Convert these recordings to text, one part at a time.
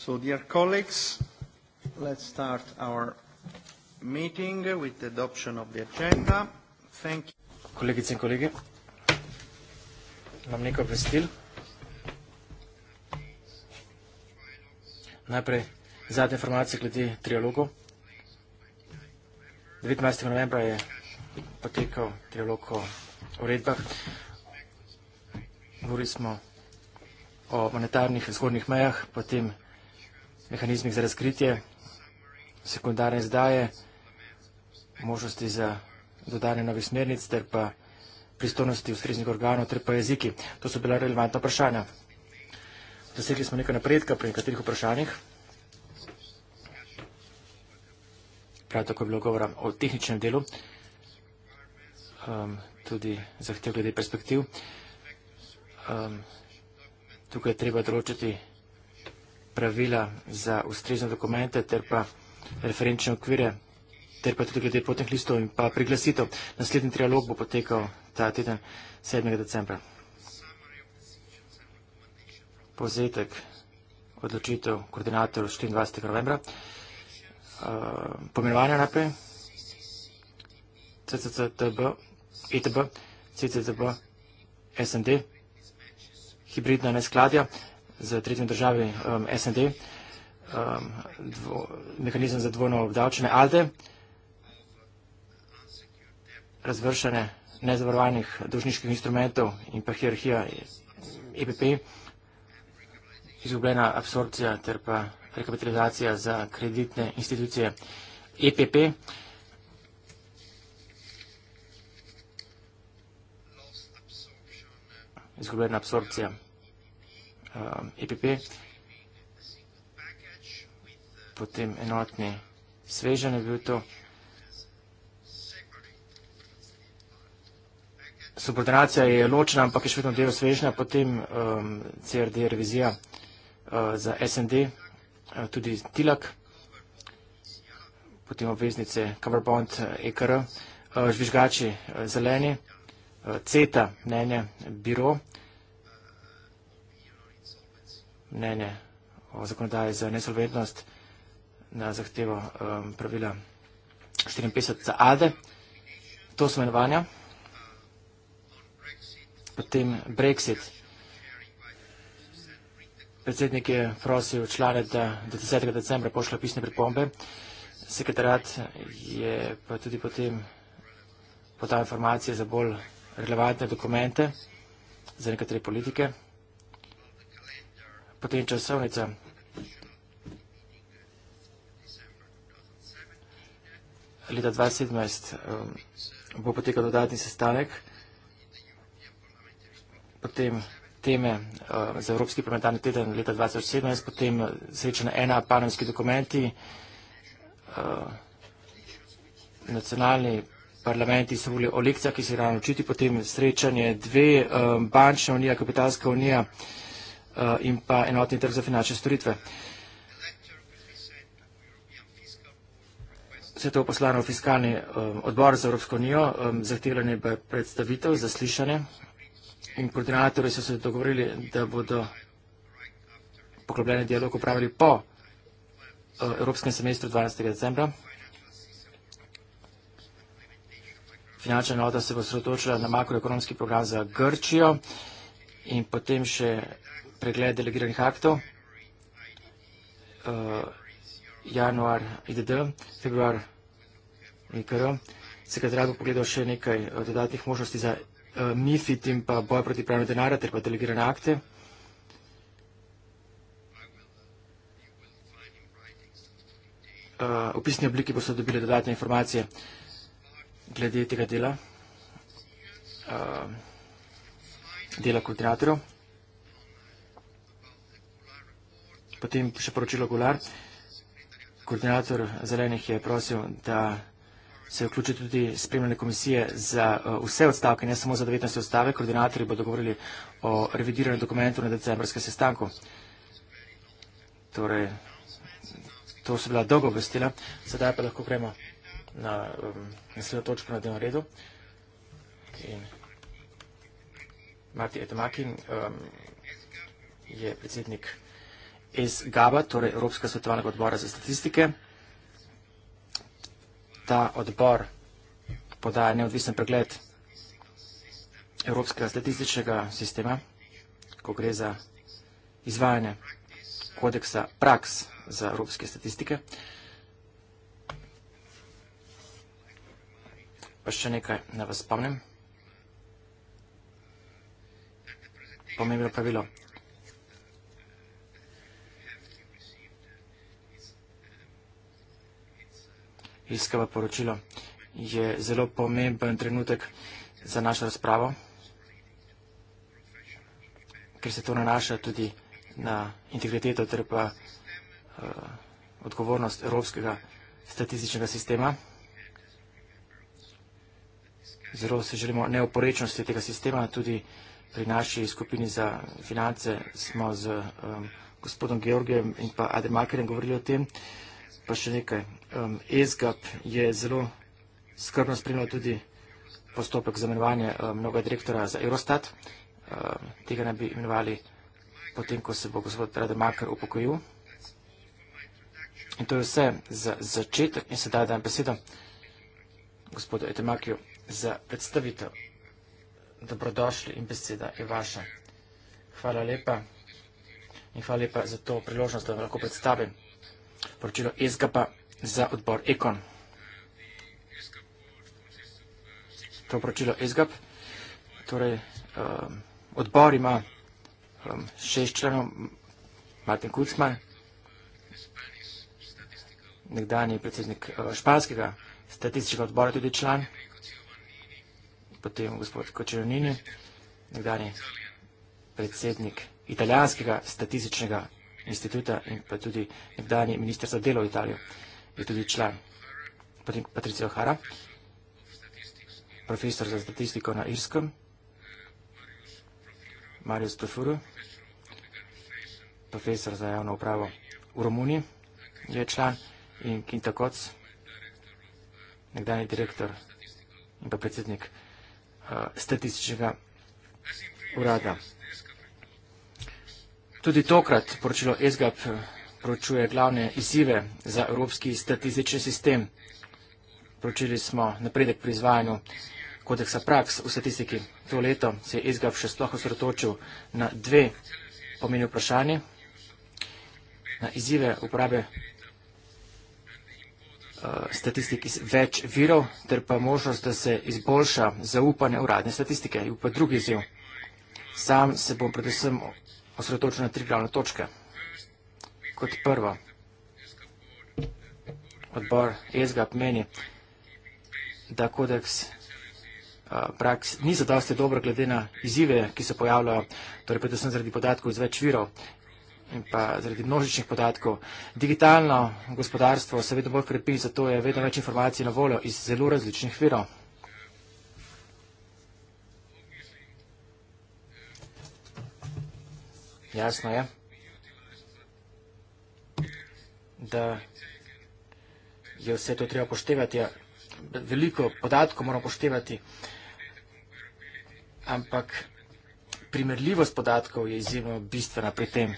So, dear colleagues, let's start our meeting with the adoption of the agenda. Thank you. Kolegice in kolegi, imam nekaj obvestil. Najprej zadnje informacije glede trialogov. 19. novembra je potekal trialog o uredbah. Govorili smo o monetarnih in zgornjih mejah, potem trialogov mehanizmih za razkritje, sekundarne izdaje, možnosti za dodane novih smernic ter pa pristojnosti ustreznih organov ter pa jeziki. To so bila relevantna vprašanja. Dosegli smo nekaj napredka pri nekaterih vprašanjih. Prav tako je bilo govora o tehničnem delu, um, tudi zahtev glede perspektiv. Um, tukaj je treba določiti pravila za ustrezne dokumente ter pa referenčne okvire ter pa tudi glede potnih listov in pa priglasitev. Naslednji trialog bo potekal ta teden 7. decembra. Povzetek odločitev koordinator 24. novembra. Eh, Pomenovanje naprej. CCCTB, ETB, CCCB, SND, hibridna neskladja z tretjimi državami um, SND, um, dvo, mehanizem za dvojno obdavčene ALDE, razvršene nezavarovanih dožniških instrumentov in pa hierarhija EPP, izgubljena absorpcija ter pa rekapitalizacija za kreditne institucije EPP. Izgubljena absorpcija. Um, EPP, potem enotni svežen je bil to, subordinacija je ločena, ampak je švetno delo svežna, potem um, CRD revizija uh, za SND, uh, tudi tilak, potem obveznice cover bond uh, EKR, žvižgači zeleni, CETA, mnenje, biro, mnenje o zakonodaji za nesolventnost na zahtevo um, pravila 54 za ADE. To so imenovanja. Potem Brexit. Predsednik je prosil člane, da 10. decembra pošlja pisne pripombe. Sekretarat je pa tudi potem podal informacije za bolj relevantne dokumente za nekatere politike potem časovnica. Leta 2017 um, bo potekal dodatni sestanek, potem teme um, za Evropski parlamentarni teden leta 2017, potem uh, srečene ena panemski dokumenti, uh, nacionalni parlamenti so bili o lekcijah, ki se je ravno učiti, potem srečanje dve, um, bančna unija, kapitalska unija, Eh, in pa enotni trg za finančne storitve. Vse to poslano v fiskalni eh, odbor za Evropsko unijo, eh, zahtevila ne bi predstavitev, zaslišanje in koordinatorji so se dogovorili, da bodo poklopljeni dialog upravili po Evropskem semestru 12. decembra. Finančna nota se bo sredočila na makroekonomski program za Grčijo in potem še pregled delegiranih aktov, uh, januar IDD, februar IKR. Sekretarjat bo pogledal še nekaj eh, dodatnih možnosti za uh, MIFID in pa boj proti pranju denarja ter pa delegirane akte. Uh, v pisni obliki boste dobili dodatne informacije glede tega dela, uh, dela koordinatorjev. Potem še poročilo Gular. Koordinator zelenih je prosil, da se vključi tudi spremljene komisije za uh, vse odstavke, ne samo za 19 odstave. Koordinatorji bodo govorili o revidiranem dokumentu na decembrskem sestanku. Torej, to so bila dolgo obvestila. Sedaj pa lahko gremo na um, naslednjo točko na dnevnem redu. Marti Etemakin um, je predsednik komisije iz GABA, torej Evropskega svetovnega odbora za statistike. Ta odbor podaja neodvisen pregled Evropskega statističnega sistema, ko gre za izvajanje kodeksa praks za Evropske statistike. Pa še nekaj ne vas spomnim. Pomembno pravilo. iskava poročilo, je zelo pomemben trenutek za našo razpravo, ker se to nanaša tudi na integriteto ter pa uh, odgovornost evropskega statističnega sistema. Zelo se želimo neoporečnosti tega sistema, tudi pri naši skupini za finance smo z um, gospodom Georgijem in pa Ademakerjem govorili o tem pa še nekaj. Um, ESGAP je zelo skrbno spremljal tudi postopek za imenovanje um, novega direktora za Eurostat. Um, tega naj bi imenovali potem, ko se bo gospod Rademaker upokojil. In to je vse za začetek in sedaj dajem besedo gospodu Etemakiju za predstavitev. Dobrodošli in beseda je vaša. Hvala lepa in hvala lepa za to priložnost, da vam lahko predstavim poročilo ESGAP-a za odbor ECON. To poročilo ESGAP, torej um, odbor ima um, šest členov, Martin Kucman, nekdani predsednik uh, španskega statističnega odbora, tudi član, potem gospod Kočeronini, nekdani predsednik italijanskega statističnega odbora, instituta in pa tudi nekdani minister za delo v Italijo. Je tudi član Patricio Hara, profesor za statistiko na Irskem, Marius Profuru, profesor za javno upravo v Romuniji, je član in Kinta Koc, nekdani direktor in pa predsednik uh, statističnega urada. Yes. Tudi tokrat poročilo ESGAP eh, poročuje glavne izzive za evropski statistični sistem. Poročili smo napredek pri izvajanju kodeksa praks v statistiki. To leto se je ESGAP še sploh osredotočil na dve pomeni vprašanje. Na izzive uporabe eh, statistik iz več virov, ter pa možnost, da se izboljša zaupanje uradne statistike. In pa drugi izjiv. Sam se bom predvsem osredotočil na tri glavne točke. Kot prvo, odbor ESGAP meni, da kodeks praks ni zadosti dobro glede na izive, ki se pojavljajo, torej predvsem zaradi podatkov iz več virov in pa zaradi množičnih podatkov. Digitalno gospodarstvo se vedno bolj krepi, zato je vedno več informacij na voljo iz zelo različnih virov. Jasno je, da je vse to treba poštevati. Ja, veliko podatkov moramo poštevati, ampak primerljivost podatkov je izjemno bistvena pri tem.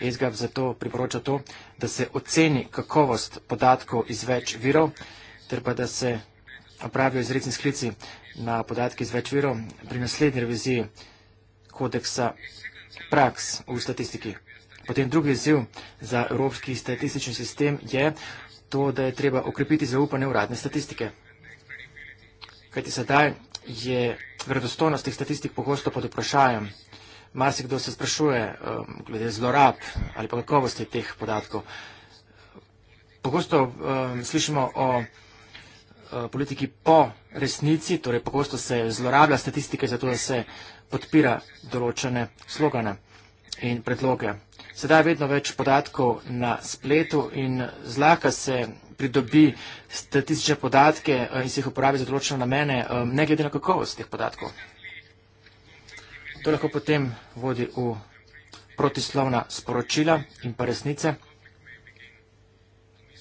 ESGAP zato priporoča to, da se oceni kakovost podatkov iz več virov, ter pa da se opravijo izredni sklici na podatke iz več virov pri naslednji reviziji kodeksa praks v statistiki. Potem drugi izziv za evropski statistični sistem je to, da je treba okrepiti zaupanje uradne statistike. Kajti sedaj je verodostojnost teh statistik pogosto pod vprašanjem. Marsikdo se sprašuje um, glede zlorab ali pa kakovosti teh podatkov. Pogosto um, slišimo o uh, politiki po resnici, torej pogosto se zlorablja statistike za to, da se uh, podpira določene slogane in predloge. Sedaj je vedno več podatkov na spletu in zlahka se pridobi statistične podatke eh, in se jih uporabi za določene namene, eh, ne glede na kakovost teh podatkov. To lahko potem vodi v protislovna sporočila in pa resnice.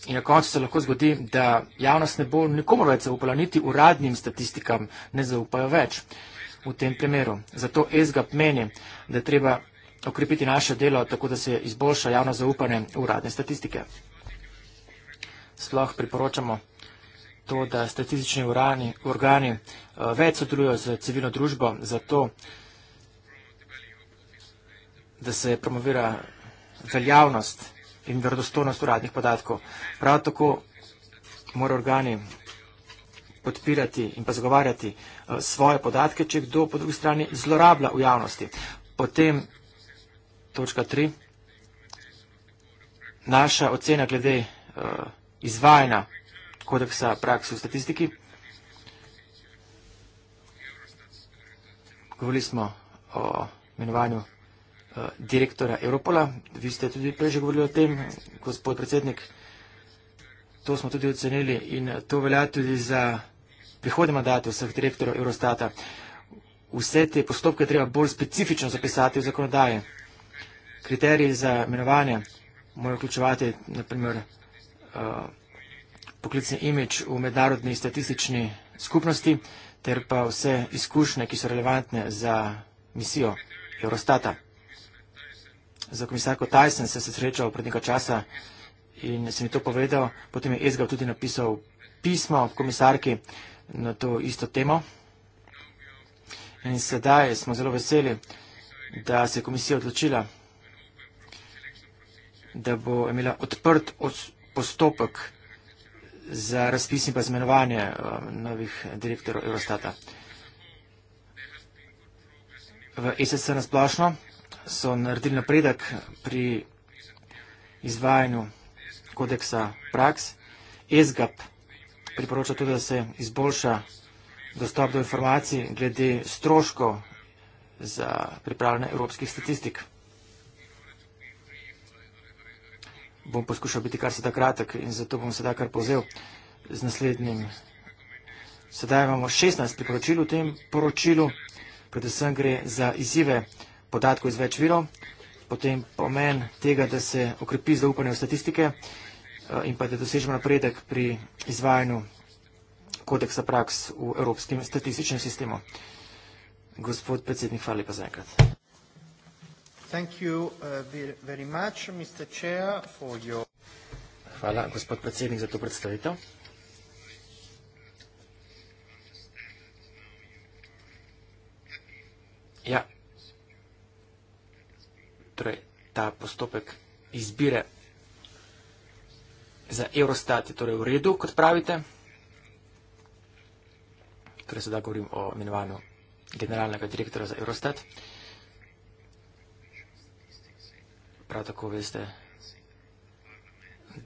In na koncu se lahko zgodi, da javnost ne bo nikomu več zaupala, niti uradnim statistikam ne zaupajo več v tem primeru. Zato ESGAP meni, da je treba okrepiti naše delo, tako da se izboljša javno zaupanje v uradne statistike. Sploh priporočamo to, da statistični urani, organi eh, več sodelujo z civilno družbo, zato da se promovira veljavnost in verodostojnost uradnih podatkov. Prav tako morajo organi podpirati in pa zagovarjati eh, svoje podatke, če kdo po drugi strani zlorablja v javnosti. Potem točka tri. Naša ocena glede eh, izvajanja kodeksa praksi v statistiki. Govorili smo o imenovanju eh, direktora Evropola. Vi ste tudi prej že govorili o tem, gospod predsednik. To smo tudi ocenili in to velja tudi za prihodnji mandat vseh direktorjev Eurostata. Vse te postopke treba bolj specifično zapisati v zakonodaje. Kriteriji za imenovanje morajo vključevati, naprimer, uh, eh, poklicni imič v mednarodni statistični skupnosti ter pa vse izkušnje, ki so relevantne za misijo Eurostata. Za komisarko Tyson sem se srečal pred nekaj časa in sem ji to povedal, potem je Ezgal tudi napisal pismo komisarki. Uh, na to isto temo. In sedaj smo zelo veseli, da se je komisija odločila, da bo imela odprt postopek za razpis in pa zmenovanje eh, novih direktorov Eurostata. V ESC nasplošno so naredili napredek pri izvajanju kodeksa praks. ESGAP priporoča tudi, da se izboljša dostop do informacij glede stroško za pripravljanje evropskih statistik. Bom poskušal biti kar sedaj kratek in zato bom sedaj kar povzel z naslednjim. Sedaj imamo 16 priporočil v tem poročilu, predvsem gre za izzive podatkov iz več virov, potem pomen tega, da se okrepi zaupanje v statistike. Eh, in pa da dosežemo napredek pri izvajanju kodeksa praks v Evropskem statističnem sistemu. Gospod predsednik, hvala lepa zaenkrat. Uh, hvala, gospod predsednik, za to predstavitev. Ja, torej ta postopek izbire Za Eurostat je torej v redu, kot pravite. Torej sedaj govorim o imenovanju generalnega direktora za Eurostat. Prav tako veste,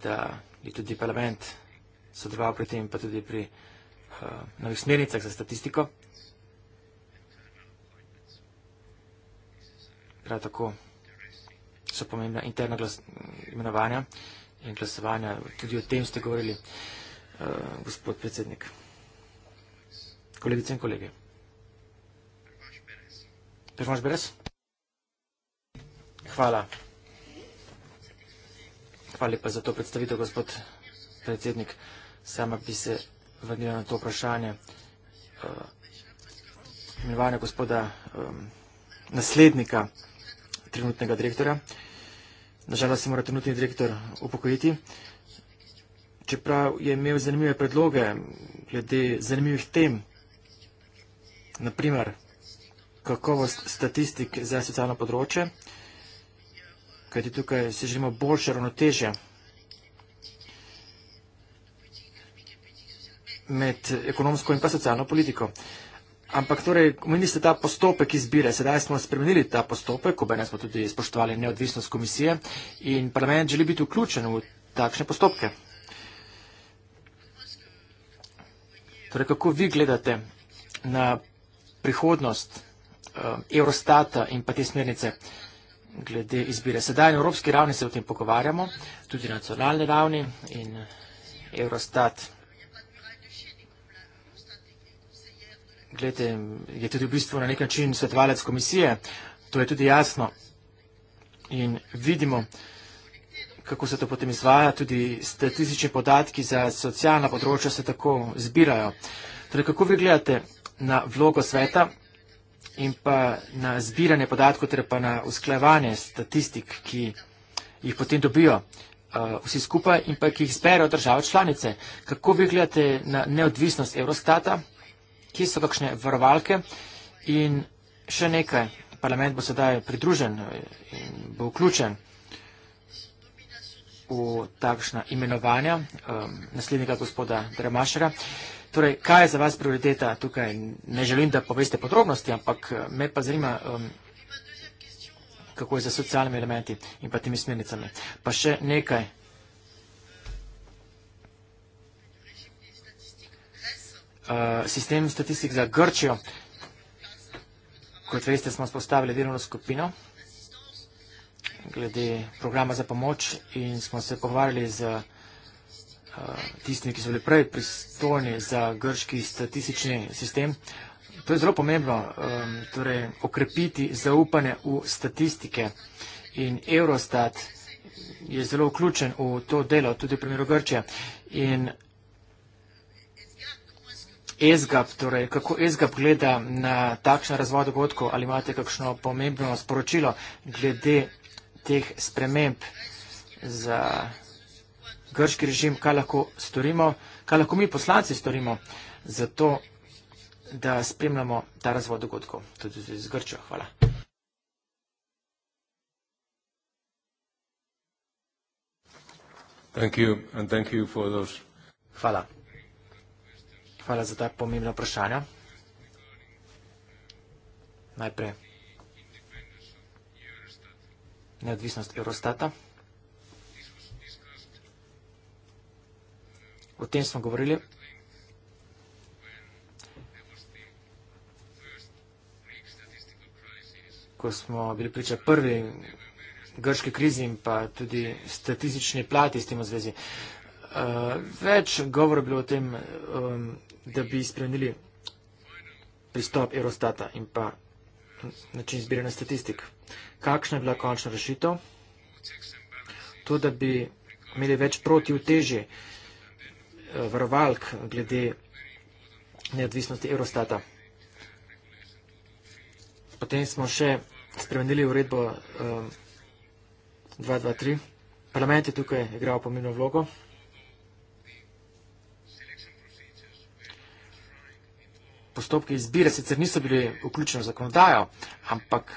da je tudi parlament sodeloval pri tem, pa tudi pri uh, novih smernicah za statistiko. Prav tako so pomembna interna glas imenovanja. Uh, in glasovanja. Tudi o tem ste govorili, eh, gospod predsednik. Kolegice in kolege. Primož Beres. Hvala. Hvala lepa za to predstavitev, gospod predsednik. Sama bi se vrnila na to vprašanje eh, imenovanja gospoda eh, naslednika trenutnega direktora. Nažalost se mora trenutni direktor upokojiti. Čeprav je imel zanimive predloge glede zanimivih tem, naprimer kakovost statistik za socialno področje, kajti tukaj se želimo boljše ravnotežje med ekonomsko in pa socialno politiko. Ampak, torej, omenili ste ta postopek izbire. Sedaj smo spremenili ta postopek, obenem smo tudi spoštovali neodvisnost komisije in parlament želi biti vključen v takšne postopke. Torej, kako vi gledate na prihodnost uh, Eurostata in pa te smernice glede izbire? Sedaj na evropski ravni se o tem pogovarjamo, tudi na nacionalni ravni in Eurostat glede, je tudi v bistvu na nek način svetovalec komisije, to je tudi jasno. In vidimo, kako se to potem izvaja, tudi statistični podatki za socialna področja se tako zbirajo. Torej, kako vi gledate na vlogo sveta in pa na zbiranje podatkov, ter pa na usklajevanje statistik, ki jih potem dobijo uh, vsi skupaj in pa ki jih zberajo države članice? Kako vi gledate na neodvisnost Eurostata kje so kakšne varovalke in še nekaj. Parlament bo sedaj pridružen eh, in bo vključen v takšna imenovanja um, ehm, naslednjega gospoda Dremašera. Torej, kaj je za vas prioriteta tukaj? Ne želim, da poveste podrobnosti, ampak eh, me pa zanima, um, kako je za socialnimi elementi in pa temi smernicami. Pa še nekaj Eh, sistem statistik za Grčijo. Kot veste, smo spostavili delovno skupino glede programa za pomoč in smo se povarjali z eh, tistimi, ki so bili prej pristolni za grški statistični sistem. To je zelo pomembno, ehm, torej okrepiti zaupanje v statistike in Eurostat je zelo vključen v to delo, tudi v primeru Grčije. In ESGAP, torej kako ESGAP gleda na takšen razvoj dogodkov, ali imate kakšno pomembno sporočilo glede teh sprememb za grški režim, kaj lahko storimo, kaj lahko mi poslanci storimo za to, da spremljamo ta razvoj dogodkov, tudi z Grčjo. Hvala. Thank you, and thank you for those. Hvala hvala za ta pomembna vprašanja. Najprej neodvisnost Eurostata. O tem smo govorili. Ko smo bili priča prvi grški krizi in pa tudi statistični plati s tem v zvezi. Uh, več govor je bilo o tem, um, da bi spremenili pristop Eurostata in pa način zbiranja statistik. Kakšna je bila končna rešitev? To, da bi imeli več protivteže eh, varovalk glede neodvisnosti Eurostata. Potem smo še spremenili uredbo um, eh, 223. Parlament je tukaj igral pomembno vlogo. postopke izbire sicer niso bili vključeni v zakonodajo, ampak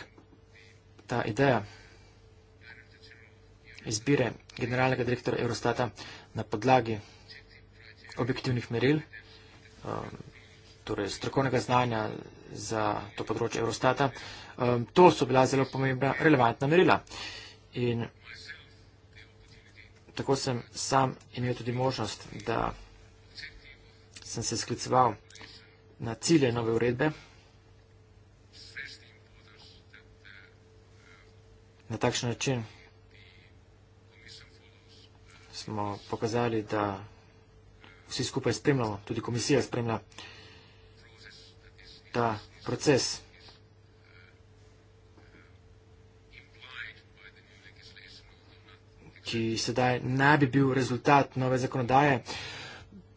ta ideja izbire generalnega direktora Eurostata na podlagi objektivnih meril, um, torej strokovnega znanja za to področje Eurostata, um, to so bila zelo pomembna relevantna merila. In tako sem sam imel tudi možnost, da sem se skliceval na cilje nove uredbe. Na takšen način smo pokazali, da vsi skupaj spremljamo, tudi komisija spremlja ta proces, ki sedaj ne bi bil rezultat nove zakonodaje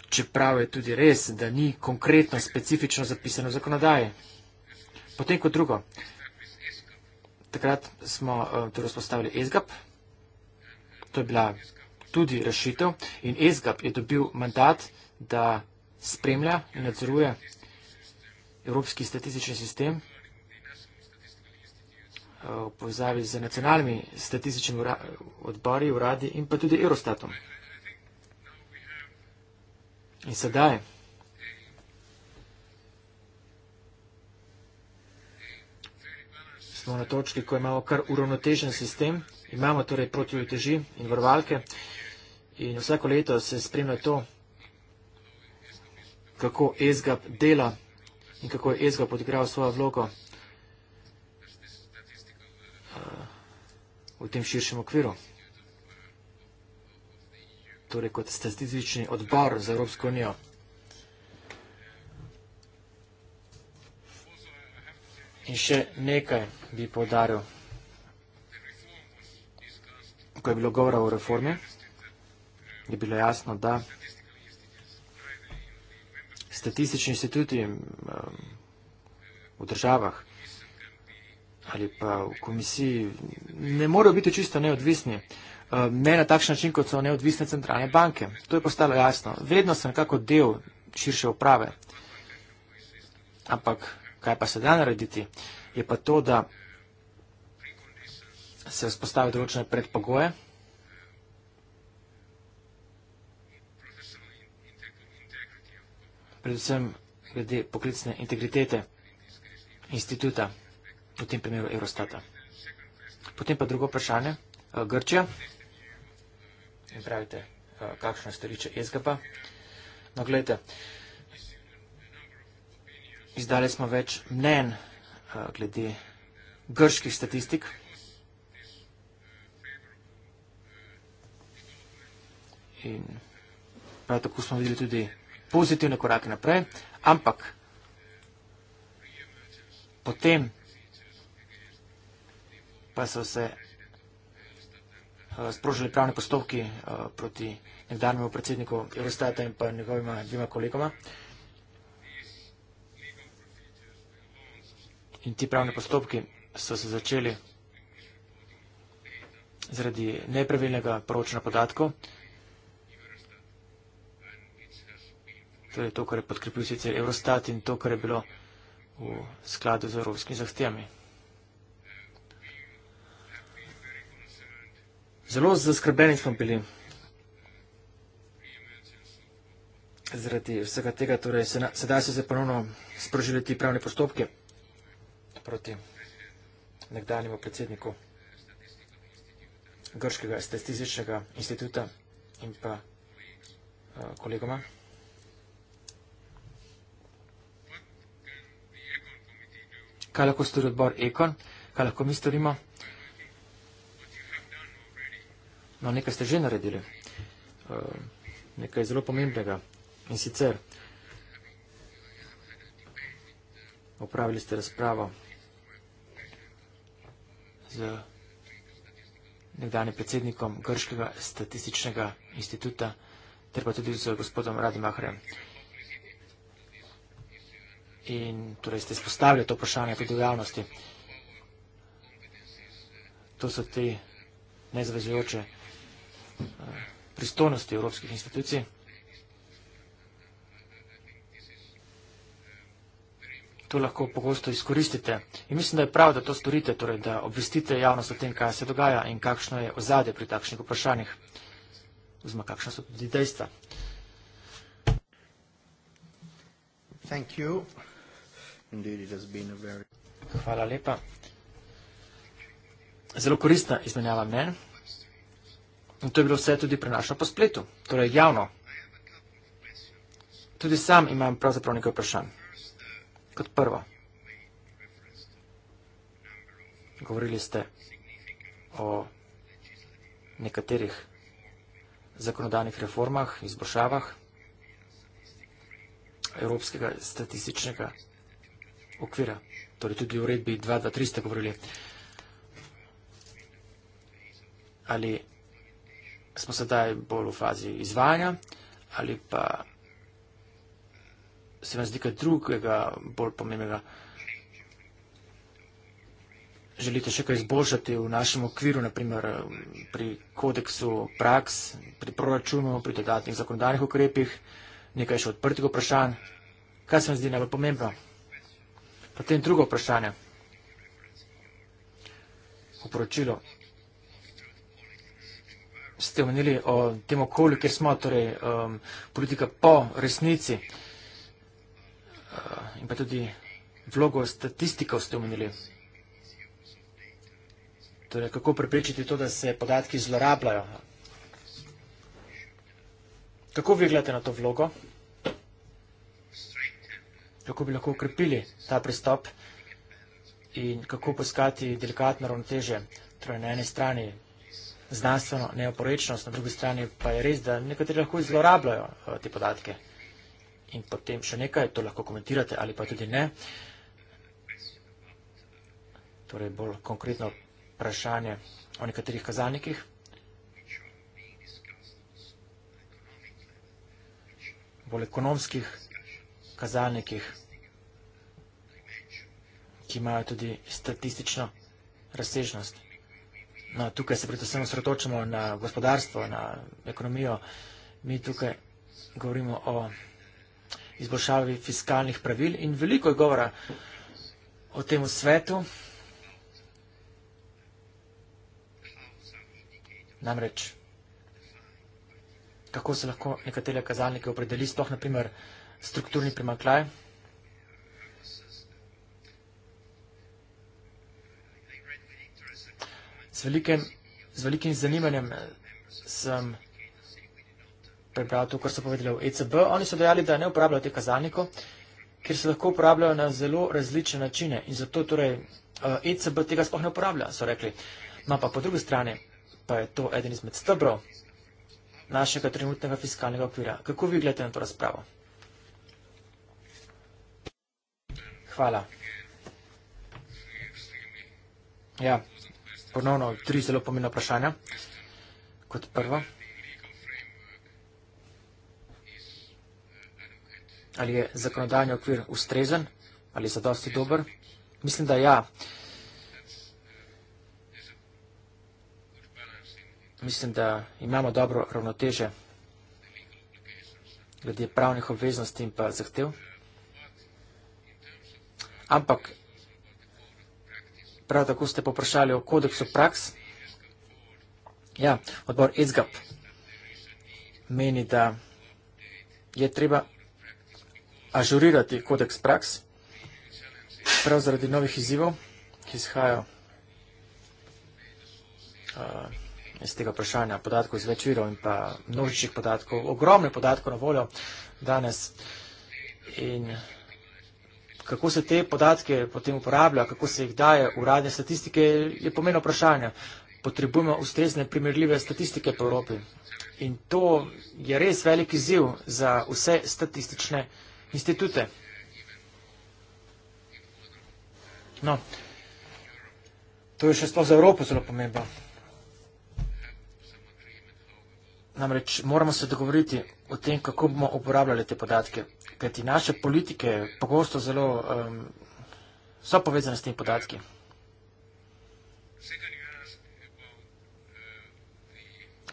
čeprav je tudi res, da ni konkretno specifično zapisano v zakonodaji. Potem kot drugo, takrat smo eh, torej spostavili ESGAP, to je bila tudi rešitev in ESGAP je dobil mandat, da spremlja in nadzoruje Evropski statistični sistem eh, v povzavi z nacionalnimi statističnimi odbori, uradi in pa tudi Eurostatom. In sedaj. Smo na točki, ko imamo kar uravnotežen sistem, imamo torej protiuteži in vrvalke in vsako leto se spremlja to, kako ESGAP dela in kako je ESGAP odigral svojo vlogo eh, v tem širšem okviru torej kot statistični odbor za Evropsko unijo. In še nekaj bi podaril, ko je bilo govora o reformi, je bilo jasno, da statistični instituti v državah ali pa v komisiji ne morajo biti čisto neodvisni. Eh, ne na takšen način, kot so neodvisne centralne banke. To je postalo jasno. Vedno sem nekako del širše uprave. Ampak kaj pa se da narediti, je pa to, da se vzpostavijo določene predpogoje. predvsem glede poklicne integritete instituta, v tem primeru Eurostata. Potem pa drugo vprašanje, eh, Grčija in pravite, eh, kakšno je stoliče jezga pa. No, gledajte, izdali smo več mnen eh, glede grških statistik. In prav tako smo videli tudi pozitivne korake naprej, ampak potem pa so se Eh, sprožili pravne postopki eh, proti nekdanjemu predsedniku Eurostata in pa njegovima dvima kolegoma. In ti pravne postopki so se začeli zaradi nepravilnega poročena podatkov. To je to, kar je podkrepil sicer Eurostat in to, kar je bilo v skladu z evropskimi zahtevami. Zelo zaskrbljeni smo bili zaradi vsega tega, torej sedaj so se ponovno sprožili ti pravni postopki proti nekdanjemu predsedniku Grškega statističnega instituta in pa eh, kolegoma. Kaj lahko stori odbor Ekon? Kaj lahko mi storimo? No, nekaj ste že naredili. Eh, nekaj zelo pomembnega. In sicer opravili ste razpravo z nekdanjim predsednikom Grškega statističnega instituta ter pa tudi z gospodom Radimahrem. In torej ste izpostavili to vprašanje tudi v javnosti. To so te nezavezujoče vprašanje pristojnosti evropskih institucij. To lahko pogosto izkoristite in mislim, da je prav, da to storite, torej da obvestite javnost o tem, kaj se dogaja in kakšno je ozadje pri takšnih vprašanjih, oziroma kakšna so tudi dejstva. Thank you. Indeed, it has been a very... Hvala lepa. Zelo koristna izmenjava mnen. In to je bilo vse tudi prenašal po spletu, torej javno. Tudi sam imam pravzaprav nekaj vprašanj. Kot prvo, govorili ste o nekaterih zakonodajnih reformah, izboljšavah Evropskega statističnega okvira, torej tudi v uredbi 2.2.3 ste govorili. Ali smo sedaj bolj v fazi izvajanja ali pa se vam zdi kaj drugega, bolj pomembnega. Želite še kaj izboljšati v našem okviru, naprimer pri kodeksu praks, pri proračunu, pri dodatnih zakonodajnih ukrepih, nekaj še odprtih vprašanj. Kaj se vam zdi najbolj pomembno? Potem drugo vprašanje. V poročilu ste omenili o tem okolju, kjer smo, torej um, politika po resnici uh, in pa tudi vlogo statistikov ste omenili. Torej, kako preprečiti to, da se podatki zlorabljajo? Kako vi gledate na to vlogo? Kako bi lahko ukrepili ta pristop in kako poskati delikatno ravnoteže? Torej, na eni strani znanstveno neoporečnost, na drugi strani pa je res, da nekateri lahko zlorabljajo eh, te podatke. In potem še nekaj, to lahko komentirate ali pa tudi ne. Torej bolj konkretno vprašanje o nekaterih kazalnikih. Bolj ekonomskih kazalnikih, ki imajo tudi statistično razsežnost. No, tukaj se predvsem osredotočamo na gospodarstvo, na ekonomijo. Mi tukaj govorimo o izboljšavi fiskalnih pravil in veliko je govora o tem v svetu. Namreč, kako se lahko nekatere kazalnike opredeli, sploh naprimer strukturni primaklaj. z velikim, z velikim zanimanjem eh, sem prebral to, kar so povedali v ECB. Oni so dejali, da ne uporabljajo te kazalnikov, ker se lahko uporabljajo na zelo različne načine in zato torej ECB eh, e tega sploh ne uporablja, so rekli. No pa po drugi strani pa je to eden izmed stebrov našega trenutnega fiskalnega okvira. Kako vi gledate na to razpravo? Hvala. Ja. Yeah ponovno tri zelo pomembna vprašanja. Kot prvo, ali je zakonodajni okvir ustrezen ali zadosti dober? Mislim, da ja. Mislim, da imamo dobro ravnoteže glede pravnih obveznosti in pa zahtev. Ampak Prav tako ste poprašali o kodeksu praks. Ja, odbor ECGAP meni, da je treba ažurirati kodeks praks, prav zaradi novih izzivov, ki izhajajo iz tega vprašanja podatkov iz več virov in pa množičnih podatkov, ogromne podatkov na voljo danes in vsega kako se te podatke potem uporablja, kako se jih daje uradne statistike, je pomeno vprašanje. Potrebujemo ustrezne primerljive statistike po Evropi. In to je res velik izziv za vse statistične institute. No, to je še sploh za Evropo zelo pomembno. Namreč moramo se dogovoriti o tem, kako bomo uporabljali te podatke kajti naše politike pogosto zelo um, so povezane s temi podatki.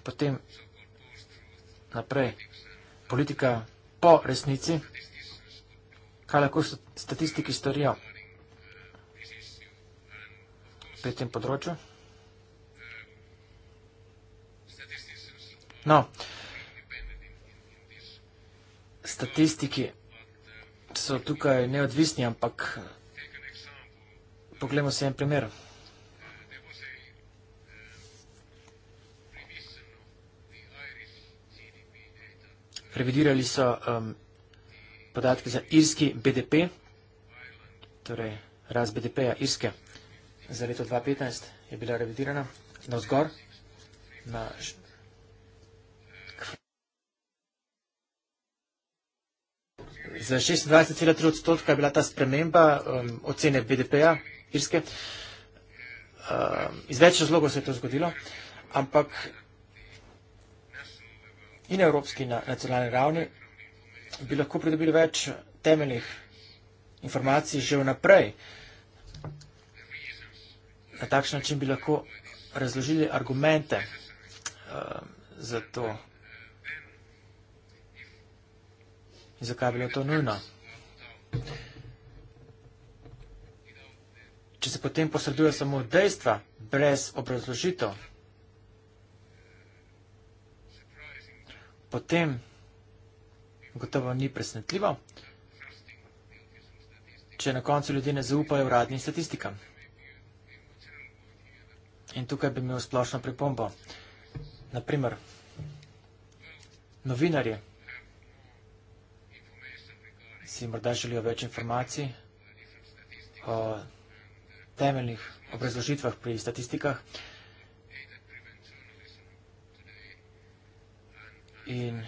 Potem naprej politika po resnici, kaj lahko statistiki storijo pri tem področju. No, uh, statistiki so tukaj neodvisni, ampak poglejmo se en primer. Revidirali so um, podatke za irski BDP, torej raz BDP-ja irske za leto 2015 je bila revidirana na vzgor, na za 26,3 odstotka je bila ta sprememba um, ocene BDP-ja Irske. Um, iz več razlogov se je to zgodilo, ampak in na evropski in na nacionalni ravni bi lahko pridobili več temeljnih informacij že vnaprej. Na takšen način bi lahko razložili argumente um, za to in zakaj je bilo to nujno. Če se potem posreduje samo dejstva, brez obrazložitev, potem gotovo ni presnetljivo, če na koncu ljudje ne zaupajo uradnim statistikam. In tukaj bi imel splošno pripombo. Naprimer, novinarje, si morda želijo več informacij o temeljnih obrazložitvah pri statistikah in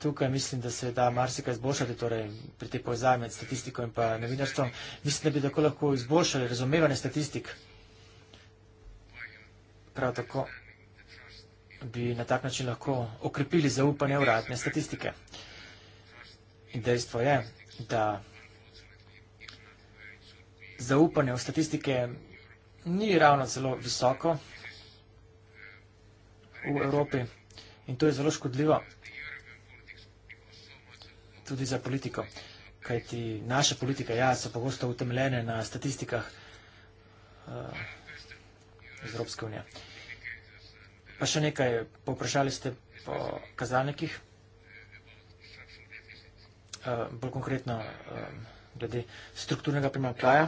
tukaj mislim, da se da marsika izboljšati torej pri te povezaje med statistiko in pa novinarstvom. Mislim, da bi tako lahko izboljšali razumevanje statistik. Prav tako bi na tak način lahko okrepili zaupanje uradne statistike. In dejstvo je, da zaupanje v statistike ni ravno zelo visoko v Evropi in to je zelo škodljivo tudi za politiko. Kajti naša politika, ja, so pogosto utemljene na statistikah iz eh, Evropske unije. Pa še nekaj, povprašali ste po kazalnikih. Eh, bolj konkretno eh, glede strukturnega primankljaja.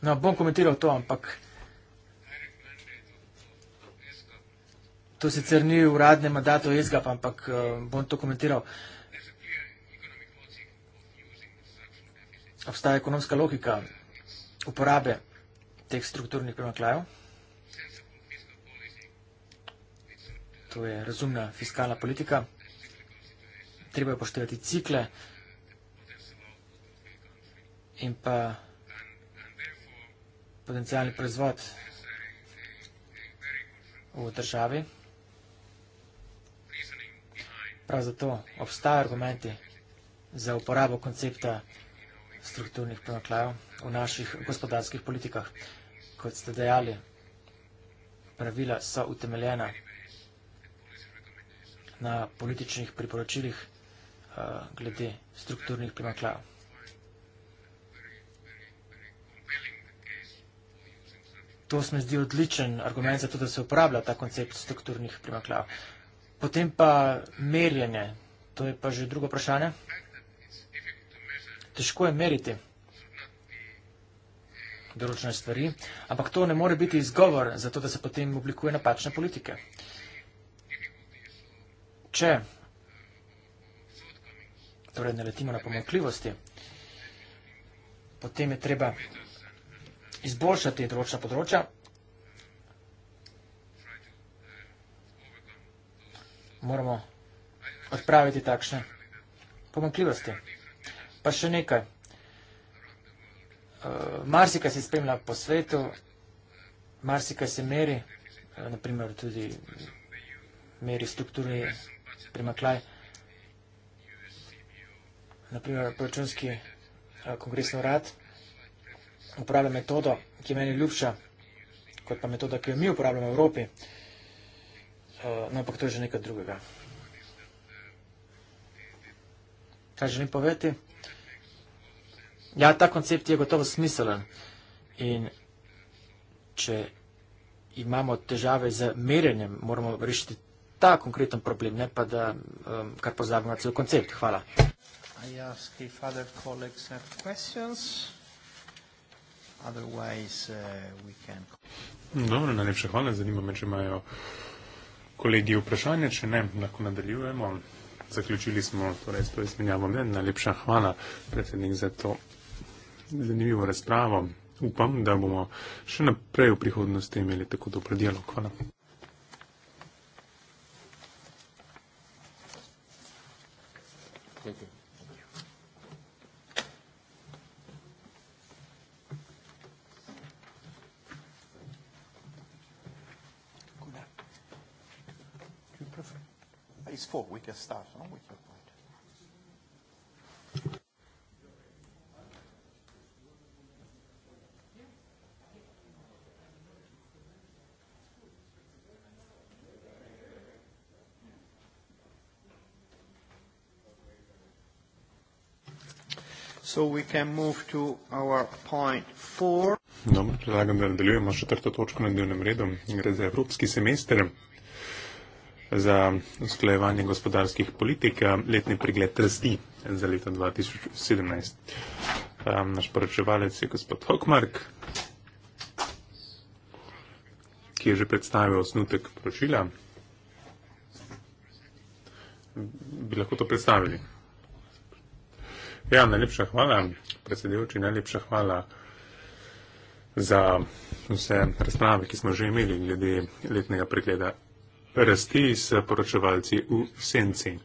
No, bom komentiral to, ampak to sicer ni uradne mandato ESGAP, ampak eh, bom to komentiral. Obstaja ekonomska logika uporabe teh strukturnih primankljajev. to je razumna fiskalna politika. Treba je poštevati cikle in pa potencijalni proizvod v državi. Prav zato obstajajo argumenti za uporabo koncepta strukturnih ponoklajev v naših gospodarskih politikah. Kot ste dejali, pravila so utemeljena na političnih priporočilih eh, glede strukturnih primakljav. To se mi zdi odličen argument za to, da se uporablja ta koncept strukturnih primakljav. Potem pa merjenje, to je pa že drugo vprašanje. Težko je meriti določene stvari, ampak to ne more biti izgovor za to, da se potem oblikuje napačne politike. Uh, če torej ne letimo na pomakljivosti, potem je treba izboljšati določa področja, moramo odpraviti takšne pomakljivosti. Pa še nekaj. Eh, marsika se spremlja po svetu, marsika se meri, eh, naprimer tudi meri strukturni primaklaj. Naprimer, proračunski eh, kongresni urad uporablja metodo, ki je meni ljubša, kot pa metoda, ki jo mi uporabljamo v Evropi. Eh, no, ampak to je že nekaj drugega. Kaj želim povedati? Ja, ta koncept je gotovo smiselen. In če imamo težave z merjenjem, moramo rešiti ta konkreten problem, ne pa da um, kar pozabimo na cel koncept. Hvala. Uh, Dobro, najlepša hvala. Zanima me, če imajo kolegi vprašanje, če ne, lahko nadaljujemo. Zaključili smo torej s to izmenjavo mnen. Najlepša hvala, predsednik, za to zanimivo razpravo. Upam, da bomo še naprej v prihodnosti imeli tako dober dialog. Hvala. four. We can start no, with your point. So we can move to our point four. Dobro, predlagam, da nadaljujemo še trto točko na dnevnem redu. Gre za evropski semester za usklajevanje gospodarskih politik, eh, letni pregled rasti za leto 2017. Naš poročevalec je gospod Hokmark, ki je že predstavil osnutek poročila. Bi lahko to predstavili? Ja, najlepša hvala, predsedevči, najlepša hvala za vse razprave, ki smo že imeli glede letnega pregleda rasti s poročevalci v senci.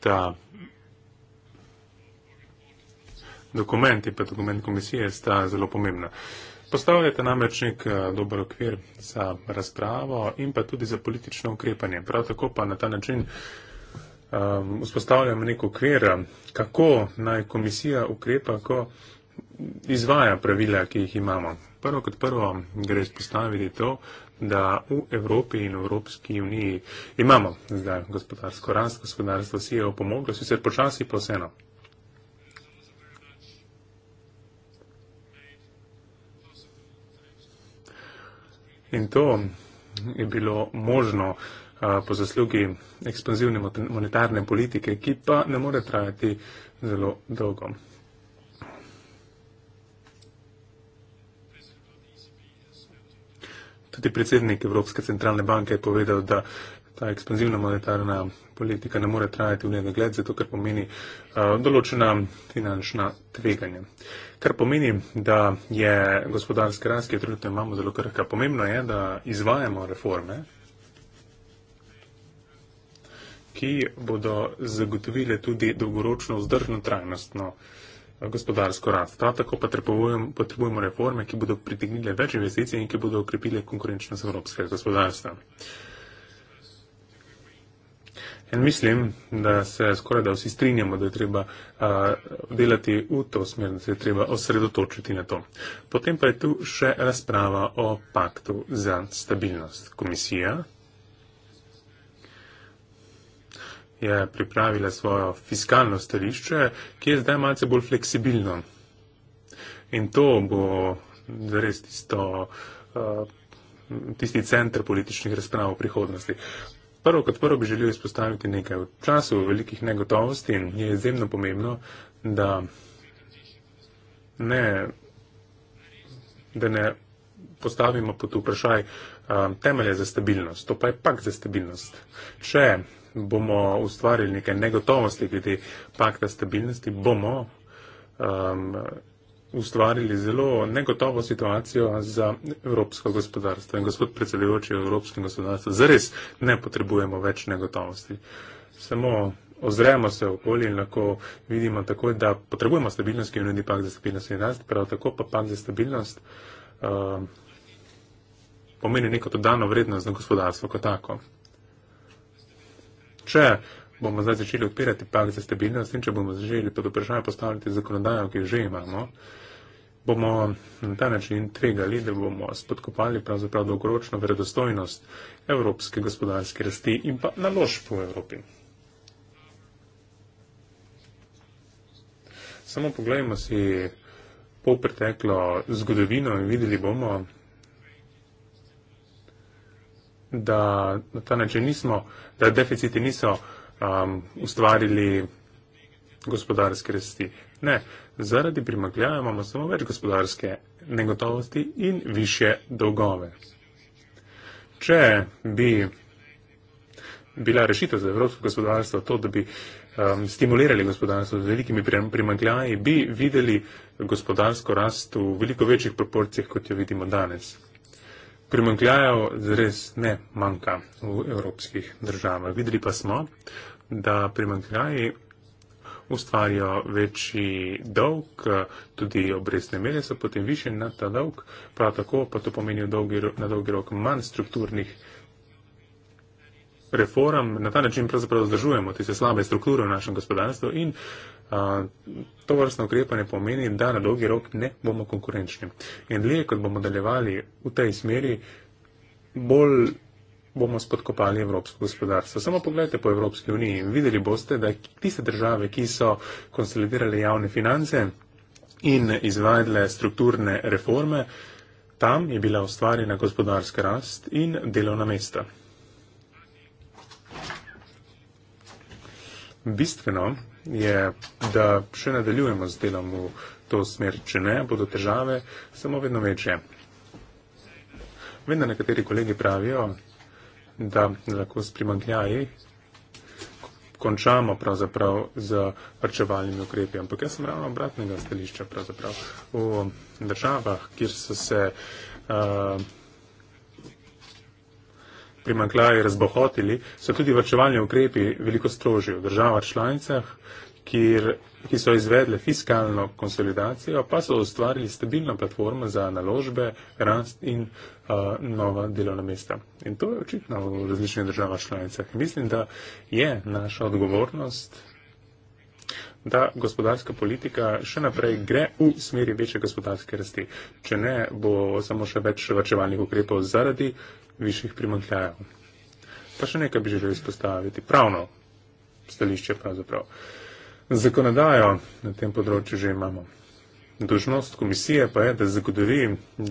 Ta dokument in pa dokument komisije sta zelo pomembna. Postavljate namreč nek eh, dober okvir za razpravo in pa tudi za politično ukrepanje. Prav tako pa na ta način um, vzpostavljamo nek okvir, kako naj komisija ukrepa, ko izvaja pravila, ki jih imamo. Prvo kot prvo gre izpostaviti to, da v Evropi in Evropski uniji imamo zdaj gospodarsko rast, gospodarstvo si je opomoglo, sicer počasi pa vseeno. In to je bilo možno po zaslugi ekspanzivne monetarne politike, ki pa ne more trajati zelo dolgo. Tudi predsednik Evropske centralne banke je povedal, da ta ekspanzivna monetarna politika ne more trajati v nedogled, zato ker pomeni uh, določena finančna tveganja. Kar pomeni, da je gospodarska rast, ki jo trenutno imamo, zelo krhka. Pomembno je, da izvajamo reforme, ki bodo zagotovile tudi dolgoročno vzdržno trajnostno uh, gospodarsko rast. Prav tako pa potrebujemo, potrebujemo reforme, ki bodo pritegnile več investicij in ki bodo okrepile konkurenčnost evropskega gospodarstva. In mislim, da se skoraj da vsi strinjamo, da je treba uh, delati v to smer, da se je treba osredotočiti na to. Potem pa je tu še razprava o paktu za stabilnost. Komisija je pripravila svojo fiskalno stališče, ki je zdaj malce bolj fleksibilno. In to bo res tisto, uh, tisti center političnih razprav v prihodnosti. Prvo kot prvo bi želel izpostaviti nekaj. V času velikih negotovosti je izjemno pomembno, da ne, da ne postavimo pod vprašaj uh, temelje za stabilnost. To pa je pak za stabilnost. Če bomo ustvarili neke negotovosti glede pakta stabilnosti, bomo um, ustvarili zelo negotovo situacijo za evropsko gospodarstvo. In gospod predsedujoči evropskem gospodarstvu, zares ne potrebujemo več negotovosti. Samo ozremo se okoli in lahko vidimo tako, da potrebujemo stabilnost, ki jo nudi pakt za stabilnost in rast, prav tako pa pakt za stabilnost um, pomeni neko dodano vrednost na gospodarstvo kot tako če bomo zdaj začeli odpirati palice stabilnosti in če bomo začeli pod vprašanje postavljati zakonodajo, ki jo že imamo, bomo na ta način tvegali, da bomo spodkopali pravzaprav dolgoročno verodostojnost evropske gospodarske rasti in pa naložb v Evropi. Samo pogledajmo si polpreteklo zgodovino in videli bomo, da na ta način nismo, da deficiti niso um, ustvarili gospodarske rasti. Ne, zaradi primakljaja imamo samo več gospodarske negotovosti in više dolgove. Če bi bila rešitev za evropsko gospodarstvo to, da bi um, stimulirali gospodarstvo z velikimi primakljaji, bi videli gospodarsko rast v veliko večjih proporcijah, kot jo vidimo danes. Primankljajev res ne manjka v evropskih državah. Videli pa smo, da primankljaji ustvarjajo večji dolg, tudi obrestne mere so potem više na ta dolg, prav tako pa to pomeni dolgi, na dolgi rok manj strukturnih reform. Na ta način pravzaprav zdržujemo tiste slabe strukture v našem gospodarstvu in to vrstno ukrepanje pomeni, da na dolgi rok ne bomo konkurenčni. In dlje, kot bomo nadaljevali v tej smeri, bolj bomo spodkopali evropsko gospodarstvo. Samo pogledajte po Evropski uniji in videli boste, da tiste države, ki so konsolidirale javne finance in izvajale strukturne reforme, tam je bila ustvarjena gospodarska rast in delovna mesta. Bistveno je, da še nadaljujemo z delom v to smer. Če ne, bodo težave samo vedno večje. Vendar nekateri kolegi pravijo, da lahko s primankljaji končamo pravzaprav z vrčevalnimi ukrepi. Ampak jaz sem ravno obratnega stališča pravzaprav. V državah, kjer so se uh, primankljaje razbohotili, so tudi vrčevalni ukrepi veliko strožji v državah članicah, kjer, ki so izvedle fiskalno konsolidacijo, pa so ustvarili stabilno platformo za naložbe, rast in uh, nova delovna mesta. In to je očitno v različnih državah članicah. Mislim, da je naša odgovornost da gospodarska politika še naprej gre v smeri večje gospodarske rasti. Če ne, bo samo še več vrčevalnih ukrepov zaradi višjih primankljajev. Pa še nekaj bi želel izpostaviti. Pravno stališče pravzaprav. Zakonodajo na tem področju že imamo. Dožnost komisije pa je, da zagotovi,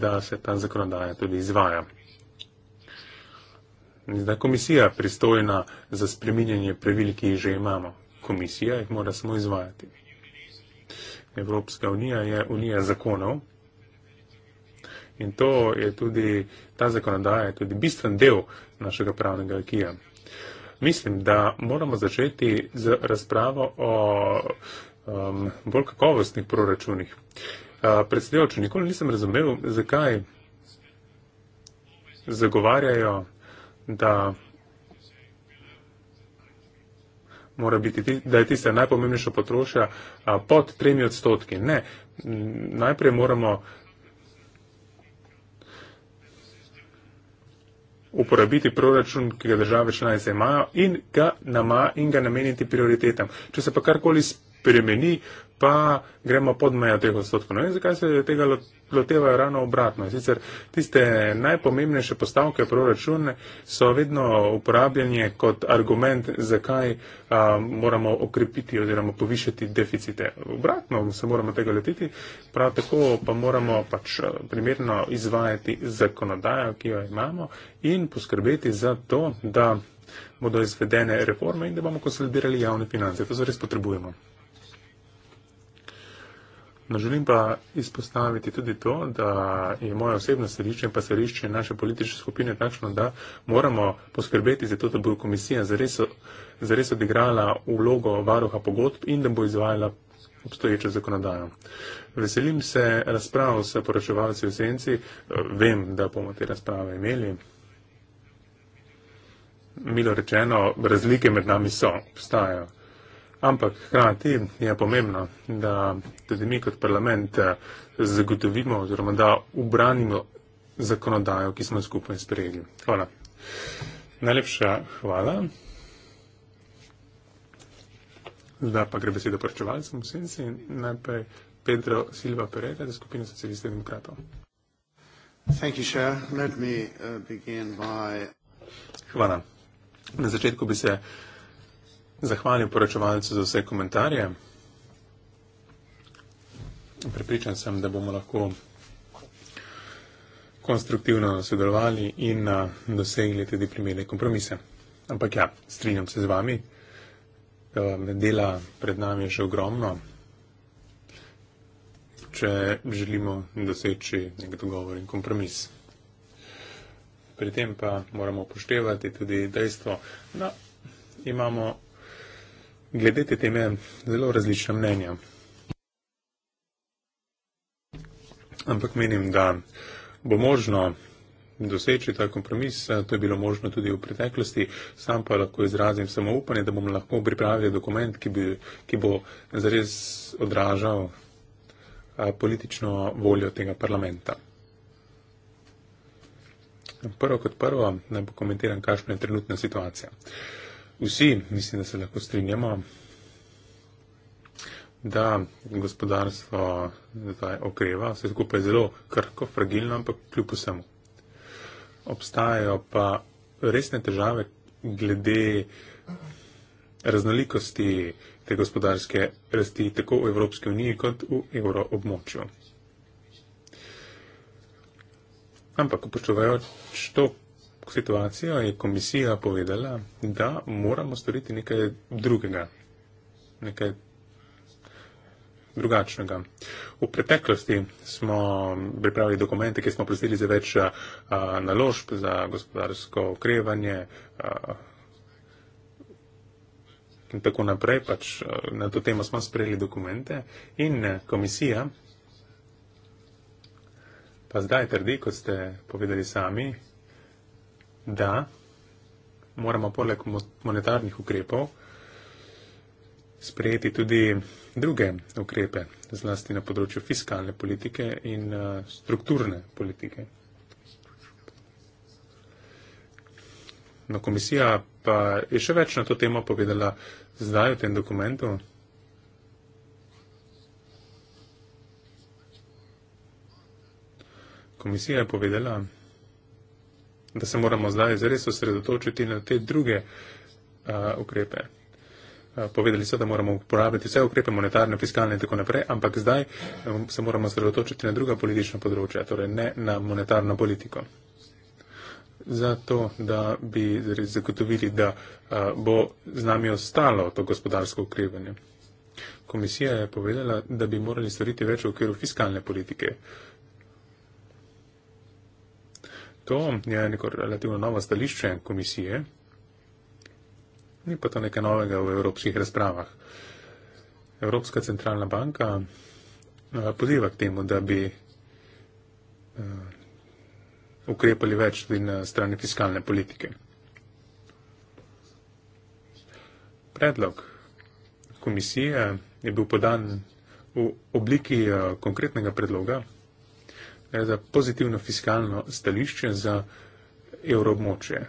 da se ta zakonodaja tudi izvaja. Zdaj komisija pristojna za spreminjanje pravil, ki jih že imamo komisija jih mora samo izvajati. Evropska unija je unija zakonov in to je tudi, ta zakonodaja je tudi bistven del našega pravnega akija. Mislim, da moramo začeti z razpravo o um, bolj kakovostnih proračunih. Uh, Predsedevče, nikoli nisem razumel, zakaj zagovarjajo, da mora biti, da je tista najpomembnejša potrošnja pod tremi odstotki. Ne, najprej moramo uporabiti proračun, ki ga države članice imajo in ga, nama, in ga nameniti prioritetam. Če se pa karkoli spremljamo, spremeni, pa gremo pod meja teh odstotkov. Ne vem, zakaj se tega lotevajo ravno obratno. Sicer tiste najpomembnejše postavke proračune so vedno uporabljanje kot argument, zakaj a, moramo okrepiti oziroma povišati deficite. Obratno se moramo tega lotiti, prav tako pa moramo pač primerno izvajati zakonodajo, ki jo imamo in poskrbeti za to, da bodo izvedene reforme in da bomo konsolidirali javne finance. To zares potrebujemo. No, želim pa izpostaviti tudi to, da je moje osebno središče in pa središče naše politične skupine takšno, da moramo poskrbeti za to, da bo komisija zares, zares odigrala vlogo varuha pogodb in da bo izvajala obstoječo zakonodajo. Veselim se razprav s poročevalci v senci. Vem, da bomo te razprave imeli. Milo rečeno, razlike med nami so, obstajajo. Ampak hkrati je pomembno, da tudi mi kot parlament eh, zagotovimo oziroma da ubranimo zakonodajo, ki smo skupaj sprejeli. Hvala. Najlepša hvala. Zdaj pa gre besedo poročevalcem v senci. Najprej Pedro Silva Pereira za skupino socialistov demokratov. Uh, hvala. Na začetku bi se. Zahvaljujem poročevalcu za vse komentarje. Pripričan sem, da bomo lahko konstruktivno sodelovali in dosegli tudi primerne kompromise. Ampak ja, strinjam se z vami, dela pred nami je še ogromno. Če želimo doseči nek dogovor in kompromis. Pri tem pa moramo upoštevati tudi dejstvo, da imamo glede te teme zelo različna mnenja. Ampak menim, da bo možno doseči ta kompromis, to je bilo možno tudi v preteklosti, sam pa lahko izrazim samo upanje, da bomo lahko pripravili dokument, ki, bi, ki bo zares odražal politično voljo tega parlamenta. Prvo kot prvo, naj bo komentiran, kakšna je trenutna situacija. Uh, Vsi mislim, da se lahko strinjamo, da gospodarstvo zdaj okreva, vse skupaj je zelo krko, fragilno, ampak kljub vsemu. Obstajajo pa resne težave glede raznolikosti te gospodarske rasti tako v Evropski uniji kot v evroobmočju. Ampak upoštevajoč to, situacijo je komisija povedala, da moramo storiti nekaj drugega, nekaj drugačnega. V preteklosti smo pripravili dokumente, ki smo prosili za več a, naložb za gospodarsko okrevanje a, in tako naprej, pač a, na to temo smo sprejeli dokumente in komisija. Pa zdaj trdi, kot ste povedali sami, da moramo poleg monetarnih ukrepov sprejeti tudi druge ukrepe, zlasti na področju fiskalne politike in eh, strukturne politike. No, komisija pa je še več na to temo povedala zdaj v tem dokumentu. Komisija je povedala, da se moramo zdaj zares osredotočiti na te druge uh, ukrepe. Povedali so, da moramo uporabiti vse ukrepe monetarne, fiskalne in tako naprej, ampak zdaj se moramo sredotočiti na druga politična področja, torej ne na monetarno politiko. Zato, da bi zagotovili, da bo z nami ostalo to gospodarsko ukrevanje. Komisija je povedala, da bi morali storiti več v okviru fiskalne politike to je neko relativno novo stališče komisije, ni pa to nekaj novega v evropskih razpravah. Evropska centralna banka eh, poziva k temu, da bi eh, ukrepali več tudi na strani fiskalne politike. Predlog komisije je bil podan v obliki eh, konkretnega predloga Eh, za pozitivno fiskalno stališče za evroobmočje.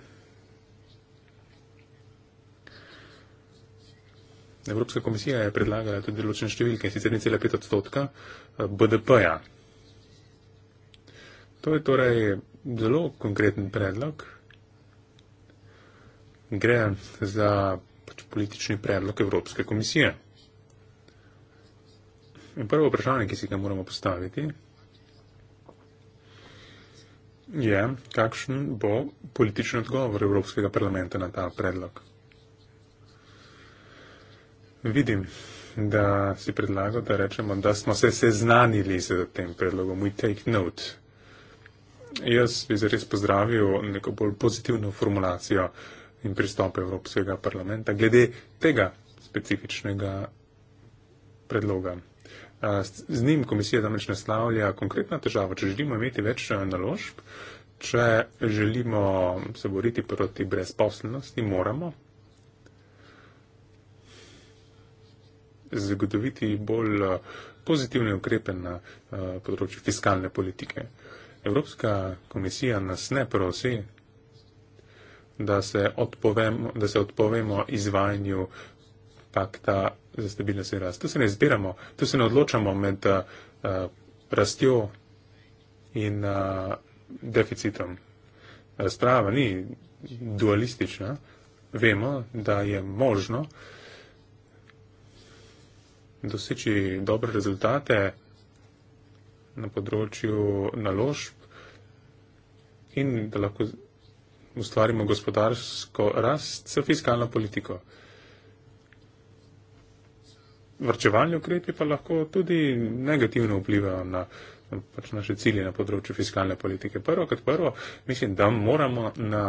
Evropska komisija je predlagala tudi določene številke, sicer ne cela pet odstotka eh, BDP-ja. To je torej zelo konkreten predlog. Gre za pač politični predlog Evropske komisije. In prvo vprašanje, ki si ga moramo postaviti, je, kakšen bo političen odgovor Evropskega parlamenta na ta predlog. Vidim, da si predlagal, da rečemo, da smo se seznanili z tem predlogom. We take note. Jaz bi zares pozdravil neko bolj pozitivno formulacijo in pristop Evropskega parlamenta glede tega specifičnega predloga z njim komisija namreč naslavlja konkretna težava, če želimo imeti več eh, naložb, če želimo se boriti proti brezposlenosti, moramo zagotoviti bolj eh, pozitivne ukrepe na eh, področju fiskalne politike. Evropska komisija nas ne prosi, da se odpovemo, da se odpovemo izvajanju pakta za stabilnost in rast. Tu se ne izbiramo, tu se ne odločamo med uh, rastjo in uh, deficitom. Razprava ni dualistična. Vemo, da je možno doseči dobre rezultate na področju naložb in da lahko ustvarimo gospodarsko rast s fiskalno politiko vrčevalni ukrepi pa lahko tudi negativno vplivajo na pač naše cilje na področju fiskalne politike. Prvo kot prvo, mislim, da moramo na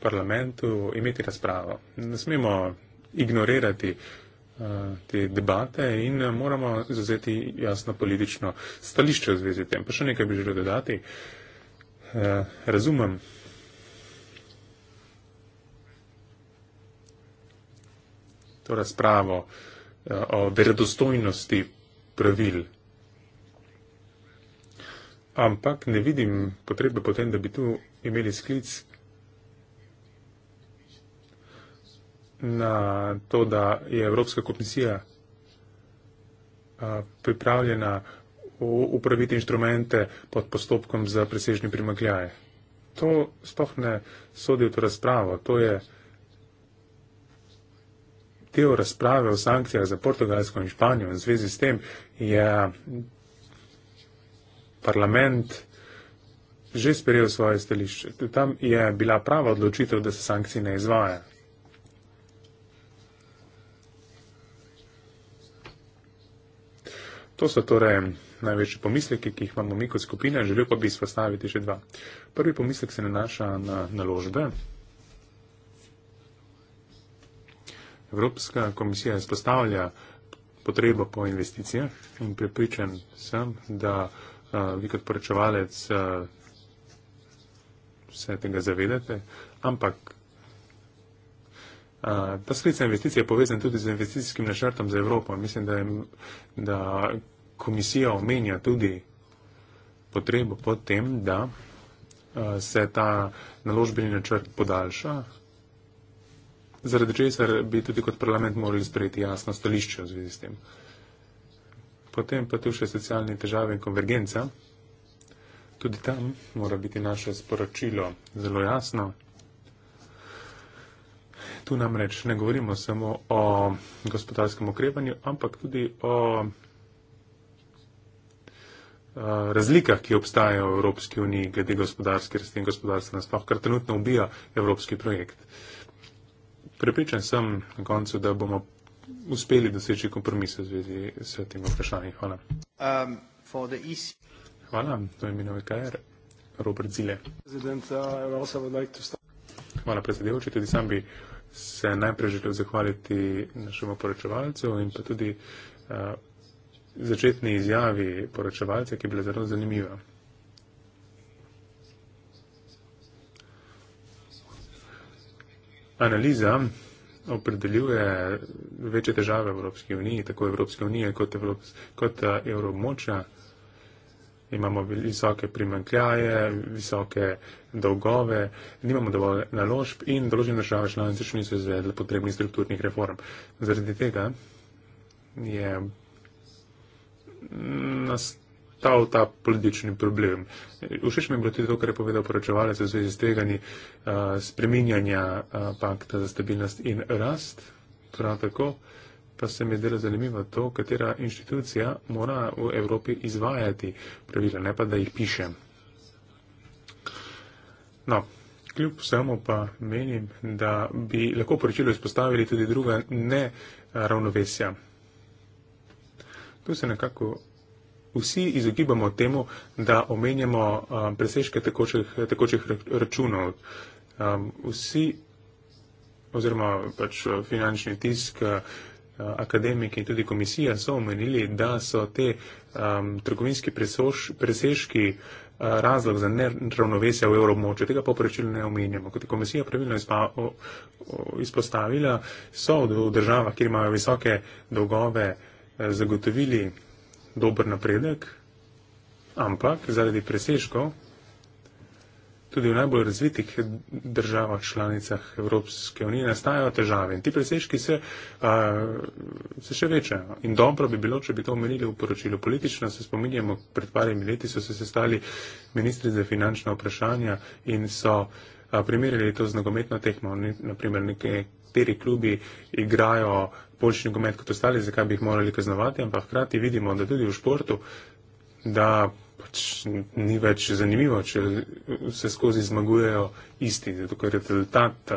parlamentu imeti razpravo. Ne smemo ignorirati eh, te debate in moramo zazeti jasno politično stališče v zvezi tem. Pa še nekaj bi želel dodati. Eh, razumem. To razpravo. Eh, o verodostojnosti pravil. Ampak ne vidim potrebe potem, da bi tu imeli sklic na to, da je Evropska komisija eh, pripravljena upraviti inštrumente pod postopkom za presežni primakljaje. To sploh ne sodi v to razpravo. To je uh, del razprave o sankcijah za Portugalsko in Španijo in v zvezi s tem je parlament že sprejel svoje stališče. Tam je bila prava odločitev, da se sankcije ne izvaja. To so torej največji pomisleki, ki jih imamo mi kot skupina, želel pa bi izpostaviti še dva. Prvi pomislek se nanaša na naložbe. Evropska komisija izpostavlja potrebo po investicijah in pripričan sem, da uh, vi kot poročevalec uh, vse tega zavedate, ampak uh, ta sklica investicije je povezan tudi z investicijskim načrtom za Evropo. Mislim, da, je, da komisija omenja tudi potrebo po tem, da uh, se ta naložbeni načrt podaljša zaradi česar bi tudi kot parlament morali sprejeti jasno stališče v zvezi s tem. Potem pa tu še socialne težave in konvergenca. Tudi tam mora biti naše sporočilo zelo jasno. Tu namreč ne govorimo samo o gospodarskem okrevanju, ampak tudi o razlikah, ki obstajajo v Evropski uniji glede gospodarske rasti in gospodarstva nasploh, kar trenutno ubija Evropski projekt. Uh, Prepričan sem na koncu, da bomo uspeli doseči kompromise v zvezi s tem vprašanjem. Hvala. Um, e Hvala, to je minil VKR, Robert Zile. Uh, Hvala, predsedujoči. Tudi sam bi se najprej želel zahvaliti našemu poročevalcu in pa tudi uh, začetni izjavi poročevalca, ki je bila zelo zanimiva. analiza opredeljuje večje težave v Evropski uniji, tako Evropske unije kot, Evrops kot eh, evromoča. Imamo visoke primankljaje, visoke dolgove, nimamo dovolj naložb in določene države članice še niso izvedle potrebnih strukturnih reform. Zaradi tega je mm, nastavljeno ta, ta politični problem. Všeč mi je bilo tudi to, kar je povedal poročevalec v zvezi s tveganji uh, spreminjanja uh, pakta za stabilnost in rast. Prav tako pa se mi je zdelo zanimivo to, katera inštitucija mora v Evropi izvajati pravila, ne pa da jih piše. No. Kljub vsemu pa menim, da bi lahko poročilo izpostavili tudi druga neravnovesja. Tu se nekako vsi izogibamo temu, da omenjamo um, presežke tekočih, tekočih računov. Um, vsi, oziroma pač uh, finančni tisk, uh, akademiki in tudi komisija so omenili, da so te um, trgovinski presož, presežki uh, razlog za neravnovesje v evromoče. Tega poprečilo ne omenjamo. Kot je komisija pravilno izpa, o, o, izpostavila, so v državah, kjer imajo visoke dolgove, eh, zagotovili dober napredek, ampak zaradi presežkov tudi v najbolj razvitih državah, članicah Evropske unije nastajajo težave. In ti presežki se, a, se še večajo. In dobro bi bilo, če bi to omenili v poročilu. Politično se spominjamo, pred parimi leti so se sestali ministri za finančna vprašanja in so primerjali to z nogometno tehmo. Naprimer, nekateri klubi igrajo boljši nogomet kot ostali, zakaj bi jih morali kaznovati, ampak hkrati vidimo, da tudi v športu, da pač ni več zanimivo, če se skozi zmagujejo isti, zato ker rezultat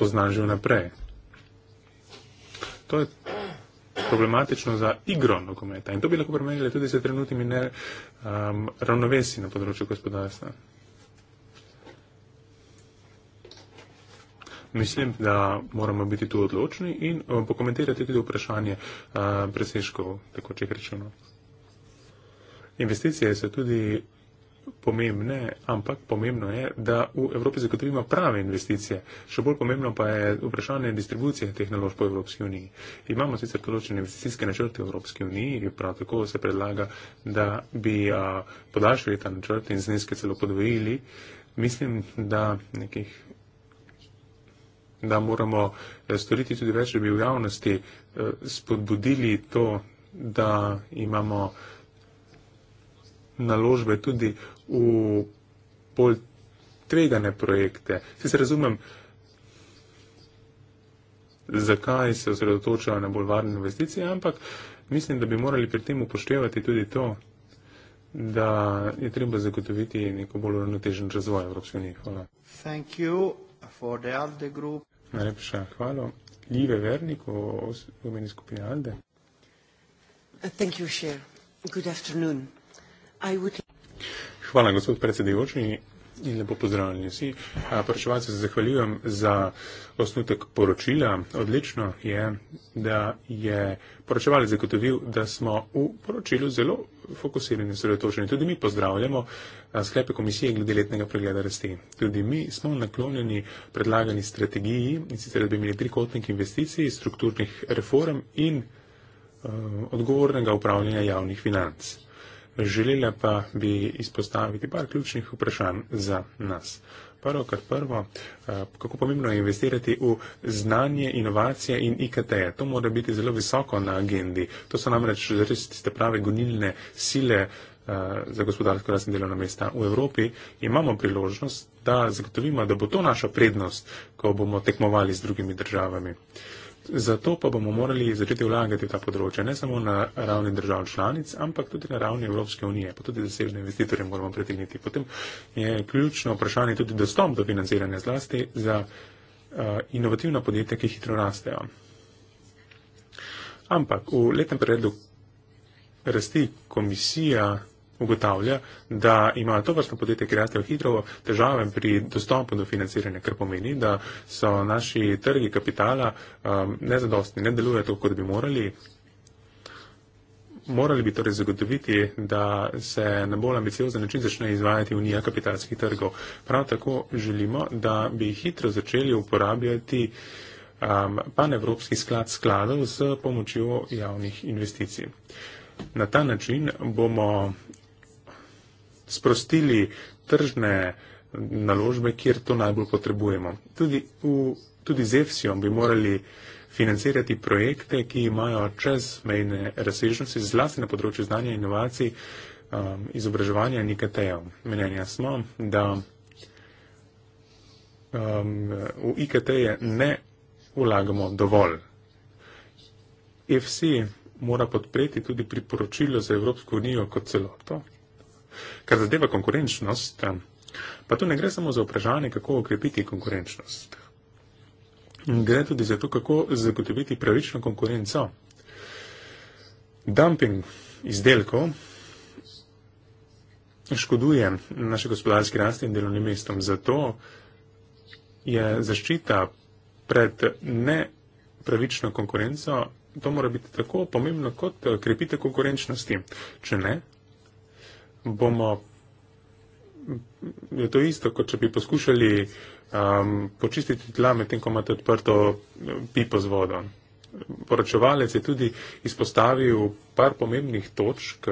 pozna že vnaprej. To je problematično za igro nogometa in to bi lahko premenili tudi za trenutnimi um, ravnovesi na področju gospodarstva. Mislim, da moramo biti tu odločni in eh, pokomentirati tudi vprašanje eh, preseškov, tako če rečemo. Investicije so tudi pomembne, ampak pomembno je, da v Evropi zagotovimo prave investicije. Še bolj pomembno pa je vprašanje distribucije tehnološk po Evropski uniji. Imamo sicer določene investicijske načrte v Evropski uniji, prav tako se predlaga, da bi eh, podaljšali ta načrt in zneske celo podvojili. Mislim, da nekih da moramo eh, storiti tudi več, da bi v javnosti eh, spodbudili to, da imamo naložbe tudi v bolj tvegane projekte. Vsi se razumem, zakaj se osredotočajo na bolj varne investicije, ampak mislim, da bi morali pri tem upoštevati tudi to, da je treba zagotoviti neko bolj ravnotežen razvoj Evropske unije. Hvala. Thank you for the ALDE group. Najlepša hvala. Ljive Vernik o imeni skupine ALDE. Uh, thank you, Good afternoon. I would... Hvala, gospod predsedujoči. In lepo pozdravljeni vsi. Pričevalce se zahvaljujem za osnutek poročila. Odlično je, da je poročevalec zagotovil, da smo v poročilu zelo fokusirani in sredotočeni. Tudi mi pozdravljamo sklepe komisije glede letnega pregleda rasti. Tudi mi smo naklonjeni predlagani strategiji, in sicer da bi imeli trikotnik investicij, strukturnih reform in uh, odgovornega upravljanja javnih financ. Želela pa bi izpostaviti par ključnih vprašanj za nas. Prvo kot prvo, eh, kako pomembno je investirati v znanje, inovacije in IKT. To mora biti zelo visoko na agendi. To so namreč res tiste prave gonilne sile eh, za gospodarsko rast in delovna mesta v Evropi. Imamo priložnost, da zagotovimo, da bo to naša prednost, ko bomo tekmovali z drugimi državami. Zato pa bomo morali začeti vlagati v ta področje, ne samo na ravni držav članic, ampak tudi na ravni Evropske unije, pa tudi zasebne investitorje moramo pritegniti. Potem je ključno vprašanje tudi dostop do financiranja zlasti za uh, inovativna podjetja, ki hitro rastejo. Ampak v letem predlogu rasti komisija ugotavlja, da imajo to vrstno podjetje kreativ hitro težave pri dostopu do financiranja, kar pomeni, da so naši trgi kapitala um, nezadostni, ne delujejo tako, kot bi morali. Morali bi torej zagotoviti, da se na bolj ambiciozen način začne izvajati unija kapitalskih trgov. Prav tako želimo, da bi hitro začeli uporabljati um, panevropski sklad skladov s pomočjo javnih investicij. Na ta način bomo sprostili tržne naložbe, kjer to najbolj potrebujemo. Tudi, v, tudi z EFSIOM bi morali financirati projekte, ki imajo čezmejne razsežnosti, zlasti na področju znanja, inovacij, um, izobraževanja in IKT-ja. Mnenja smo, da um, v IKT-je ne ulagamo dovolj. EFSI mora podpreti tudi priporočilo za Evropsko unijo kot celoto, Kar zadeva konkurenčnost, pa tu ne gre samo za vprašanje, kako okrepiti konkurenčnost. Gre tudi za to, kako zagotoviti pravično konkurenco. Dumping izdelkov škoduje naše gospodarske rasti in delovnim mestom. Zato je zaščita pred nepravično konkurenco, to mora biti tako pomembno kot krepite konkurenčnosti. Če ne, bomo, je to isto, kot če bi poskušali um, počistiti tla, medtem ko imate odprto pipo z vodo. Poročevalec je tudi izpostavil par pomembnih točk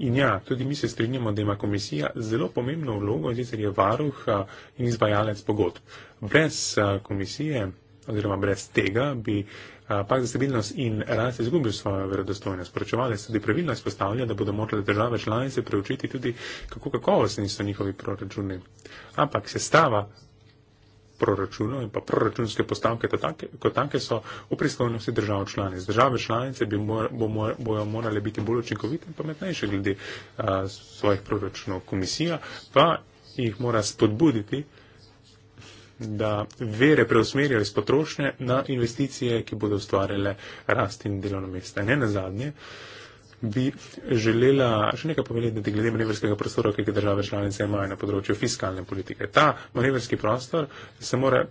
in ja, tudi mi se strinjamo, da ima komisija zelo pomembno vlogo, in sicer je varuh in izvajalec pogodb. Brez komisije oziroma brez tega bi Pakt za stabilnost in rast je izgubil svojo verodostojnost. Poročevalec tudi pravilno izpostavlja, da bodo morale države članice preučiti tudi, kako kakovostni so njihovi proračuni. Ampak sestava proračunov in pa proračunske postavke kot take so v pristojnosti držav članic. Države članice bi mor, bo, bojo morale biti bolj učinkovite in pametnejše glede a, svojih proračunov. Komisija pa jih mora spodbuditi, da vere preusmerijo iz potrošnje na investicije, ki bodo ustvarjale rast in delovno mesto. Ne na zadnje bi želela še nekaj povedati glede manevrskega prostora, ki ga države članice imajo na področju fiskalne politike. Ta manevrski prostor se mora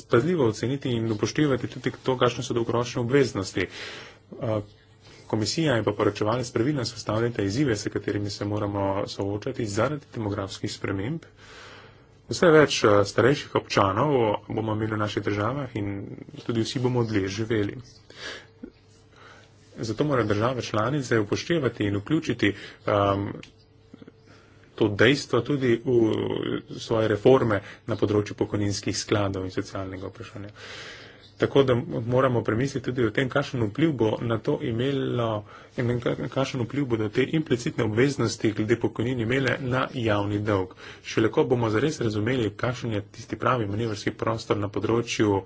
spazljivo oceniti in upoštevati tudi to, kakšne so dolgoročne obveznosti. Komisija in pa poročevalec pravilno so stavljene izzive, s katerimi se moramo soočati zaradi demografskih sprememb. Vse več eh, starejših občanov eh, bomo imeli v naših državah in tudi vsi bomo dlje živeli. Zato mora država članice upoštevati in vključiti um, to dejstvo tudi v eh, svoje reforme na področju pokojninskih skladov in socialnega vprašanja. Uh, Tako da moramo premisliti tudi o tem, kakšen vpliv bo na to imelo, kakšen vpliv bodo te implicitne obveznosti glede pokojnin imele na javni dolg. Šele ko bomo zares razumeli, kakšen je tisti pravi manevrski prostor na področju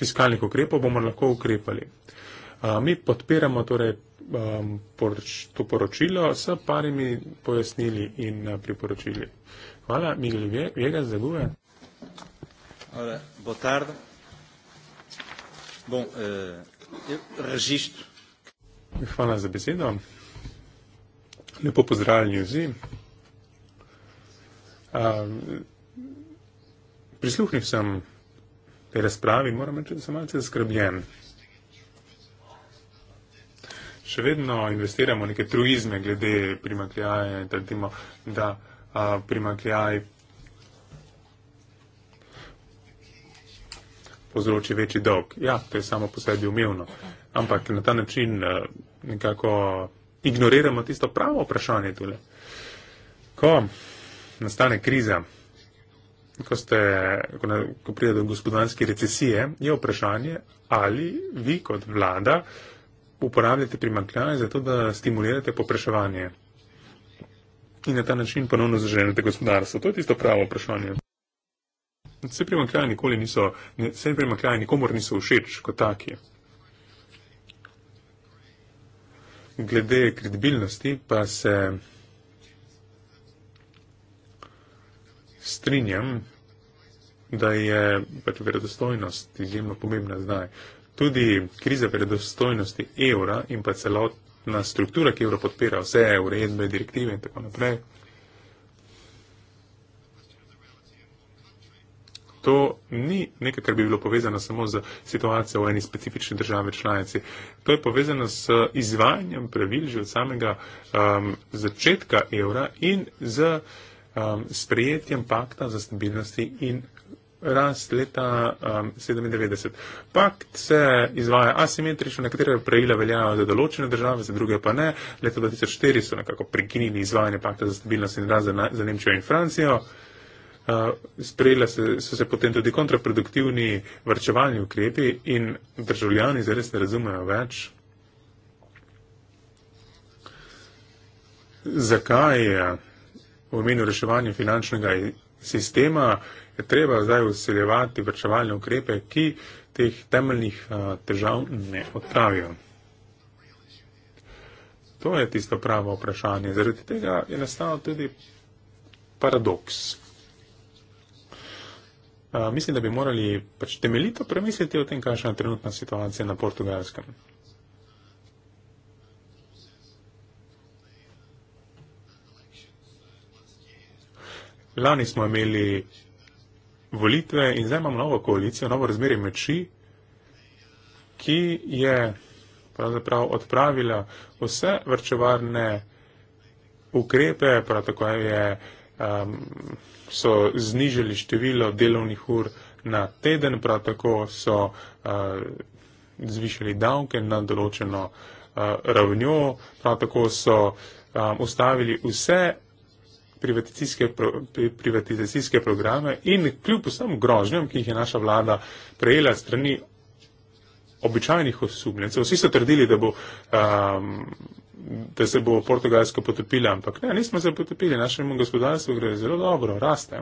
fiskalnih ukrepov, bomo lahko ukrepali. Mi podpiramo torej to poročilo s parimi pojasnili in priporočili. Hvala, Miguel Vegas, za gube. Ora, boa tarde. Bom, uh, eu registro. Hvala za besedo. Lepo pozdravljeni vsi. Uh, prisluhnil sem tej razpravi in moram reči, da sem malce zaskrbljen. Še vedno investiramo neke truizme glede primakljaja in trdimo, da uh, primakljaj povzroči večji dolg. Ja, to je samo po sebi umevno. Ampak na ta način eh, nekako ignoriramo tisto pravo vprašanje tule. Ko nastane kriza, ko, ste, ko, na, ko pride do gospodarske recesije, je vprašanje, ali vi kot vlada uporabljate primankljaj za to, da stimulirate popraševanje in na ta način ponovno zaženete gospodarstvo. To je tisto pravo vprašanje. Vse primankljaje nikoli niso, vse primankljaje nikomor niso všeč kot taki. Glede kredibilnosti pa se strinjam, da je pač verodostojnost izjemno pomembna zdaj. Tudi kriza verodostojnosti evra in pa celotna struktura, ki evro podpira, vse uredbe, direktive in tako naprej. to ni nekaj, kar bi bilo povezano samo z situacijo v eni specifični državi članici. To je povezano s izvajanjem pravil že od samega um, začetka evra in z um, sprejetjem pakta za stabilnosti in rast leta 1997. Um, Pakt se izvaja asimetrično, nekatere pravila veljajo za določene države, za druge pa ne. Leta 2004 so nekako prekinili izvajanje pakta za stabilnost in rast za, za Nemčijo in Francijo. Eh, sprejela se, so se potem tudi kontraproduktivni vrčevalni ukrepi in državljani zares ne razumejo več. Zakaj je v imenu reševanja finančnega sistema je treba zdaj usiljevati vrčevalne ukrepe, ki teh temeljnih eh, težav ne odpravijo? To je tisto pravo vprašanje. Zaradi tega je nastal tudi paradoks mislim, da bi morali pač temeljito premisliti o tem, kakšna je trenutna situacija na portugalskem. Lani smo imeli volitve in zdaj imamo novo koalicijo, novo razmerje meči, ki je pravzaprav odpravila vse vrčevarne ukrepe, prav tako je um, so znižali število delovnih ur na teden, prav tako so uh, zvišali davke na določeno uh, ravnjo, prav tako so um, ustavili vse privatizacijske, pro, privatizacijske programe in kljub vsem grožnjam, ki jih je naša vlada prejela strani običajnih osumljencev, vsi so trdili, da bo. Um, da se bo Portugalsko potopila, ampak ne, nismo se potopili, našemu gospodarstvu gre zelo dobro, raste.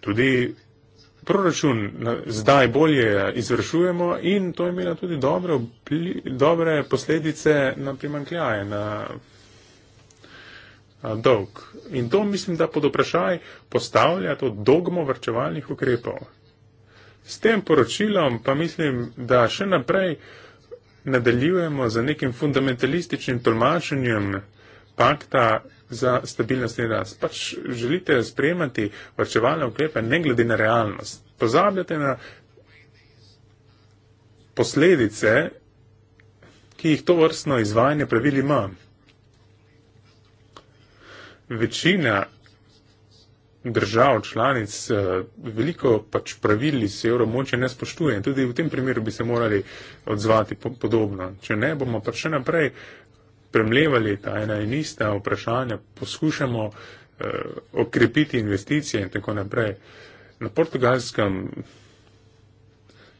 Tudi proračun zdaj bolje izvršujemo in to je imelo tudi dobre, dobre posledice na primankljaje, na dolg. In to mislim, da pod vprašaj postavlja to dogmo vrčevalnih ukrepov. S tem poročilom pa mislim, da še naprej nadaljujemo z nekim fundamentalističnim tolmačenjem pakta za stabilnost in rast. Pač želite sprejemati varčevalne ukrepe ne glede na realnost. Pozabljate na posledice, ki jih to vrstno izvajanje pravili ima. Večina držav, članic, eh, veliko pač pravil iz evromoče ne spoštuje in tudi v tem primeru bi se morali odzvati podobno. Če ne, bomo pač še naprej premlevali ta ena in ista vprašanja, poskušamo eh, okrepiti investicije in tako naprej. Na portugalskem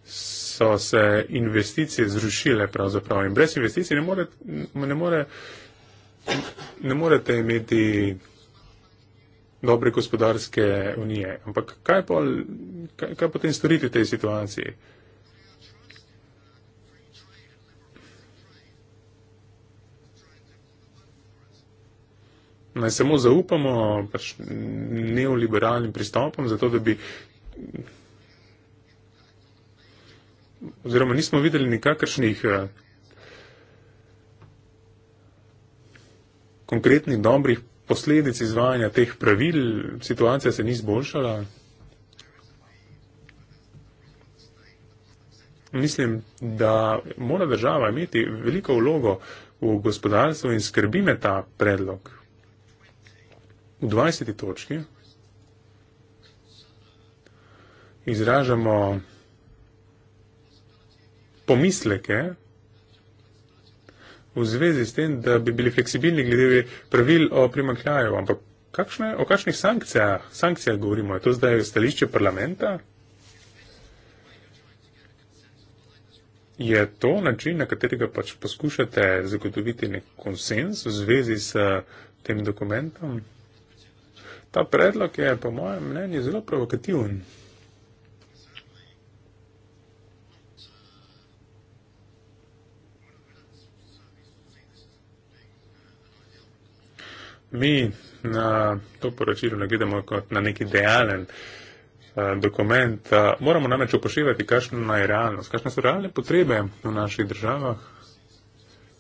so se investicije zrušile pravzaprav in brez investicij ne, more, ne, more, ne morete imeti dobre gospodarske unije. Ampak kaj, pol, kaj, kaj potem storiti v tej situaciji? Naj samo zaupamo pač neoliberalnim pristopom, zato da bi. Oziroma, nismo videli nikakršnih eh, konkretnih dobrih posledic izvajanja teh pravil situacija se ni zboljšala? Mislim, da mora država imeti veliko vlogo v gospodarstvu in skrbi me ta predlog. V 20. točki izražamo pomisleke v zvezi s tem, da bi bili fleksibilni glede pravil o primankljaju. Ampak kakšne, o kakšnih sankcijah, sankcijah govorimo? Je to zdaj stališče parlamenta? Je to način, na katerega pač poskušate zagotoviti nek konsens v zvezi s tem dokumentom? Ta predlog je, po mojem mnenju, zelo provokativen. mi na to poročilo ne gledamo kot na neki dejalen dokument. Moramo namreč upoštevati, kakšna je realnost, kakšne so realne potrebe v naših državah.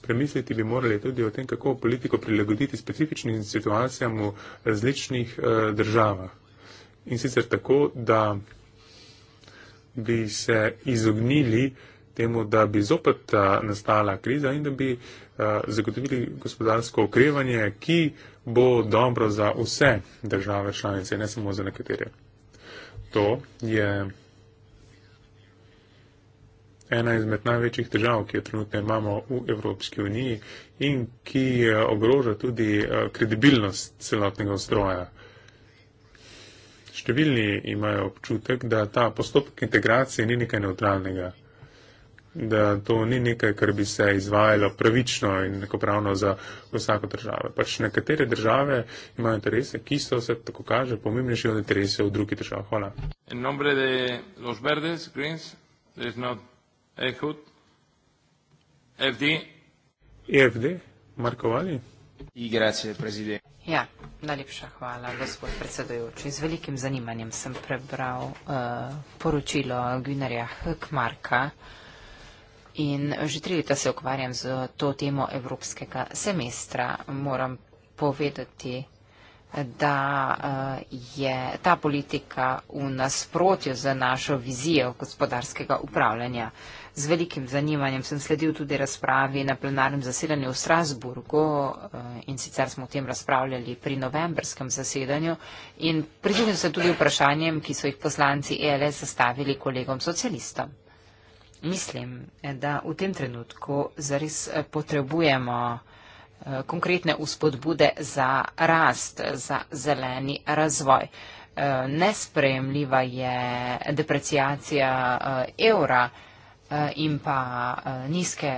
Premisliti bi morali tudi o tem, kako politiko prilagoditi specifičnim situacijam v različnih državah. In sicer tako, da bi se izognili temu, da bi zopet nastala kriza in da bi zagotovili gospodarsko okrevanje, ki bo dobro za vse države članice, ne samo za nekatere. To je ena izmed največjih težav, ki jo trenutno imamo v Evropski uniji in ki ogroža tudi eh, kredibilnost celotnega ustroja. Številni imajo občutek, da ta postopek integracije ni nekaj neutralnega da to ni nekaj, kar bi se izvajalo pravično in nekopravno za vsako državo. Pač nekatere države imajo interese, ki so se, tako kaže, pomembnejši od interese v drugih državah. Hvala. EFD, Marko Vali. Ja, najlepša hvala, gospod predsedojoči. Z velikim zanimanjem sem prebral uh, poročilo Gvinarja Hkmarka in že tri leta se ukvarjam z to temo evropskega semestra. Moram povedati, da eh, je ta politika v nasprotju z našo vizijo gospodarskega upravljanja. Z velikim zanimanjem sem sledil tudi razpravi na plenarnem zasedanju v Strasburgu eh, in sicer smo o tem razpravljali pri novembrskem zasedanju in pridružil se tudi vprašanjem, ki so jih poslanci ELS zastavili kolegom socialistom. Mislim, da v tem trenutku zares eh, potrebujemo eh, konkretne uspodbude za rast, za zeleni razvoj. Eh, Nespremljiva je deprecijacija evra in pa nizke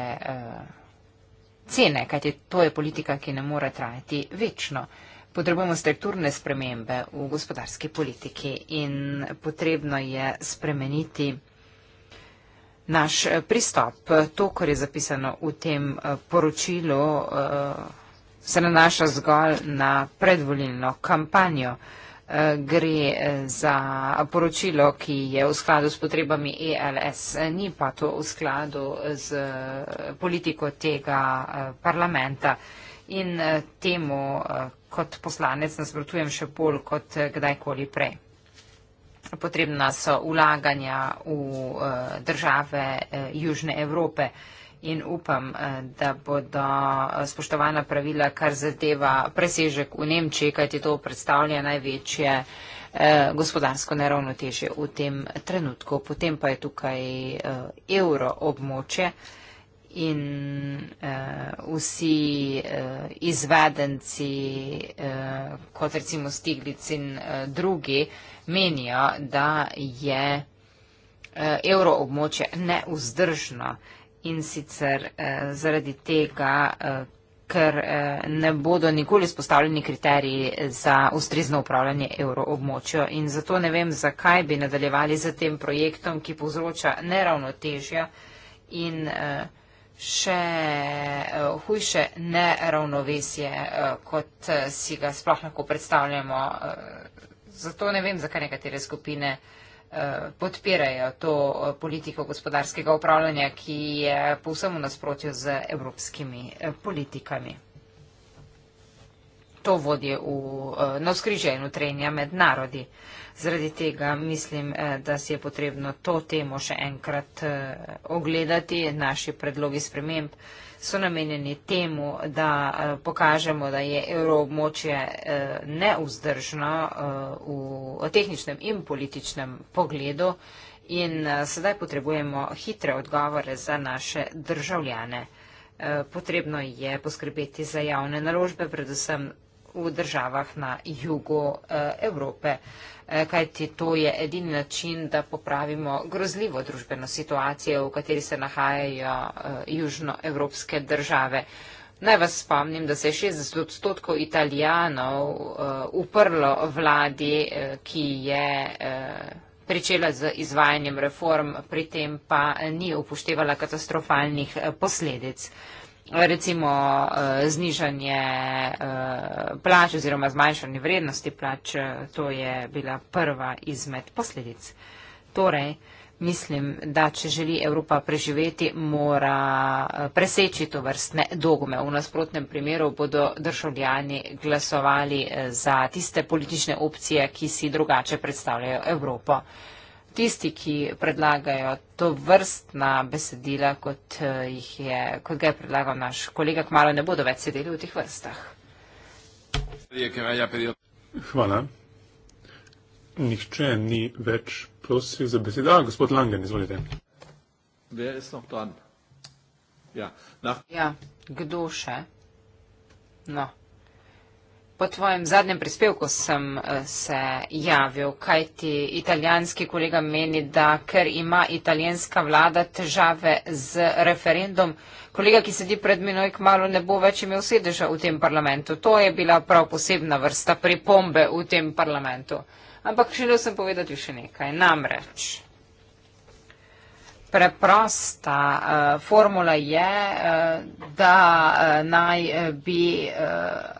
cene, kajti to je politika, ki ne more trajati večno. Potrebujemo strukturne spremembe v gospodarski politiki in potrebno je spremeniti naš eh, pristop. To, kar je zapisano v tem eh, poročilu, eh, se nanaša zgolj na predvolilno kampanjo. Gre za poročilo, ki je v skladu s potrebami ELS, ni pa to v skladu z politiko tega parlamenta. In temu kot poslanec nasprotujem še bolj kot kdajkoli prej potrebna so ulaganja v eh, države eh, Južne Evrope. In upam, eh, da bodo spoštovana pravila, kar zadeva presežek v Nemčiji, kajti to predstavlja največje gospodarsko neravnotežje v tem trenutku. Potem pa je tukaj evro območje in uh, vsi uh, izvedenci, uh, kot recimo Stiglic in uh, drugi, menijo, da je uh, evroobmoče neuzdržno in sicer uh, zaradi tega, uh, ker ne bodo nikoli spostavljeni kriteriji za ustrezno upravljanje evroobmočjo. In zato ne vem, zakaj bi nadaljevali z tem projektom, ki povzroča neravnotežja in eh, še eh, hujše neravnovesje, eh, kot eh, si ga sploh lahko predstavljamo. Zato ne vem, zakaj nekatere skupine podpirajo to politiko gospodarskega upravljanja, ki je povsem v nasprotju z evropskimi politikami to vodi v eh, navskrižje in utrenja med narodi. Zradi tega mislim, eh, da si je potrebno to temo še enkrat eh, ogledati. Naši predlogi sprememb so namenjeni temu, da pokažemo, da je evroobmočje neuzdržno v tehničnem in političnem pogledu in sedaj potrebujemo hitre odgovore za naše državljane. Potrebno je poskrbeti za javne naložbe, predvsem v državah na jugu eh, Evrope. Eh, kajti to je edini način, da popravimo grozljivo družbeno situacijo, v kateri se nahajajo eh, južnoevropske države. Naj vas spomnim, da se je 60 odstotkov italijanov uprlo vladi, ki je pričela z izvajanjem reform, pri tem pa ni upoštevala katastrofalnih posledic recimo eh, znižanje eh, plač oziroma zmanjšanje vrednosti plač, eh, to je bila prva izmed posledic. Torej, mislim, da če želi Evropa preživeti, mora preseči to vrstne dogme. V nasprotnem primeru bodo državljani glasovali za tiste politične opcije, ki si drugače predstavljajo Evropo tisti, ki predlagajo to vrstna besedila, kot, eh, je, kot ga je predlagal naš kolega, kmalo ne bodo več sedeli v teh vrstah. Hvala. Nihče ni več prosil za besedo. Gospod Langen, izvolite. Ja, ja. Kdo še? No. Po tvojem zadnjem prispevku sem eh, se javil, kaj ti italijanski kolega meni, da ker ima italijanska vlada težave z referendum, kolega, ki sedi pred menoj, kmalo ne bo več imel sedeža v tem parlamentu. To je bila prav posebna vrsta pripombe v tem parlamentu. Ampak želel sem povedati še nekaj. Namreč. Preprosta uh, formula je, uh, da uh, naj uh, bi. Uh,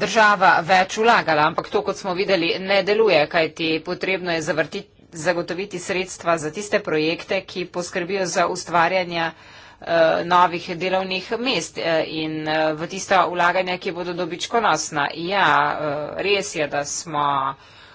država več vlagala, ampak to, kot smo videli, ne deluje, kajti potrebno je zagotoviti sredstva za tiste projekte, ki poskrbijo za ustvarjanje eh, novih delovnih mest eh, in eh, v tista vlaganja, ki bodo dobičkonosna. Ja, res je, da smo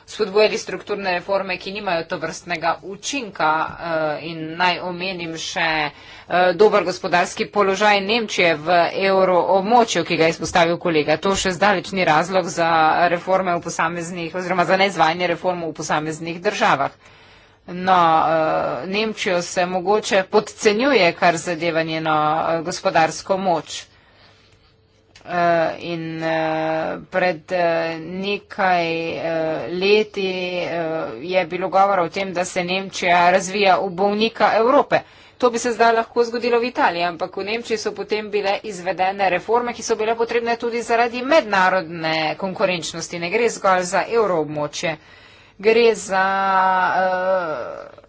spodbujali strukturne reforme, ki nimajo to vrstnega učinka. Eh, in naj omenim še eh, dober gospodarski položaj Nemčije v euroobmočju, ki ga je izpostavil kolega. To še zdaleč ni razlog za reforme v posameznih oziroma za neizvajanje reform v posameznih državah. No, eh, Nemčijo se mogoče podcenjuje, kar zadeva njeno gospodarsko moč. Eh, in eh, pred eh, nekaj leti je bilo govora o tem, da se Nemčija razvija v bovnika Evrope. To bi se zdaj lahko zgodilo v Italiji, ampak v Nemčiji so potem bile izvedene reforme, ki so bile potrebne tudi zaradi mednarodne konkurenčnosti. Ne gre zgolj za evroobmočje, gre za. Uh,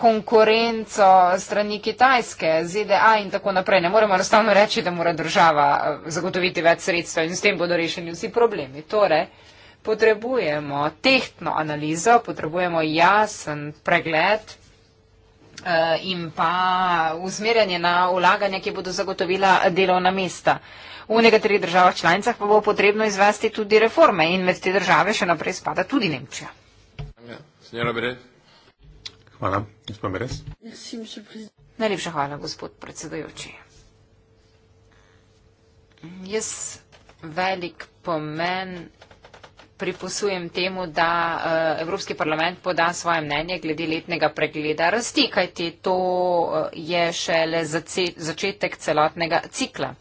konkurenco strani Kitajske, ZDA in tako naprej. Ne moremo enostavno reči, da mora država eh, zagotoviti več sredstva in s tem bodo rešeni vsi problemi. Torej, potrebujemo tehtno analizo, potrebujemo jasen pregled eh, in pa usmerjanje na ulaganja, ki bodo zagotovila delovna mesta. V nekaterih državah članicah pa bo potrebno izvesti tudi reforme in med te države še naprej spada tudi Nemčija. Ja, Hvala. Gospod Meres. Najlepša hvala, gospod predsedujoči. Jaz velik pomen priposujem temu, da eh, Evropski parlament poda svoje mnenje glede letnega pregleda rasti, kajti to eh, je šele začetek celotnega cikla.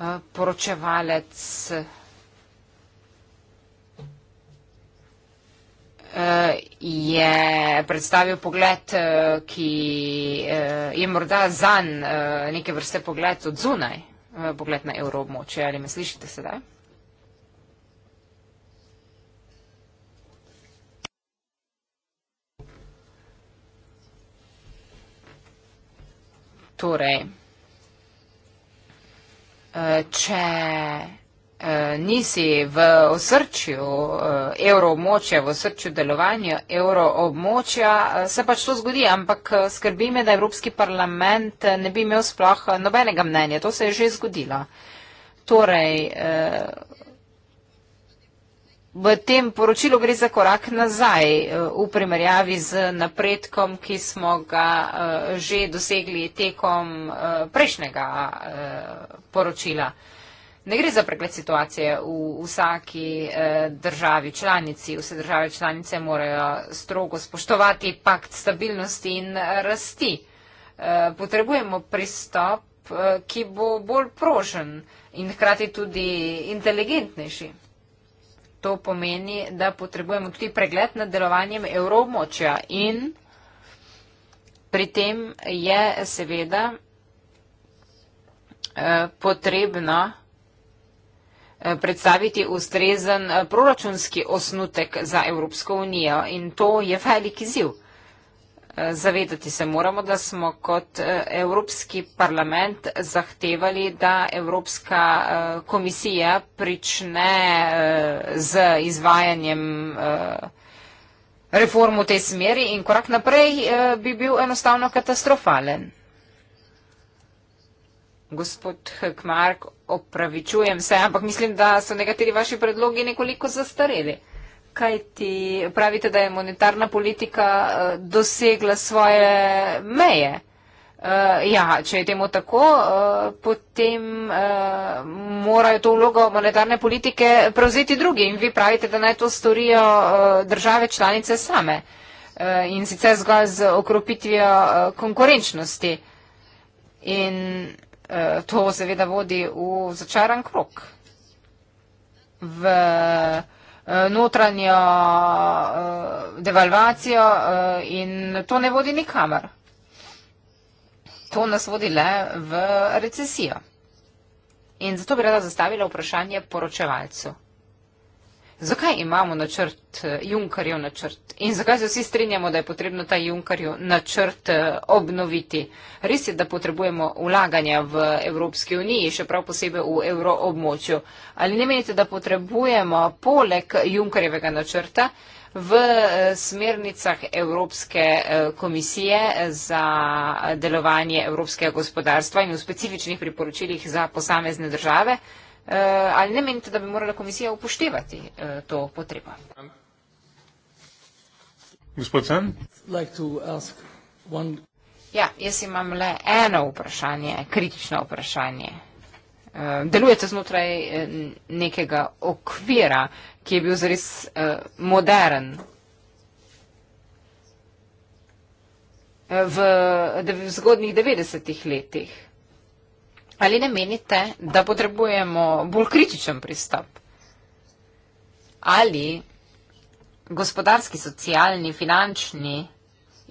Eh, poročevalec je predstavil pogled, eh, ki eh, je morda zanj eh, neke vrste pogled od zunaj, pogled na evroobmočje. Ali me slišite sedaj? Torej, če Eh, nisi v osrčju eh, evroobmočja, v osrčju delovanja evroobmočja, eh, se pač to zgodi, ampak skrbi me, da Evropski parlament ne bi imel sploh nobenega mnenja. To se je že zgodilo. Torej, v tem poročilu gre za korak nazaj v primerjavi z napredkom, ki smo ga že dosegli tekom prejšnjega poročila. Ne gre za pregled situacije v vsaki eh, državi članici. Vse države članice morajo strogo spoštovati pakt stabilnosti in eh, rasti. Eh, potrebujemo pristop, ki bo bolj prožen in hkrati tudi inteligentnejši. To pomeni, da potrebujemo tudi pregled nad delovanjem evromočja in pri tem je seveda potrebno, Eh, predstaviti ustrezen eh, proračunski osnutek za Evropsko unijo in to je velik izziv. Eh, zavedati se moramo, da smo kot Evropski parlament zahtevali, da Evropska komisija prične z izvajanjem reform v tej smeri in korak naprej bi bil enostavno katastrofalen gospod Hkmark, opravičujem se, ampak mislim, da so nekateri vaši predlogi nekoliko zastareli. Kaj ti pravite, da je monetarna politika eh, dosegla svoje meje? Uh, ja, če je temu tako, uh, potem uh, morajo to vlogo monetarne politike prevzeti drugi in vi pravite, da naj to storijo uh, države članice same uh, in sicer zgolj z okropitvijo uh, konkurenčnosti. In Eh, to seveda vodi v začaran krok, v eh, notranjo eh, devalvacijo in to ne vodi nikamer. To nas vodi le v recesijo. In zato bi rada zastavila vprašanje poročevalcu zakaj imamo načrt, eh, Junkarjev načrt in zakaj se vsi strinjamo, da je potrebno ta Junkarjev načrt eh, obnoviti. Res je, da potrebujemo ulaganja v Evropski uniji, še prav posebej v euroobmočju. Ali ne menite, da potrebujemo poleg Junkarjevega načrta v eh, smernicah Evropske komisije za delovanje evropskega gospodarstva in v specifičnih priporočilih za posamezne države? Eh, ali ne menite, da bi morala komisija upoštevati eh, to potrebo? Gospod Sen? Ja, jaz imam le eno vprašanje, kritično vprašanje. Eh, delujete znotraj nekega okvira, ki je bil zares modern. V, v zgodnjih 90-ih letih. Ali ne menite, da potrebujemo bolj kritičen pristop? Ali gospodarski, socialni, finančni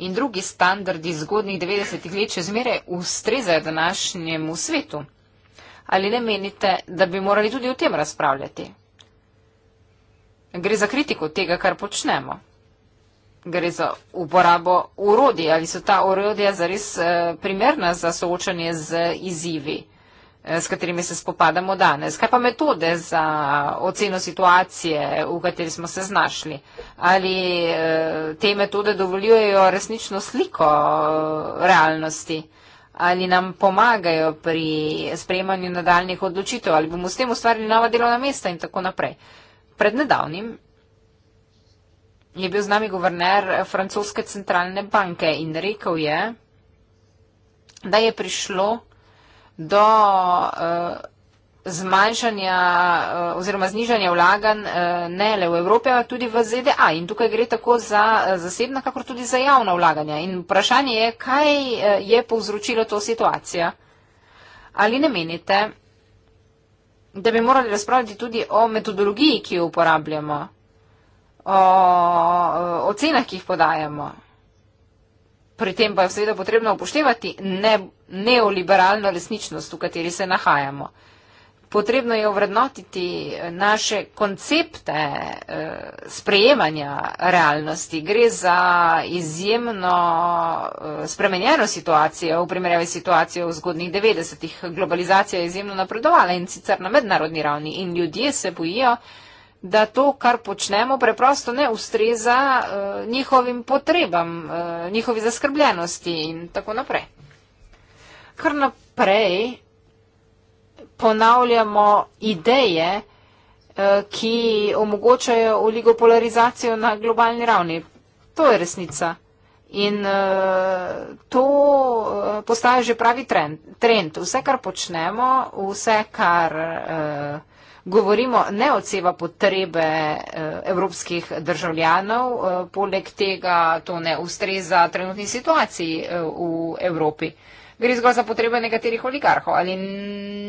in drugi standardi zgodnih 90-ih let še zmeraj ustrezajo današnjemu svetu? Ali ne menite, da bi morali tudi o tem razpravljati? Gre za kritiko tega, kar počnemo. Gre za uporabo urodij. Ali so ta urodija zares eh, primerna za soočanje z izzivi? Eh, s katerimi se spopadamo danes. Kaj pa metode za oceno situacije, v kateri smo se znašli? Ali eh, te metode dovoljujejo resnično sliko eh, realnosti? Ali nam pomagajo pri sprejemanju nadaljnih odločitev? Ali bomo s tem ustvarili nova delovna mesta in tako naprej? Pred nedavnim je bil z nami guverner francoske centralne banke in rekel je, da je prišlo do eh, zmanjšanja eh, oziroma znižanja vlaganj eh, ne le v Evropi, ampak tudi v ZDA. In tukaj gre tako za zasebna, kakor tudi za javna vlaganja. In vprašanje je, kaj je povzročilo to situacijo. Ali ne menite, da bi morali razpravljati tudi o metodologiji, ki jo uporabljamo, o ocenah, ki jih podajamo? Pri tem pa je seveda potrebno upoštevati ne, neoliberalno resničnost, v kateri se nahajamo. Potrebno je ovrednotiti eh, naše koncepte eh, sprejemanja realnosti. Gre za izjemno eh, spremenjeno situacijo v primerjavi s situacijo v zgodnih 90-ih. Globalizacija je izjemno napredovala in sicer na mednarodni ravni in ljudje se bojijo da to, kar počnemo, preprosto ne ustreza uh, njihovim potrebam, uh, njihovi zaskrbljenosti in tako naprej. Kar naprej ponavljamo ideje, uh, ki omogočajo oligopolarizacijo na globalni ravni. To je resnica. In uh, to uh, postaja že pravi trend. trend. Vse, kar počnemo, vse, kar. Uh, govorimo ne odseva potrebe eh, evropskih državljanov, eh, poleg tega to ne ustreza trenutni situaciji eh, v Evropi. Gre zgolj za potrebe nekaterih oligarhov. Ali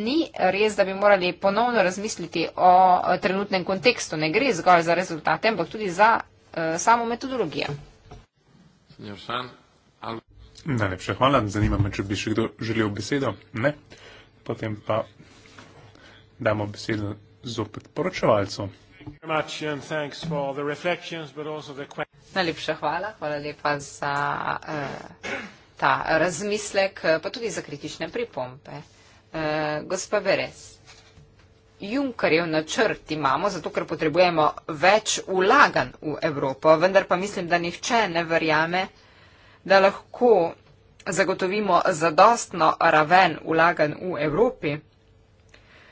ni res, da bi morali ponovno razmisliti o trenutnem kontekstu? Ne gre zgolj za rezultate, ampak tudi za uh, samo metodologijo. San, ali... Najlepša hvala. Zanima me, če bi še kdo želel besedo. Ne. Potem pa damo besedo zopet poročevalcu. Najlepša hvala, hvala lepa za eh, ta razmislek, pa tudi za kritične pripombe. Eh, gospa Beres, Junkarjev načrt imamo, zato ker potrebujemo več ulagan v Evropo, vendar pa mislim, da nihče ne verjame, da lahko zagotovimo zadostno raven ulagan v Evropi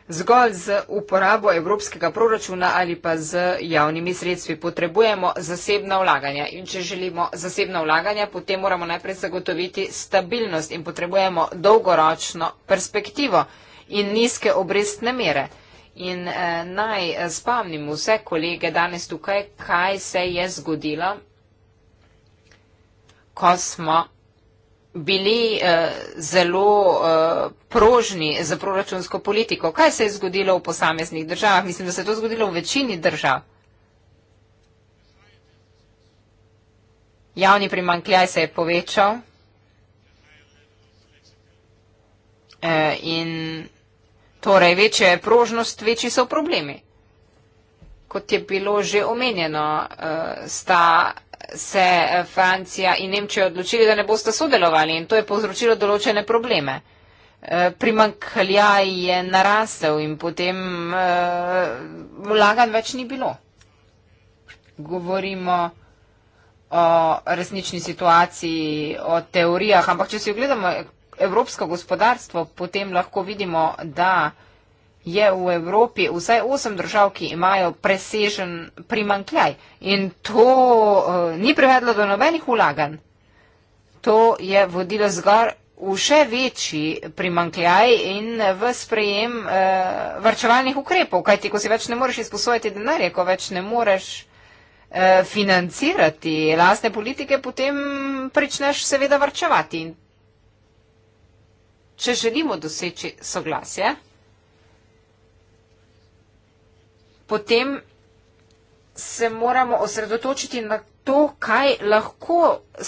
zgolj z uporabo evropskega proračuna ali pa z javnimi sredstvi. Potrebujemo zasebna vlaganja in če želimo zasebna vlaganja, potem moramo najprej zagotoviti stabilnost in potrebujemo dolgoročno perspektivo in nizke obrestne mere. In eh, naj eh, spomnim vse kolege danes tukaj, kaj se je zgodilo, ko smo bili eh, zelo eh, prožni za proračunsko politiko. Kaj se je zgodilo v posameznih državah? Mislim, da se je to zgodilo v večini držav. Javni primankljaj se je povečal eh, in torej večja je prožnost, večji so problemi. Kot je bilo že omenjeno, eh, sta se eh, Francija in Nemčija odločili, da ne boste sodelovali in to je povzročilo določene probleme. Eh, primankljaj je narasel in potem eh, vlagan več ni bilo. Govorimo o resnični situaciji, o teorijah, ampak če si ogledamo evropsko gospodarstvo, potem lahko vidimo, da je v Evropi vsaj osem držav, ki imajo presežen primankljaj. In to uh, ni privedlo do nobenih ulaganj. To je vodilo zgolj v še večji primankljaj in v sprejem uh, varčevalnih ukrepov. Kajti, ko si več ne moreš izposojati denarja, ko več ne moreš eh, financirati lastne politike, potem pričneš seveda varčevati. Če želimo doseči soglasje, ja? potem se moramo osredotočiti na to, kaj lahko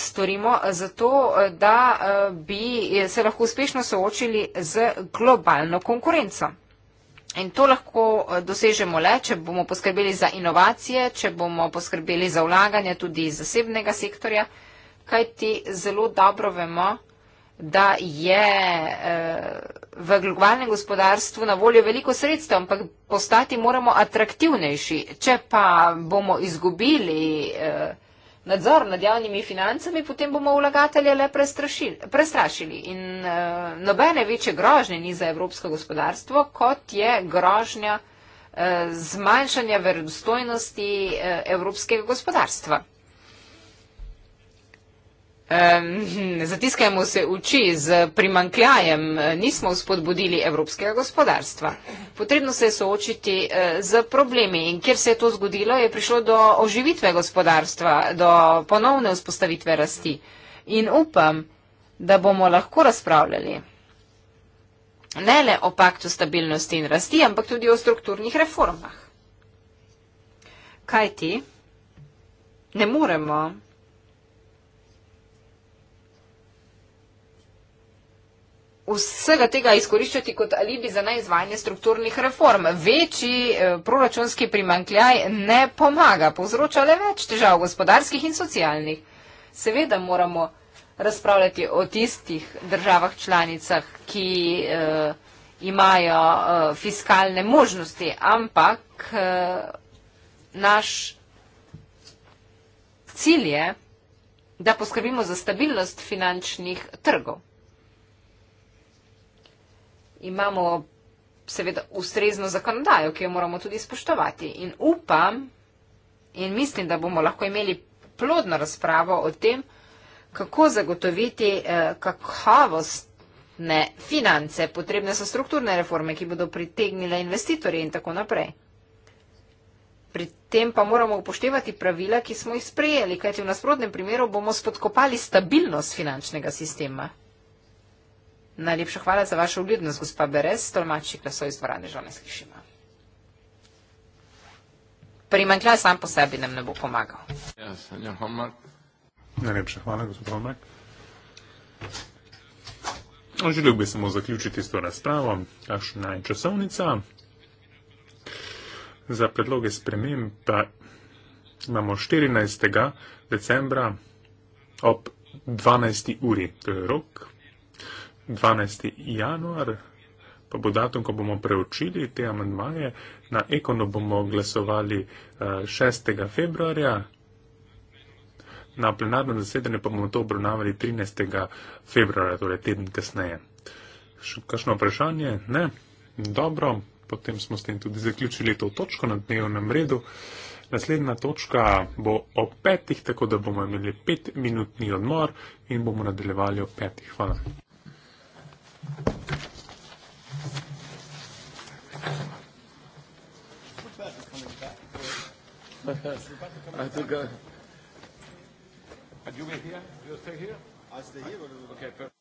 storimo za to, eh, da eh, bi se lahko uspešno soočili z globalno konkurenco. In to lahko eh, dosežemo le, če bomo poskrbeli za inovacije, če bomo poskrbeli za vlaganje tudi zasebnega sektorja, kajti zelo dobro vemo, da je eh, v globalnem gospodarstvu na voljo veliko sredstev, ampak postati moramo atraktivnejši. Če pa bomo izgubili eh, nadzor nad javnimi financami, potem bomo vlagatelje le prestrašili, prestrašili. In eh, nobene večje grožnje ni za evropsko gospodarstvo, kot je grožnja zmanjšanja verodostojnosti evropskega gospodarstva. Hm, zatiskajmo se oči z primankljajem, nismo spodbudili evropskega gospodarstva. Potrebno se je soočiti eh, z problemi in kjer se je to zgodilo, je prišlo do oživitve gospodarstva, do ponovne vzpostavitve rasti. In upam, da bomo lahko razpravljali ne le o paktu stabilnosti in rasti, ampak tudi o strukturnih reformah. Kaj ti? Ne moremo vsega tega izkoriščati kot alibi za neizvajanje strukturnih reform. Večji eh, proračunski primankljaj ne pomaga, povzroča le več težav gospodarskih in socialnih. Seveda moramo razpravljati o tistih državah članicah, ki eh, imajo eh, fiskalne možnosti, ampak eh, naš cilj je, da poskrbimo za stabilnost finančnih trgov imamo seveda ustrezno zakonodajo, ki jo moramo tudi spoštovati. In upam in mislim, da bomo lahko imeli plodno razpravo o tem, kako zagotoviti eh, kakovostne finance. Potrebne so strukturne reforme, ki bodo pritegnile investitorje in tako naprej. Pri tem pa moramo upoštevati pravila, ki smo jih sprejeli, kajti v nasprotnem primeru bomo spodkopali stabilnost finančnega sistema. Najlepša hvala za vašo uglednost, gospa Beres, tolmači glasov iz dvorane Žone Skišima. Primankljaj sam po sebi nam ne bo pomagal. Najlepša hvala, gospod Omek. Želel bi samo zaključiti s to razpravo, kakšna je časovnica. Za predloge spremem pa imamo 14. decembra ob 12. uri, to je rok, 12. januar, pa bo datum, ko bomo preučili te amandmaje. Na Ekonu bomo glasovali 6. Eh, februarja, na plenarno zasedanje pa bomo to obravnavali 13. februarja, torej teden kasneje. Še kakšno vprašanje? Ne? Dobro, potem smo s tem tudi zaključili to točko na dnevnem redu. Naslednja točka bo o petih, tako da bomo imeli petminutni odmor in bomo nadaljevali o petih. Hvala. I think I. And you'll be here? You'll stay here? I stay here. Okay, perfect.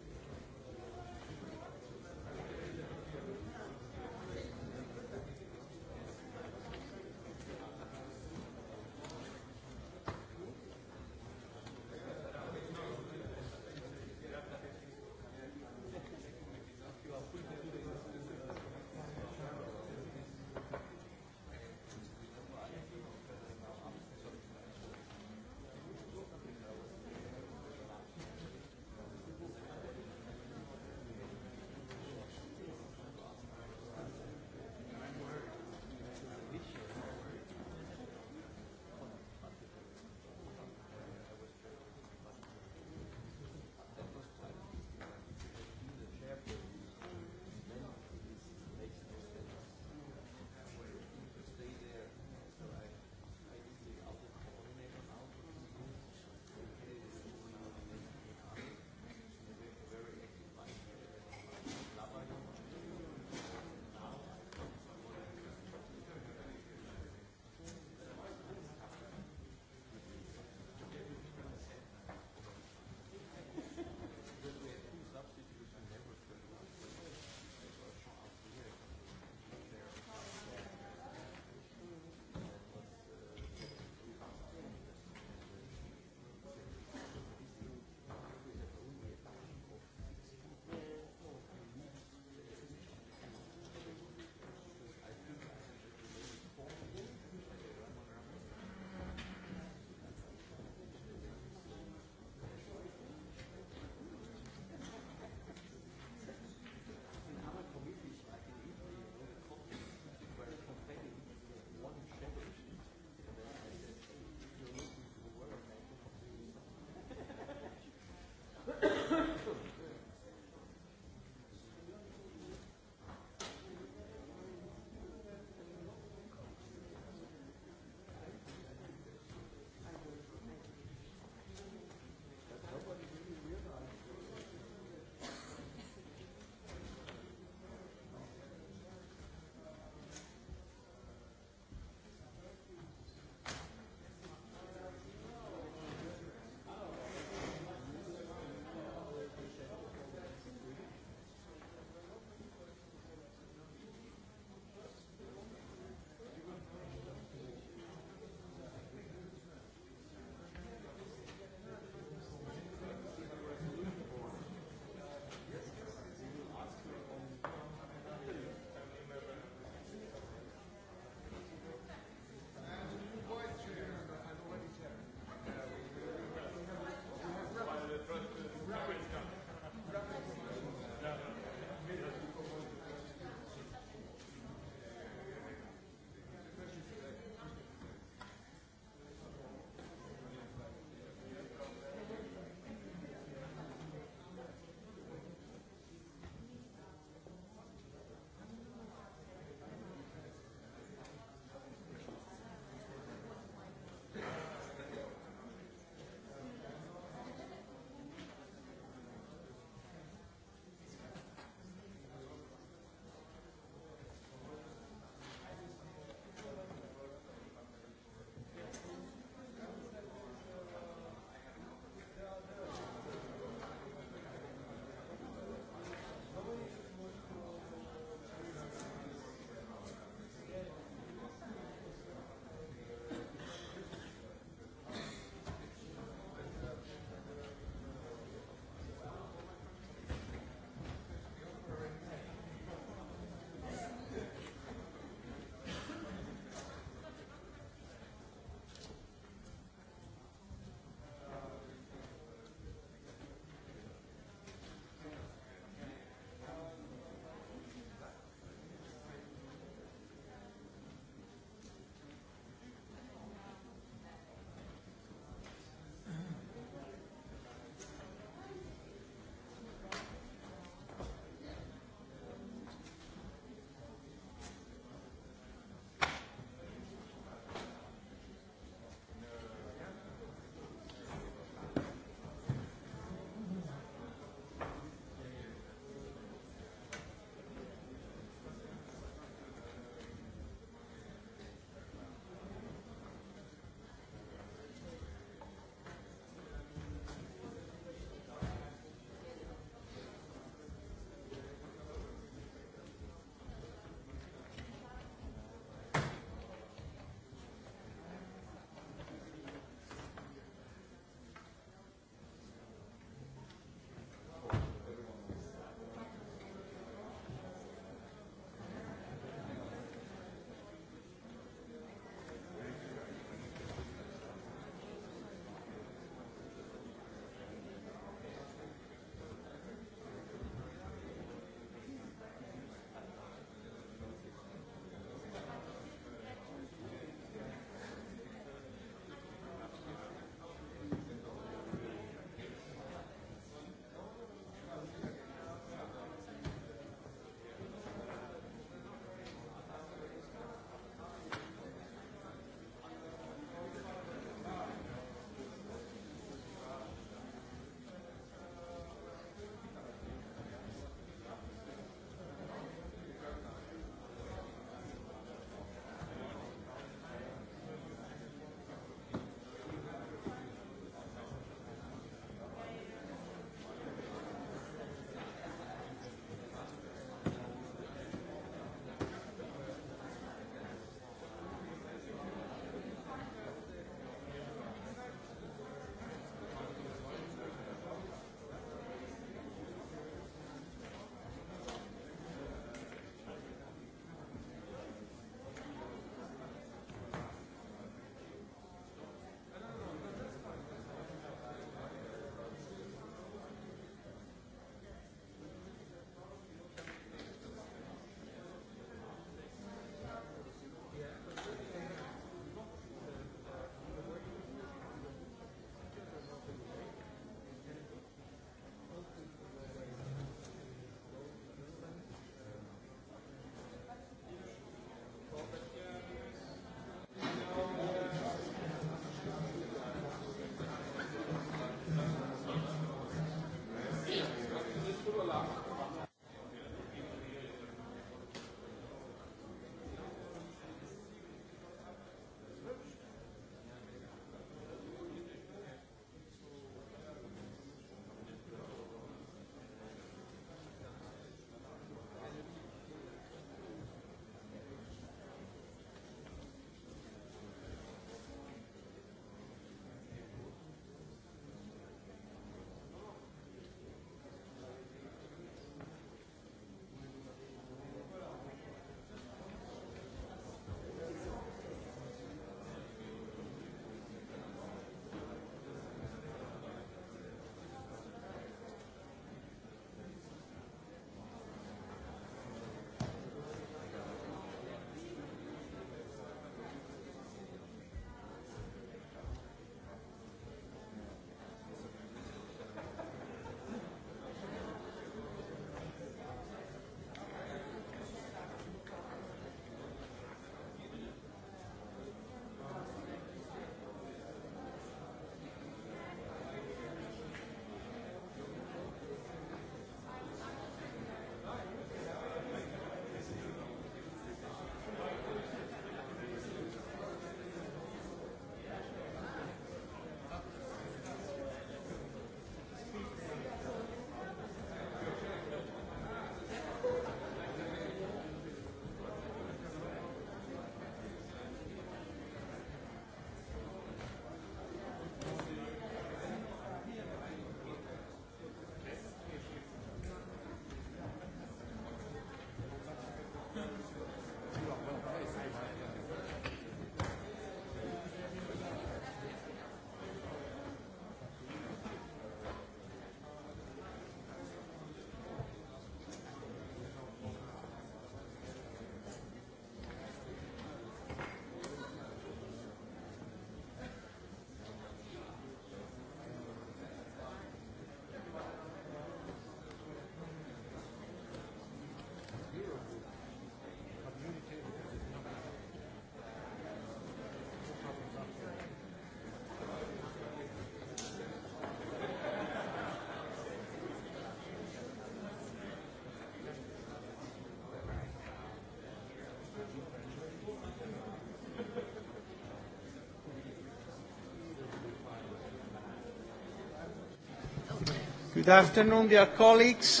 Good afternoon, dear colleagues.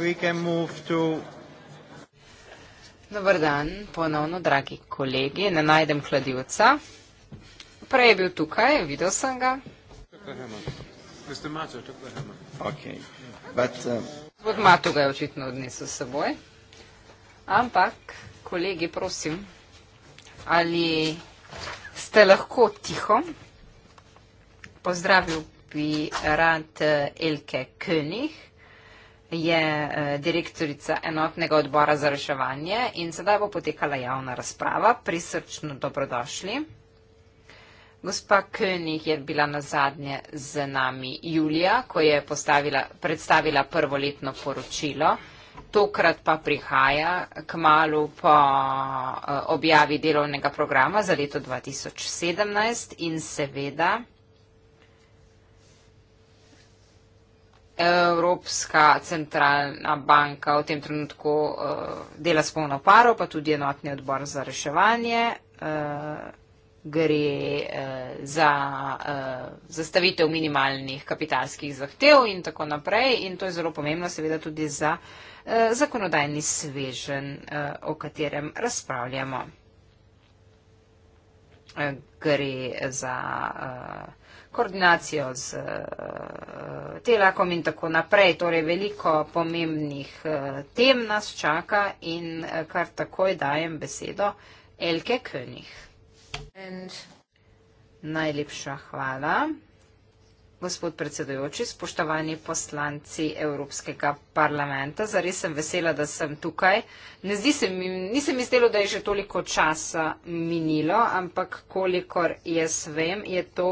We can move to... Dobar dan, ponovno, dragi kolegi. Ne najdem kladivca. Prej je bil tukaj, videl sem ga. Um, Gospod Matu ga je očitno odnesel s seboj. Ampak, kolegi, prosim, ali ste lahko tiho pozdravil skupaj Rand eh, Elke König, je eh, direktorica enotnega odbora za reševanje in sedaj bo potekala javna razprava. Prisrčno dobrodošli. Gospa König je bila na zadnje z nami julija, ko je predstavila prvoletno poročilo. Tokrat pa prihaja k malu po eh, objavi delovnega programa za leto 2017 in seveda Evropska centralna banka v tem trenutku uh, dela s polno paro, pa tudi enotni odbor za reševanje. Uh, gre uh, za uh, zastavitev minimalnih kapitalskih zahtev in tako naprej. In to je zelo pomembno, seveda, tudi za uh, zakonodajni svežen, uh, o katerem razpravljamo. Uh, gre za. Uh, koordinacijo z uh, eh, Telekom in tako naprej. Torej veliko pomembnih uh, tem nas čaka in uh, kar takoj dajem besedo Elke Könih. And... Najlepša hvala. Gospod predsedujoči, spoštovani poslanci Evropskega parlamenta, zares sem vesela, da sem tukaj. Ne zdi se mi, nisem mislila, da je že toliko časa minilo, ampak kolikor jaz vem, je to.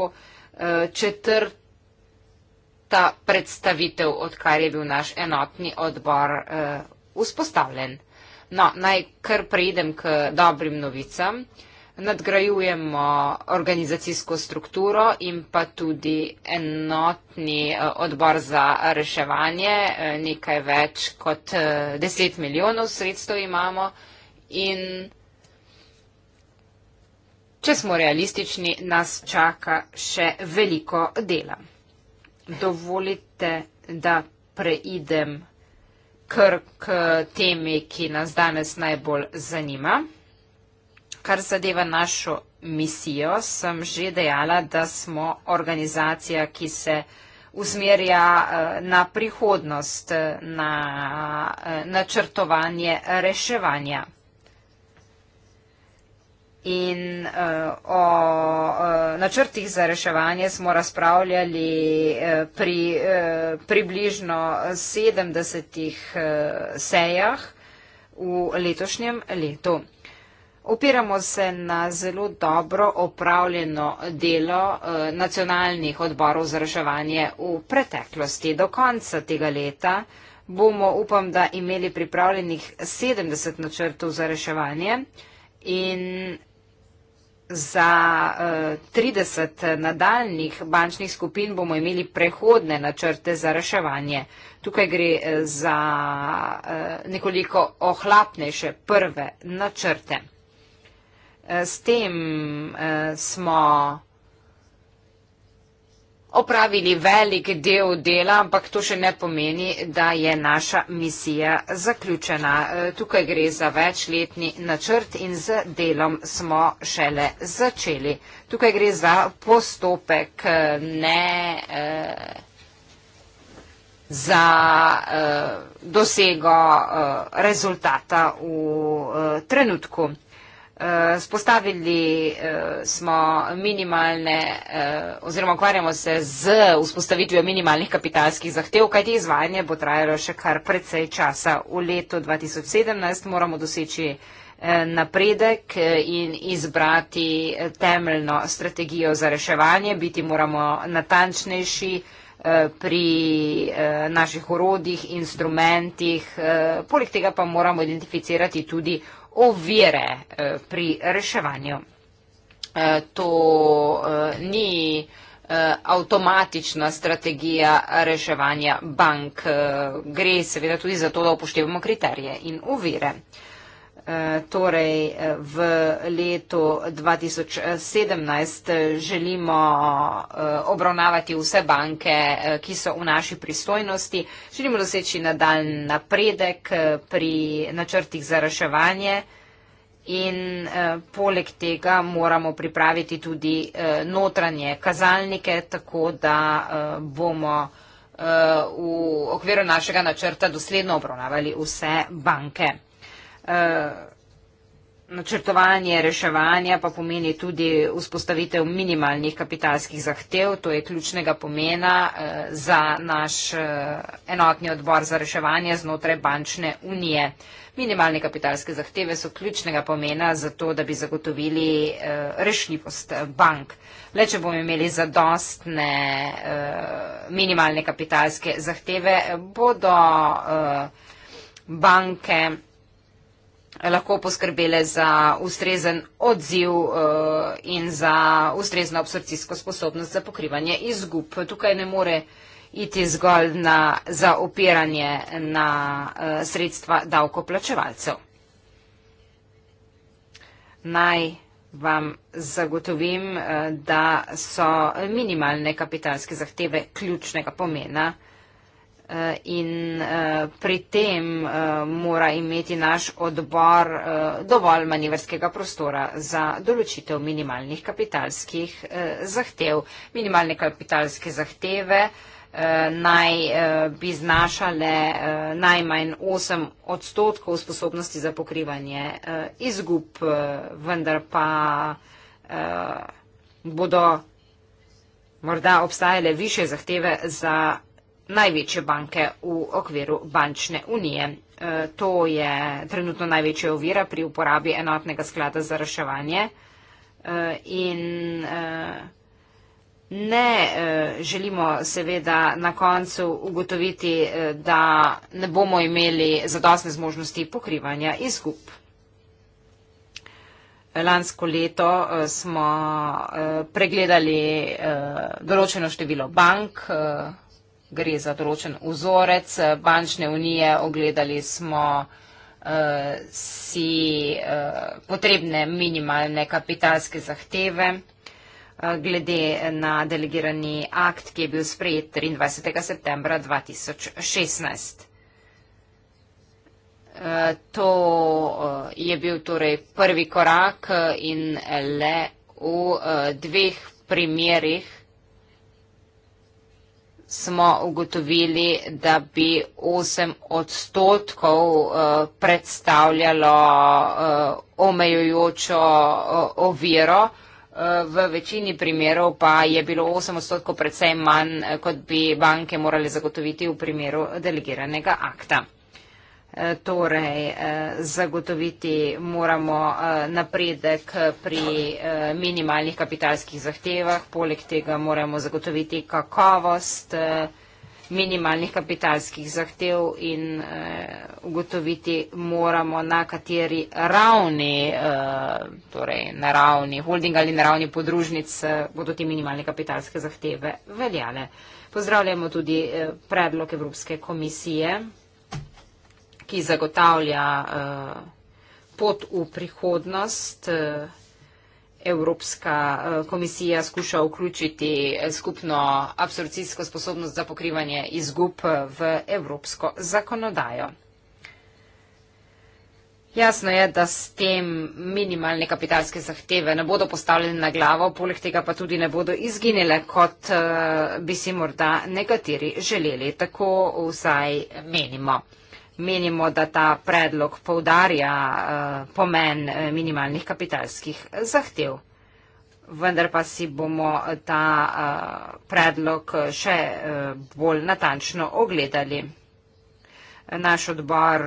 Eh, četrta predstavitev, odkar je bil naš enotni odbor eh, vzpostavljen. No, naj kar preidem k dobrim novicam. Nadgrajujemo organizacijsko strukturo in pa tudi enotni eh, odbor za reševanje. Nekaj več kot 10 milijonov sredstev imamo in Če smo realistični, nas čaka še veliko dela. Dovolite, da preidem kar k temi, ki nas danes najbolj zanima. Kar zadeva našo misijo, sem že dejala, da smo organizacija, ki se usmerja eh, na prihodnost, eh, na eh, načrtovanje reševanja in uh, o uh, načrtih za reševanje smo razpravljali uh, pri uh, približno 70 uh, sejah v letošnjem letu. Opiramo se na zelo dobro opravljeno delo uh, nacionalnih odborov za reševanje v preteklosti do konca tega leta. Bomo, upam, da imeli pripravljenih 70 načrtov za reševanje in za uh, eh, 30 nadaljnih bančnih skupin bomo imeli prehodne načrte za reševanje. Tukaj gre eh, za uh, nekoliko ohlapnejše prve načrte. Uh, s tem uh, smo opravili velik del dela, ampak to še ne pomeni, da je naša misija zaključena. E, tukaj gre za večletni načrt in z delom smo šele začeli. Tukaj gre za postopek, e, ne eh, za eh, dosego eh, rezultata v eh, trenutku. Eh, spostavili eh, smo minimalne eh, oziroma ukvarjamo se z vzpostavitvijo minimalnih kapitalskih zahtev, kajti izvajanje bo trajalo še kar precej časa. V letu 2017 moramo doseči napredek in izbrati temeljno strategijo za reševanje, biti moramo natančnejši pri naših orodjih, instrumentih, poleg tega pa moramo identificirati tudi ovire eh, pri reševanju. Eh, to eh, ni avtomatična strategija reševanja bank. Gre seveda tudi za to, da upoštevamo kriterije in ovire. Eh, torej eh, v letu 2017 eh, želimo obravnavati vse banke, ki so v naši pristojnosti. Želimo doseči nadaljn napredek pri načrtih za reševanje in poleg tega moramo pripraviti tudi notranje kazalnike, tako da bomo v okviru našega načrta dosledno obravnavali vse banke. Eh, načrtovanje reševanja pa pomeni tudi vzpostavitev minimalnih kapitalskih zahtev. To je ključnega pomena eh, za naš eh, enotni odbor za reševanje znotraj bančne unije. Minimalne kapitalske zahteve so ključnega pomena za to, da bi zagotovili rešljivost bank. Le če bomo imeli zadostne minimalne kapitalske zahteve, bodo banke lahko poskrbele za ustrezen odziv eh, in za ustrezno absorpcijsko sposobnost za pokrivanje izgub. Tukaj ne more iti zgolj na, za opiranje na eh, sredstva davkoplačevalcev. Naj vam zagotovim, eh, da so minimalne kapitalske zahteve ključnega pomena. Eh, in eh, pri tem eh, mora imeti naš odbor dovolj manjverskega prostora za določitev minimalnih kapitalskih zahtev. Minimalne kapitalske zahteve naj bi znašale najmanj 8 odstotkov sposobnosti za pokrivanje izgub, vendar pa bodo morda obstajale više zahteve za največje banke v okviru bančne unije. E, to je trenutno največja ovira pri uporabi enotnega sklada za reševanje e, in e, ne želimo seveda na koncu ugotoviti, da ne bomo imeli zadostne zmožnosti pokrivanja izgub. Lansko leto smo pregledali določeno število bank, gre za določen vzorec eh, bančne unije, ogledali smo eh, si eh, potrebne minimalne kapitalske zahteve glede na delegirani akt, ki je bil sprejet 23. septembra 2016. To je bil torej prvi korak in le v dveh primerih smo ugotovili, da bi 8 odstotkov eh, predstavljalo eh, omejujočo eh, oviro, v večini primerov pa je bilo 8 odstotkov predvsej manj, kot bi banke morali zagotoviti v primeru delegiranega akta. Eh, torej eh, zagotoviti moramo eh, napredek pri minimalnih kapitalskih zahtevah, poleg tega moramo zagotoviti kakovost minimalnih kapitalskih zahtev in eh, ugotoviti moramo, na kateri ravni, eh, torej na ravni holding ali na ravni podružnic eh, bodo te minimalne kapitalske zahteve veljale. Pozdravljamo tudi eh, predlog Evropske komisije ki zagotavlja eh, pot v prihodnost. Eh, Evropska eh, komisija skuša vključiti skupno absorpcijsko sposobnost za pokrivanje izgub v evropsko zakonodajo. Jasno je, da s tem minimalne kapitalske zahteve ne bodo postavljene na glavo, poleg tega pa tudi ne bodo izginile, kot bi si morda nekateri želeli. Tako vsaj menimo menimo, da ta predlog povdarja eh, pomen eh, minimalnih kapitalskih zahtev. Vendar pa si bomo eh, ta predlog še bolj natančno ogledali. Naš odbor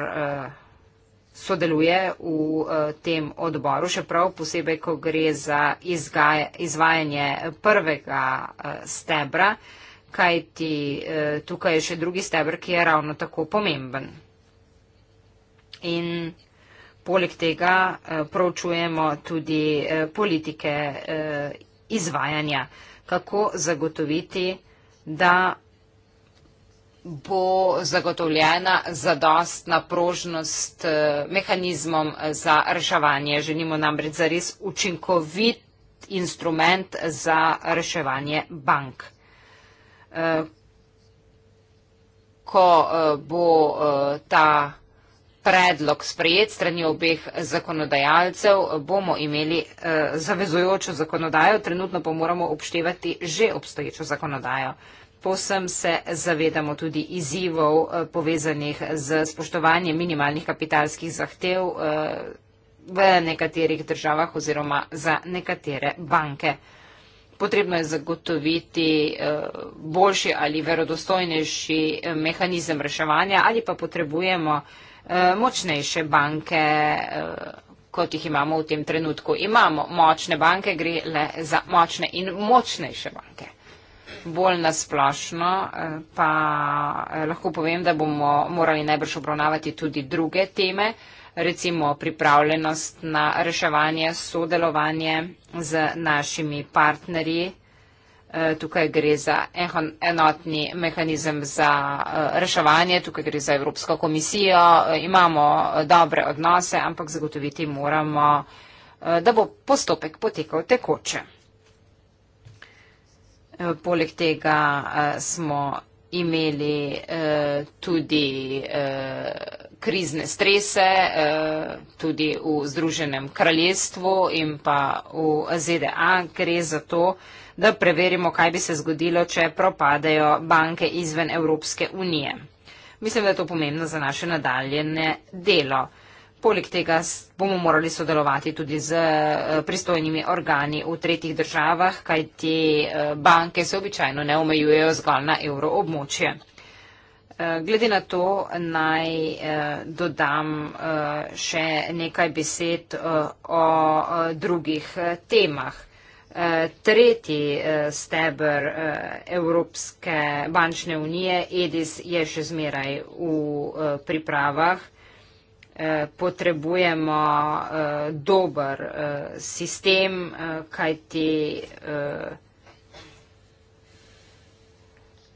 sodeluje v tem odboru, še prav posebej, ko gre za izgaja, izvajanje prvega stebra, kajti tukaj je še drugi stebr, ki je ravno tako pomemben. In poleg tega eh, proučujemo tudi eh, politike eh, izvajanja, kako zagotoviti, da bo zagotovljena zadostna prožnost mehanizmom za reševanje. Želimo namreč za res učinkovit instrument za reševanje bank. Ko bo ta predlog sprejet strani obeh zakonodajalcev, bomo imeli uh, zavezujočo zakonodajo, trenutno pa moramo obštevati že obstoječo zakonodajo. Posem se zavedamo tudi izzivov uh, povezanih z spoštovanjem minimalnih kapitalskih zahtev uh, v nekaterih državah oziroma za nekatere banke. Potrebno je zagotoviti boljši ali verodostojnejši mehanizem reševanja ali pa potrebujemo Eh, močnejše banke, eh, kot jih imamo v tem trenutku. Imamo močne banke, gre le za močne in močnejše banke. Bolj nasplošno eh, pa lahko povem, da bomo morali najbrž obravnavati tudi druge teme, recimo pripravljenost na reševanje, sodelovanje z našimi partnerji. Eh, tukaj gre za enotni mehanizem za eh, reševanje, tukaj gre za Evropsko komisijo. Eh, imamo dobre odnose, ampak zagotoviti moramo, da bo postopek potekal tekoče. Poleg tega smo imeli tudi krizne strese, tudi v Združenem kraljestvu in pa v ZDA gre za to, da da preverimo, kaj bi se zgodilo, če propadejo banke izven Evropske unije. Mislim, da je to pomembno za naše nadaljene delo. Poleg tega bomo morali sodelovati tudi z eh, pristojnimi organi v tretjih državah, kaj te eh, banke se običajno ne omejujejo zgolj na evroobmočje. Eh, glede na to naj dodam še nekaj besed o drugih temah. Eh, tretji eh, steber eh, Evropske bančne unije, EDIS, je še zmeraj v pripravah. Potrebujemo dober sistem, kajti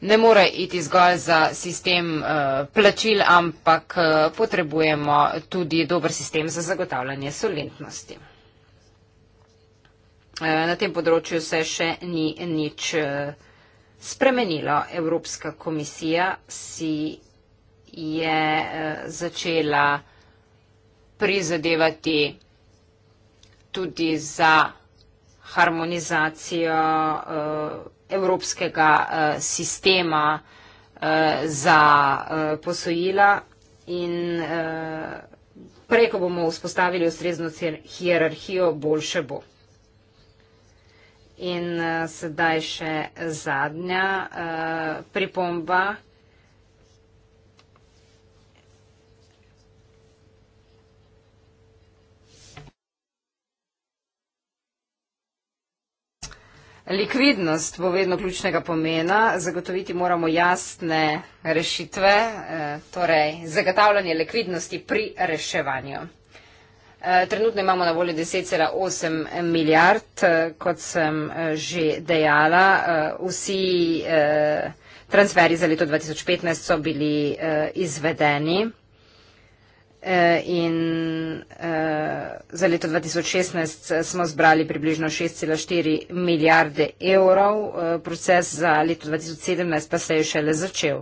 ne more iti zgolj za sistem plačil, ampak potrebujemo tudi dober sistem za zagotavljanje solventnosti. Eh, na tem področju se še ni nič eh, spremenilo. Evropska komisija si je eh, začela prizadevati tudi za harmonizacijo evropskega sistema za posojila in preko bomo vzpostavili ustrezno hierarhijo, boljše bo. In uh, sedaj še zadnja uh, pripomba. Likvidnost bo vedno ključnega pomena, zagotoviti moramo jasne rešitve, eh, torej zagotavljanje likvidnosti pri reševanju. Eh, trenutno imamo na voljo 10,8 milijard, eh, kot sem eh, že dejala. Vsi transferi za leto 2015 so bili izvedeni in za leto 2016 smo zbrali približno 6,4 milijarde evrov. Proces za leto 2017 pa se je šele začel.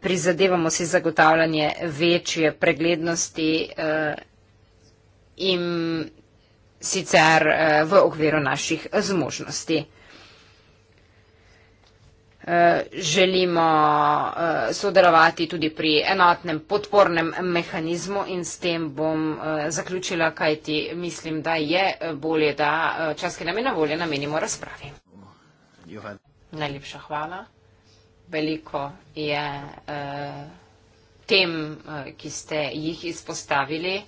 Prizadevamo si zagotavljanje večje preglednosti in sicer eh, v okviru naših zmožnosti. Eh, želimo eh, sodelovati tudi pri enotnem podpornem mehanizmu in s tem bom zaključila, kaj ti mislim, da je bolje, da čas, ki nam je na voljo, namenimo razpravi. Najlepša hvala. Veliko je tem, ki ste jih izpostavili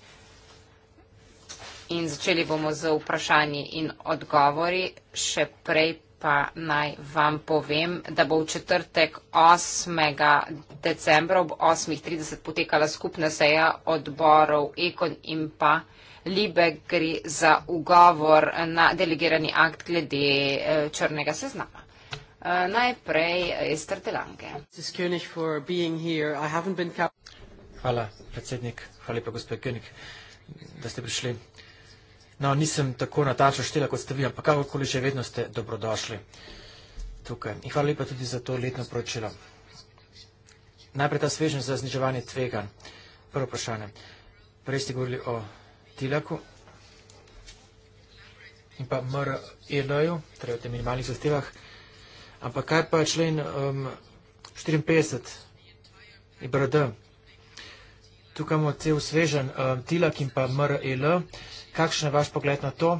in začeli bomo z vprašanji in odgovori. Še prej pa naj vam povem, da bo v četrtek 8. decembra ob 8.30 potekala skupna seja odborov Ekon in pa Libe gre za ugovor na delegirani akt glede eh, črnega seznama. Eh, najprej Ester Delange. Hvala, predsednik. Hvala lepa, gospod König, da ste prišli. No, nisem tako natačno štela, kot ste vi, ampak kakorkoli že vedno ste dobrodošli tukaj. In hvala lepa tudi za to letno poročilo. Najprej ta svežnost za zniževanje tvegan. Prvo vprašanje. Prej ste govorili o Tilaku in pa MRL-ju, e torej o tem minimalnih zahtevah. Ampak kaj pa člen um, 54 IBRD? Tukaj imamo cel svežen um, Tilak in pa MRL. -e kakšen je vaš pogled na to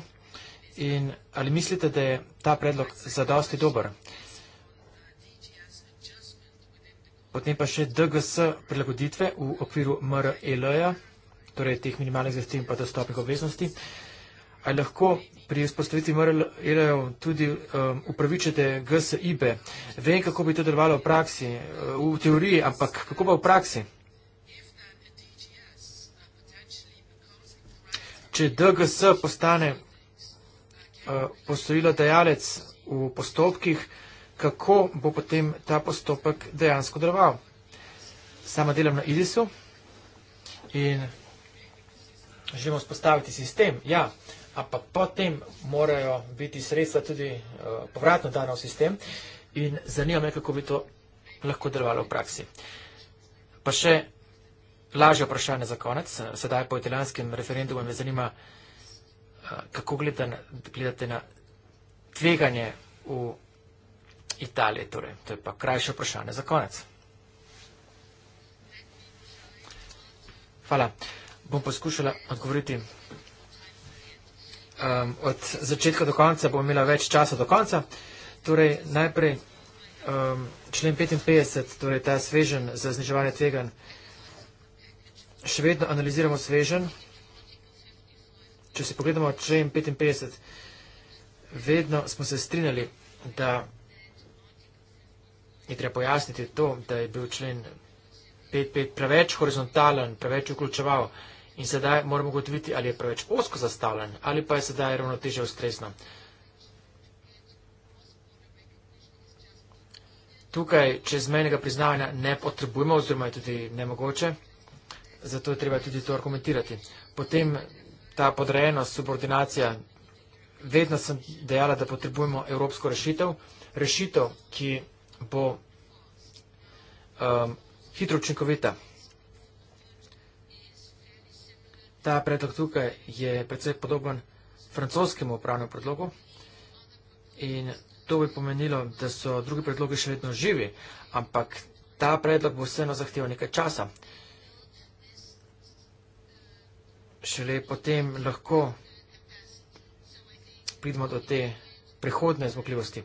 in ali mislite, da je ta predlog zadosti dober? Potem pa še DGS prilagoditve v okviru MRL-ja, e torej teh minimalnih zahtev in pa dostopnih obveznosti. Ali lahko pri vzpostavitvi MRL-ja e tudi um, upravičite GSIB? Vem, kako bi to delovalo v praksi, uh, v teoriji, ampak kako pa v praksi? če DGS postane uh, eh, posojilo dajalec v postopkih, kako bo potem ta postopek dejansko deloval. Sama delam na IDIS-u in želimo spostaviti sistem. Ja, ampak potem morajo biti sredstva tudi uh, povratno dana v sistem in zanima me, kako bi to lahko delovalo v praksi. Pa še Lažje vprašanje za konec. Eh, sedaj po italijanskem referendumu me zanima, eh, kako gledate na, gledate na tveganje v Italiji. Torej. To je pa krajše vprašanje za konec. Hvala. Bom poskušala odgovoriti. Um, od začetka do konca bom imela več časa do konca. Torej, najprej um, člen 55, torej ta svežen za zniževanje tveganj še vedno analiziramo svežen, če si pogledamo člen 55, vedno smo se strinjali, da je treba pojasniti to, da je bil člen 55 preveč horizontalen, preveč vključeval in sedaj moramo ugotoviti, ali je preveč osko zastavljen ali pa je sedaj ravnoteže ustrezno. Tukaj čezmejnega priznavanja ne potrebujemo oziroma je tudi nemogoče zato je treba tudi to argumentirati. Potem ta podrejenost, subordinacija, vedno sem dejala, da potrebujemo evropsko rešitev, rešitev, ki bo um, hitro učinkovita. Ta predlog tukaj je predvsej podoben francoskemu upravnemu predlogu in to bi pomenilo, da so drugi predlogi še vedno živi, ampak ta predlog bo vseeno zahteval nekaj časa. šele potem lahko pridemo do te prihodne zmogljivosti.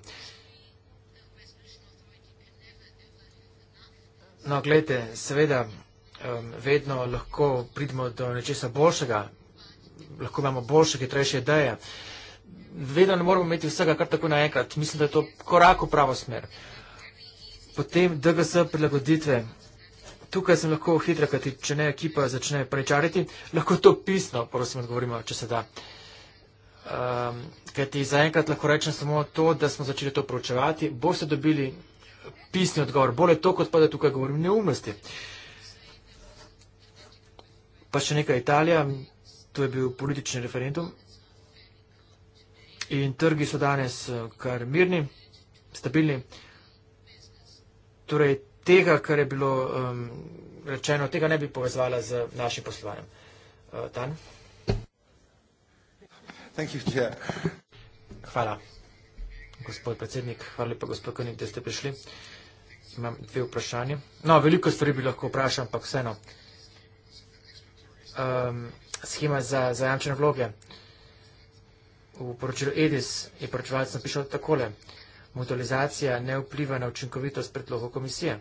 No, gledajte, seveda, um, vedno lahko pridemo do nečesa boljšega, lahko imamo boljše, hitrejše ideje. Vedno ne moramo imeti vsega kar tako naenkrat. Mislim, da je to korak v pravo smer. Potem DGS prilagoditve tukaj sem lahko hitro, kajti če ne ekipa začne prečariti, lahko to pisno, prosim, odgovorimo, če se da. Um, kajti zaenkrat lahko rečem samo to, da smo začeli to proučevati, boste dobili pisni odgovor. Bolje to, kot pa da tukaj govorim neumnosti. Pa še nekaj Italija, tu je bil politični referendum in trgi so danes eh, kar mirni, stabilni. Torej, tega, kar je bilo um, rečeno, tega ne bi povezala z našim poslovanjem. Uh, Dan? Hvala, gospod predsednik. Hvala lepa, gospod Konik, da ste prišli. Imam dve vprašanje. No, veliko stvari bi lahko vprašal, ampak vseeno. Um, schema za zajamčene vloge. V poročilu EDIS je poročevalec napisal takole. Modalizacija ne vpliva na učinkovitost predlogov komisije.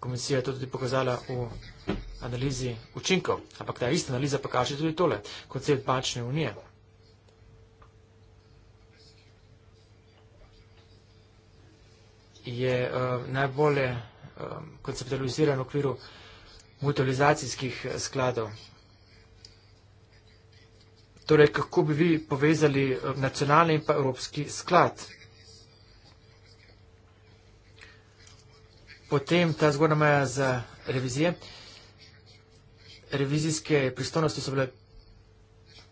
komisija je to tudi pokazala v analizi učinkov. Ampak ta ista analiza pa kaže tudi tole, koncept bančne unije. Je uh, najbolje eh, konceptualiziran v okviru mutualizacijskih skladov. Torej, kako bi vi povezali eh, nacionalni in pa evropski sklad? potem ta zgornja meja za revizije. Revizijske pristojnosti so bile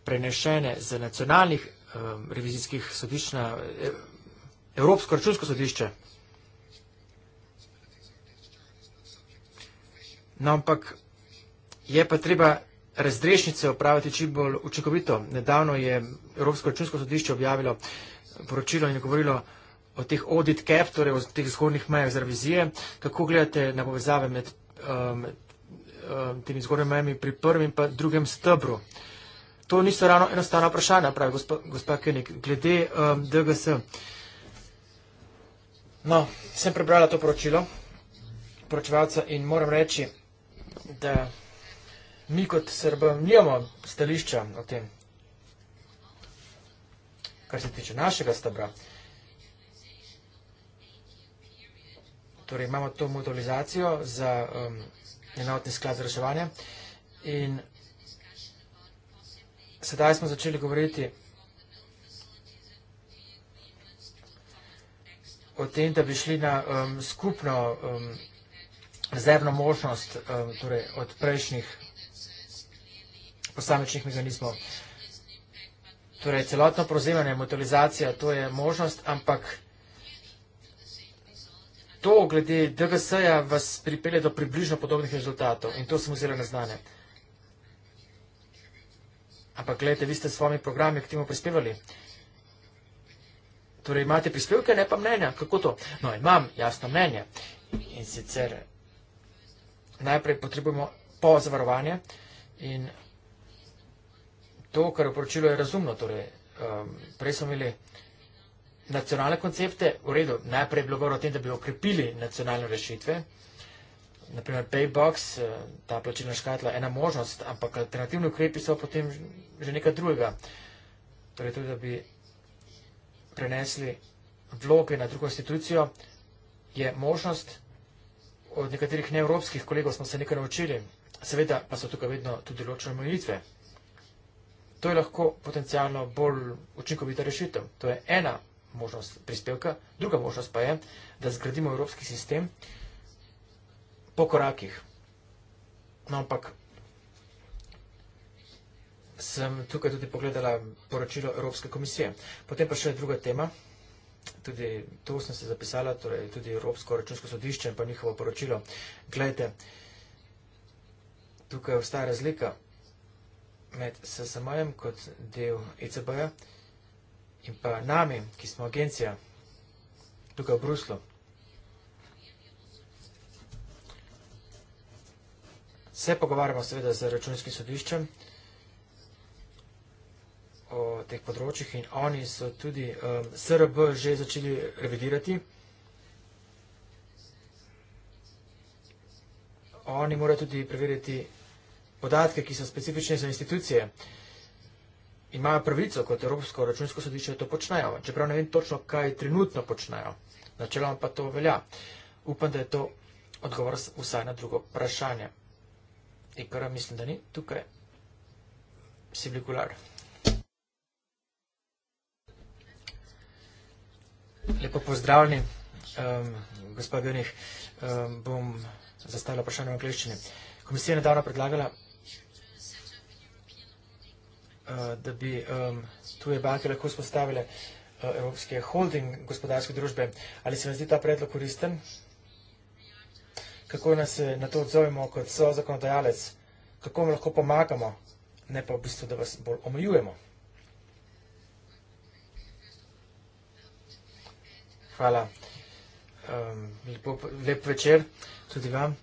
prenešene z nacionalnih um, revizijskih sodišč na eh, Evropsko računsko sodišče. No, ampak je pa treba razrešnice upraviti čim bolj učinkovito. Nedavno je Evropsko računsko sodišče objavilo poročilo in je govorilo, o teh audit cap, torej o teh zgornjih mejah za revizije, kako gledate na povezave med, um, med um, temi zgornjimi mejami pri prvem in drugem stebru. To niso ravno enostavna vprašanja, pravi gospa, gospa Kenik, glede um, eh, DGS. No, sem prebrala to poročilo poročevalca in moram reči, da mi kot Srbom nijamo stališča o tem, kar se tiče našega stebra. Torej, imamo to mobilizacijo za um, enotni sklad za reševanje in sedaj smo začeli govoriti o tem, da bi šli na um, skupno um, rezervno možnost um, torej, od prejšnjih posamečnih mehanizmov. Torej, celotno prozemanje, mobilizacija, to je možnost, ampak To, glede DGS-ja, vas pripelje do približno podobnih rezultatov in to smo zelo neznane. Ampak gledajte, vi ste s svojimi programi k temu prispevali. Torej, imate prispevke, ne pa mnenja. Kako to? No, imam jasno mnenje. In sicer najprej potrebujemo po zavarovanje in to, kar je poročilo, je razumno. Torej, ehm, prej smo imeli nacionalne koncepte, v redu, najprej je bilo govor o tem, da bi okrepili nacionalne rešitve, naprimer Paybox, eh, ta plačilna škatla, ena možnost, ampak alternativni ukrepi so potem že nekaj drugega. Torej tudi, da bi prenesli vloge na drugo institucijo, je možnost, od nekaterih neevropskih kolegov smo se nekaj naučili, seveda pa so tukaj vedno tudi ločene molitve. To je lahko potencijalno bolj učinkovita rešitev. To je ena možnost prispevka, druga možnost pa je, da zgradimo evropski sistem po korakih. No, ampak sem tukaj tudi pogledala poročilo Evropske komisije. Potem pa še druga tema, tudi to sem se zapisala, torej tudi Evropsko računsko sodišče in pa njihovo poročilo. Glejte, tukaj obstaja razlika med SSM-jem kot del ECB-ja, in pa nami, ki smo agencija tukaj v Bruslu. Se pogovarjamo seveda z računskim sodiščem o teh področjih in oni so tudi um, SRB že začeli revidirati. Oni morajo tudi preveriti podatke, ki so specifične za institucije. Uh, imajo pravico, kot Evropsko računsko sodišče to počnejo. Čeprav ne vem točno, kaj trenutno počnejo. Načeloma pa to velja. Upam, da je to odgovor vsaj na drugo vprašanje. Ikar mislim, da ni tukaj. Siblikular. Lepo pozdravljeni, um, gospod Benih. Um, bom zastavila vprašanje v angleščini. Komisija je nedavno predlagala Eh, da bi tuje banke lahko spostavile eh, Evropske holding gospodarske družbe. Ali se vam zdi ta predlog koristen? Kako nas eh, na to odzovemo kot so zakonodajalec? Kako vam lahko pomagamo, ne pa v bistvu, da vas bolj omejujemo? Hvala. Lep večer tudi vam.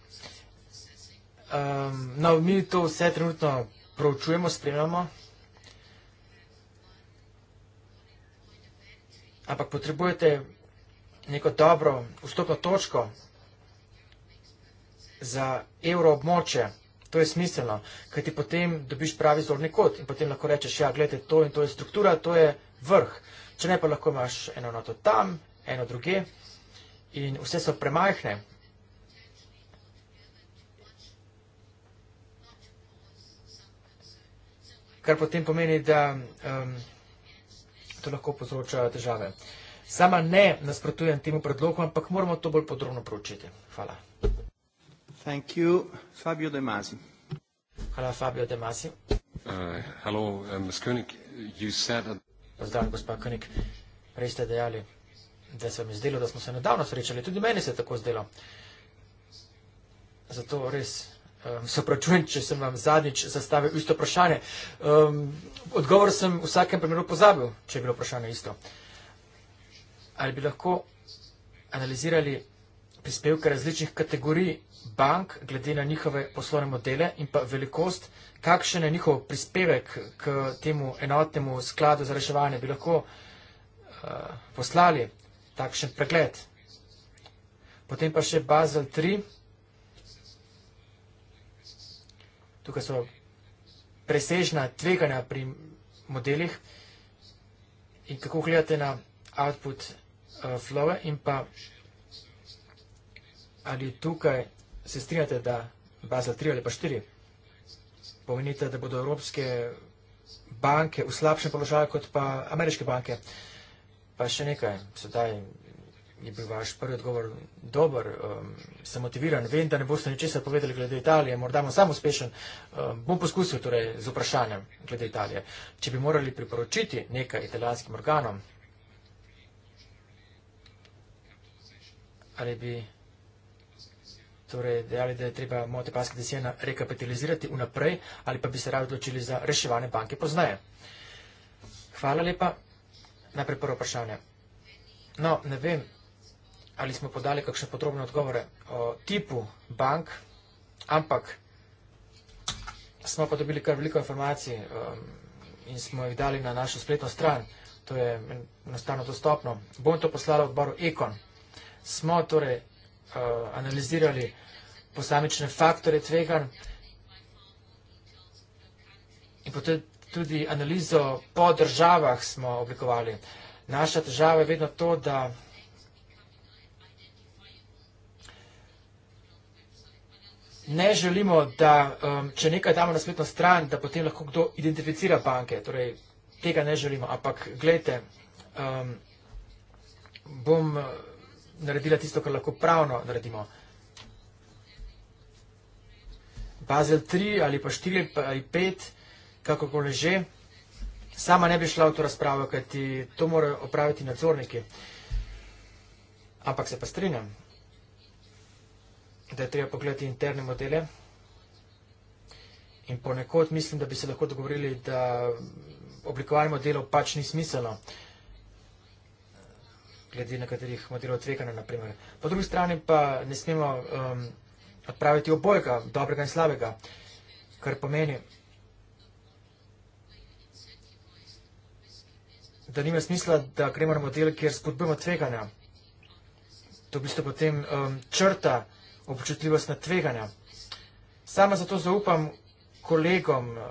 No, mi to vse trenutno proučujemo, spremljamo. Hvala. ampak potrebujete neko dobro vstopno točko za evro območje. To je smiselno, kaj ti potem dobiš pravi zorni kot in potem lahko rečeš, ja, gledajte, to in to je struktura, to je vrh. Če ne, pa lahko imaš eno noto tam, eno druge in vse so premajhne. Kar potem pomeni, da um, to lahko povzroča težave. Sama ne nasprotujem temu predlogu, ampak moramo to bolj podrobno proučiti. Hvala. Thank you. Fabio De Masi. Hvala, Fabio De Masi. Uh, hello, uh, Ms. Koenig, you said... Pozdrav, gospa Koenig. Prej ste dejali, da se vam je zdelo, da smo se nedavno srečali. Tudi meni se je tako zdelo. Zato res Um, se opravičujem, če sem vam zadnjič zastavil isto vprašanje. Um, odgovor sem v vsakem primeru pozabil, če je bilo vprašanje isto. Ali bi lahko analizirali prispevke različnih kategorij bank glede na njihove poslovne modele in pa velikost, kakšen je njihov prispevek k temu enotnemu skladu za reševanje? Bi lahko uh, poslali takšen pregled. Potem pa še Bazel 3. tukaj so presežna tveganja pri modelih in kako gledate na output eh, flow in pa ali tukaj se strinjate, da baza 3 ali pa 4 pomenite, da bodo evropske banke v slabšem položaju kot pa ameriške banke. Pa še nekaj, sedaj je bil vaš prvi odgovor dober, um, sem motiviran, vem, da ne boste ničesar povedali glede Italije, morda bom sam uspešen, um, bom poskusil torej z vprašanjem glede Italije. Če bi morali priporočiti nekaj italijanskim organom, ali bi torej dejali, da je treba Montepaske desijena rekapitalizirati vnaprej, ali pa bi se radi odločili za reševanje banke poznaje. Hvala lepa. Najprej prvo vprašanje. No, ne vem, ali smo podali kakšne podrobne odgovore o tipu bank, ampak smo pa dobili kar veliko informacij um, in smo jih dali na našo spletno stran, to je enostavno dostopno. Bom to poslala v odboru Econ. Smo torej uh, analizirali posamične faktore tvegan in potem tudi analizo po državah smo oblikovali. Naša država je vedno to, da ne želimo, da um, če nekaj damo na spletno stran, da potem lahko kdo identificira banke. Torej, tega ne želimo. Ampak, gledajte, um, bom uh, naredila tisto, kar lahko pravno naredimo. Bazel 3 ali pa 4 ali 5, kako koli že, sama ne bi šla v to razpravo, kajti to morajo opraviti nadzorniki. Ampak se pa strinjam da je treba pogledati interne modele. In ponekod mislim, da bi se lahko dogovorili, da oblikovanje modelov pač ni smiselno, glede na katerih modelov tvekane, naprimer. Po drugi strani pa ne smemo um, odpraviti obojega, dobrega in slabega, kar pomeni, da nima smisla, da gremo na model, kjer spodbujemo tveganja. To v bistvu potem um, črta občutljivost na tveganja. Sama zato zaupam kolegom eh,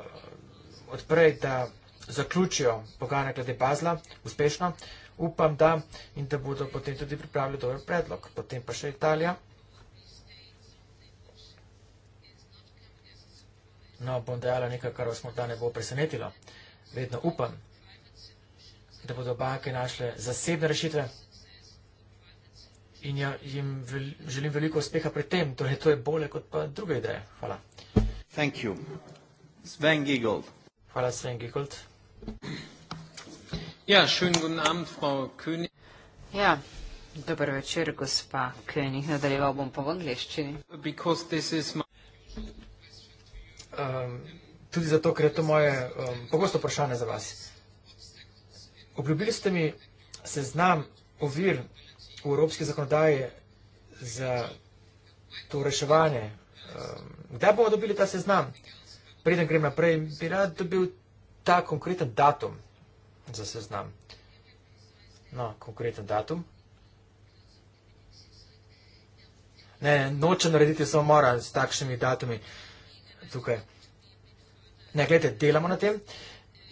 odprej, da zaključijo pogajanja glede Bazla uspešno. Upam, da in da bodo potem tudi pripravili dober predlog. Potem pa še Italija. No, bom dejala nekaj, kar vas morda ne bo presenetilo. Vedno upam, da bodo banke našle zasebne rešitve in ja, jim vel, želim veliko uspeha pri tem. Torej, to je bolje kot pa druge ideje. Hvala. Thank you. Sven Giegold. Hvala, Sven Giegold. Ja, šun guten Abend, Frau König. Ja, dober večer, gospa König. Nadaljeval bom po angliščini. Because this is my... Um, tudi zato, ker je to moje um, pogosto vprašanje za vas. Obljubili ste mi seznam ovir v evropski zakonodaji za to reševanje. Ehm, kdaj bomo dobili ta seznam? Preden grem naprej, bi rad dobil ta konkreten datum za seznam. No, konkreten datum. Ne, nočem narediti samomora s takšnimi datumi tukaj. Ne, gledajte, delamo na tem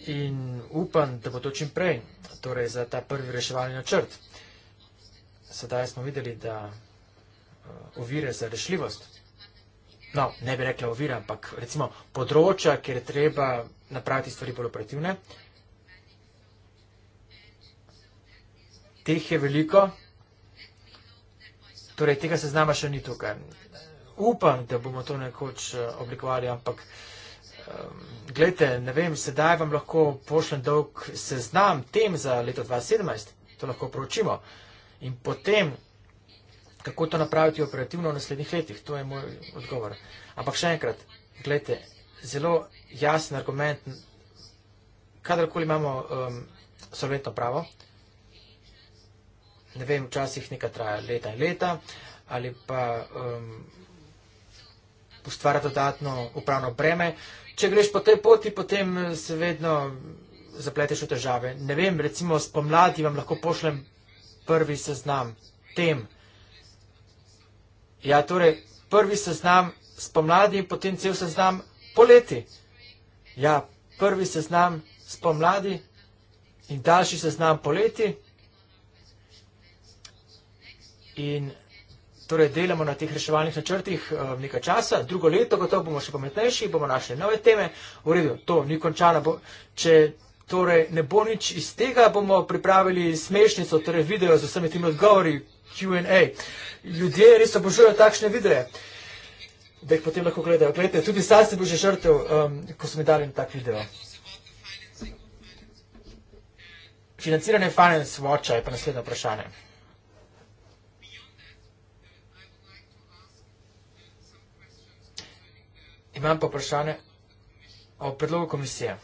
in upam, da bo to čim prej, torej za ta prvi reševalni načrt sedaj smo videli, da eh, ovire za rešljivost, no, ne bi rekla ovire, ampak recimo področja, kjer je treba napraviti stvari bolj operativne, teh je veliko, torej tega seznama še ni tukaj. Upam, da bomo to nekoč eh, oblikovali, ampak ehm, gledajte, ne vem, sedaj vam lahko pošljem dolg seznam tem za leto 2017, to lahko poročimo. In potem, kako to napraviti operativno v naslednjih letih, to je moj odgovor. Ampak še enkrat, gledajte, zelo jasen argument, kadarkoli imamo um, solventno pravo, ne vem, včasih nekaj traja leta in leta, ali pa um, ustvara dodatno upravno breme. Če greš po tej poti, potem se vedno zapleteš v težave. Ne vem, recimo spomladi vam lahko pošlem prvi seznam tem. Ja, torej, prvi seznam spomladi in potem cel seznam poleti. Ja, prvi seznam spomladi in daljši seznam poleti. In torej delamo na teh reševalnih načrtih um, nekaj časa, drugo leto, gotovo bomo še pametnejši, bomo našli nove teme. V redu, to ni končano, bo, če Torej, ne bo nič iz tega, bomo pripravili smešnico, torej video z vsemi temi odgovori, QA. Ljudje res obožujejo takšne videe, da jih potem lahko gledajo. Gledajte, tudi sam sem bil že žrtev, um, ko so mi dali tak video. Financiranje Finance Watcha je pa naslednje vprašanje. Imam pa vprašanje o predlogu komisije.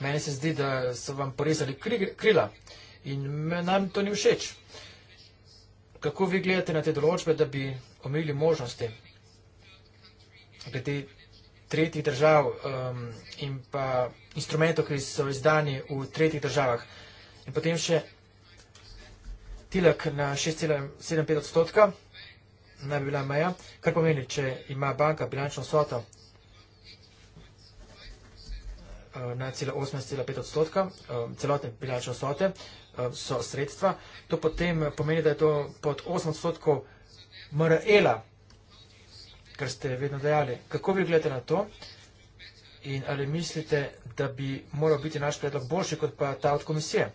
Meni se zdi, da so vam porezali krila in nam to ni všeč. Kako vi gledate na te določbe, da bi omejili možnosti glede tretjih držav um, in pa instrumentov, ki so izdani v tretjih državah? In potem še tilak na 6,75 odstotka, naj bi bila meja, kar pomeni, če ima banka bilančno soto Eh, na cela 18,5 odstotka eh, celotne bilačne vsote eh, so sredstva. To potem pomeni, da je to pod 8 odstotkov MRL-a, kar ste vedno dejali. Kako vi gledate na to in ali mislite, da bi moral biti naš predlog boljši kot pa ta od komisije?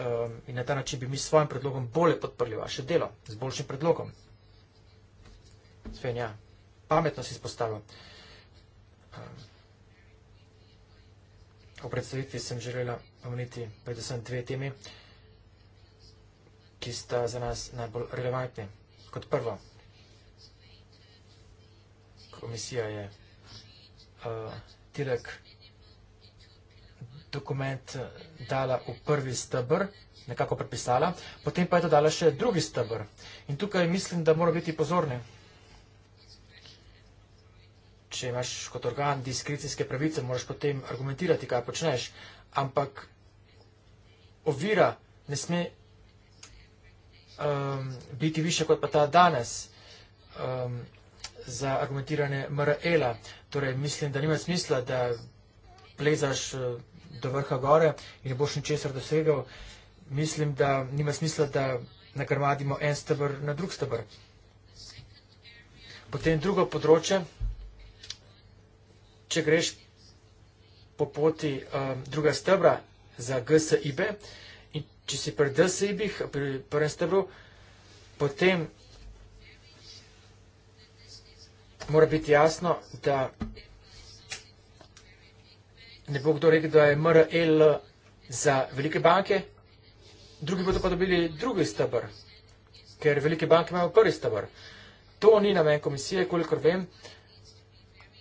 Ehm, in na ta način bi mi s svojim predlogom bolje podprli vaše delo, z boljšim predlogom. Sven, ja, pametno si spostavljam. Ehm, V predstavitvi sem želela omeniti predvsem dve temi, ki sta za nas najbolj relevantni. Kot prvo, komisija je uh, tilek dokument eh, dala v prvi stebr, nekako prepisala, potem pa je to dala še drugi stebr. In tukaj mislim, da moramo biti pozorni če imaš kot organ diskricijske pravice, moraš potem argumentirati, kaj počneš. Ampak ovira ne sme um, biti više kot pa ta danes um, za argumentiranje MRL-a. Torej, mislim, da nima smisla, da plezaš uh, do vrha gore in ne boš ničesar dosegel. Mislim, da nima smisla, da nagrmadimo en stebr na drug stebr. Potem drugo področje, če greš po poti um, druga stebra za GSIB in če si pri DSIB-ih, pri prvem stebru, potem mora biti jasno, da ne bo kdo rekel, da je MRL e za velike banke, drugi bodo pa dobili drugi stebr, ker velike banke imajo prvi stebr. To ni namen komisije, kolikor vem,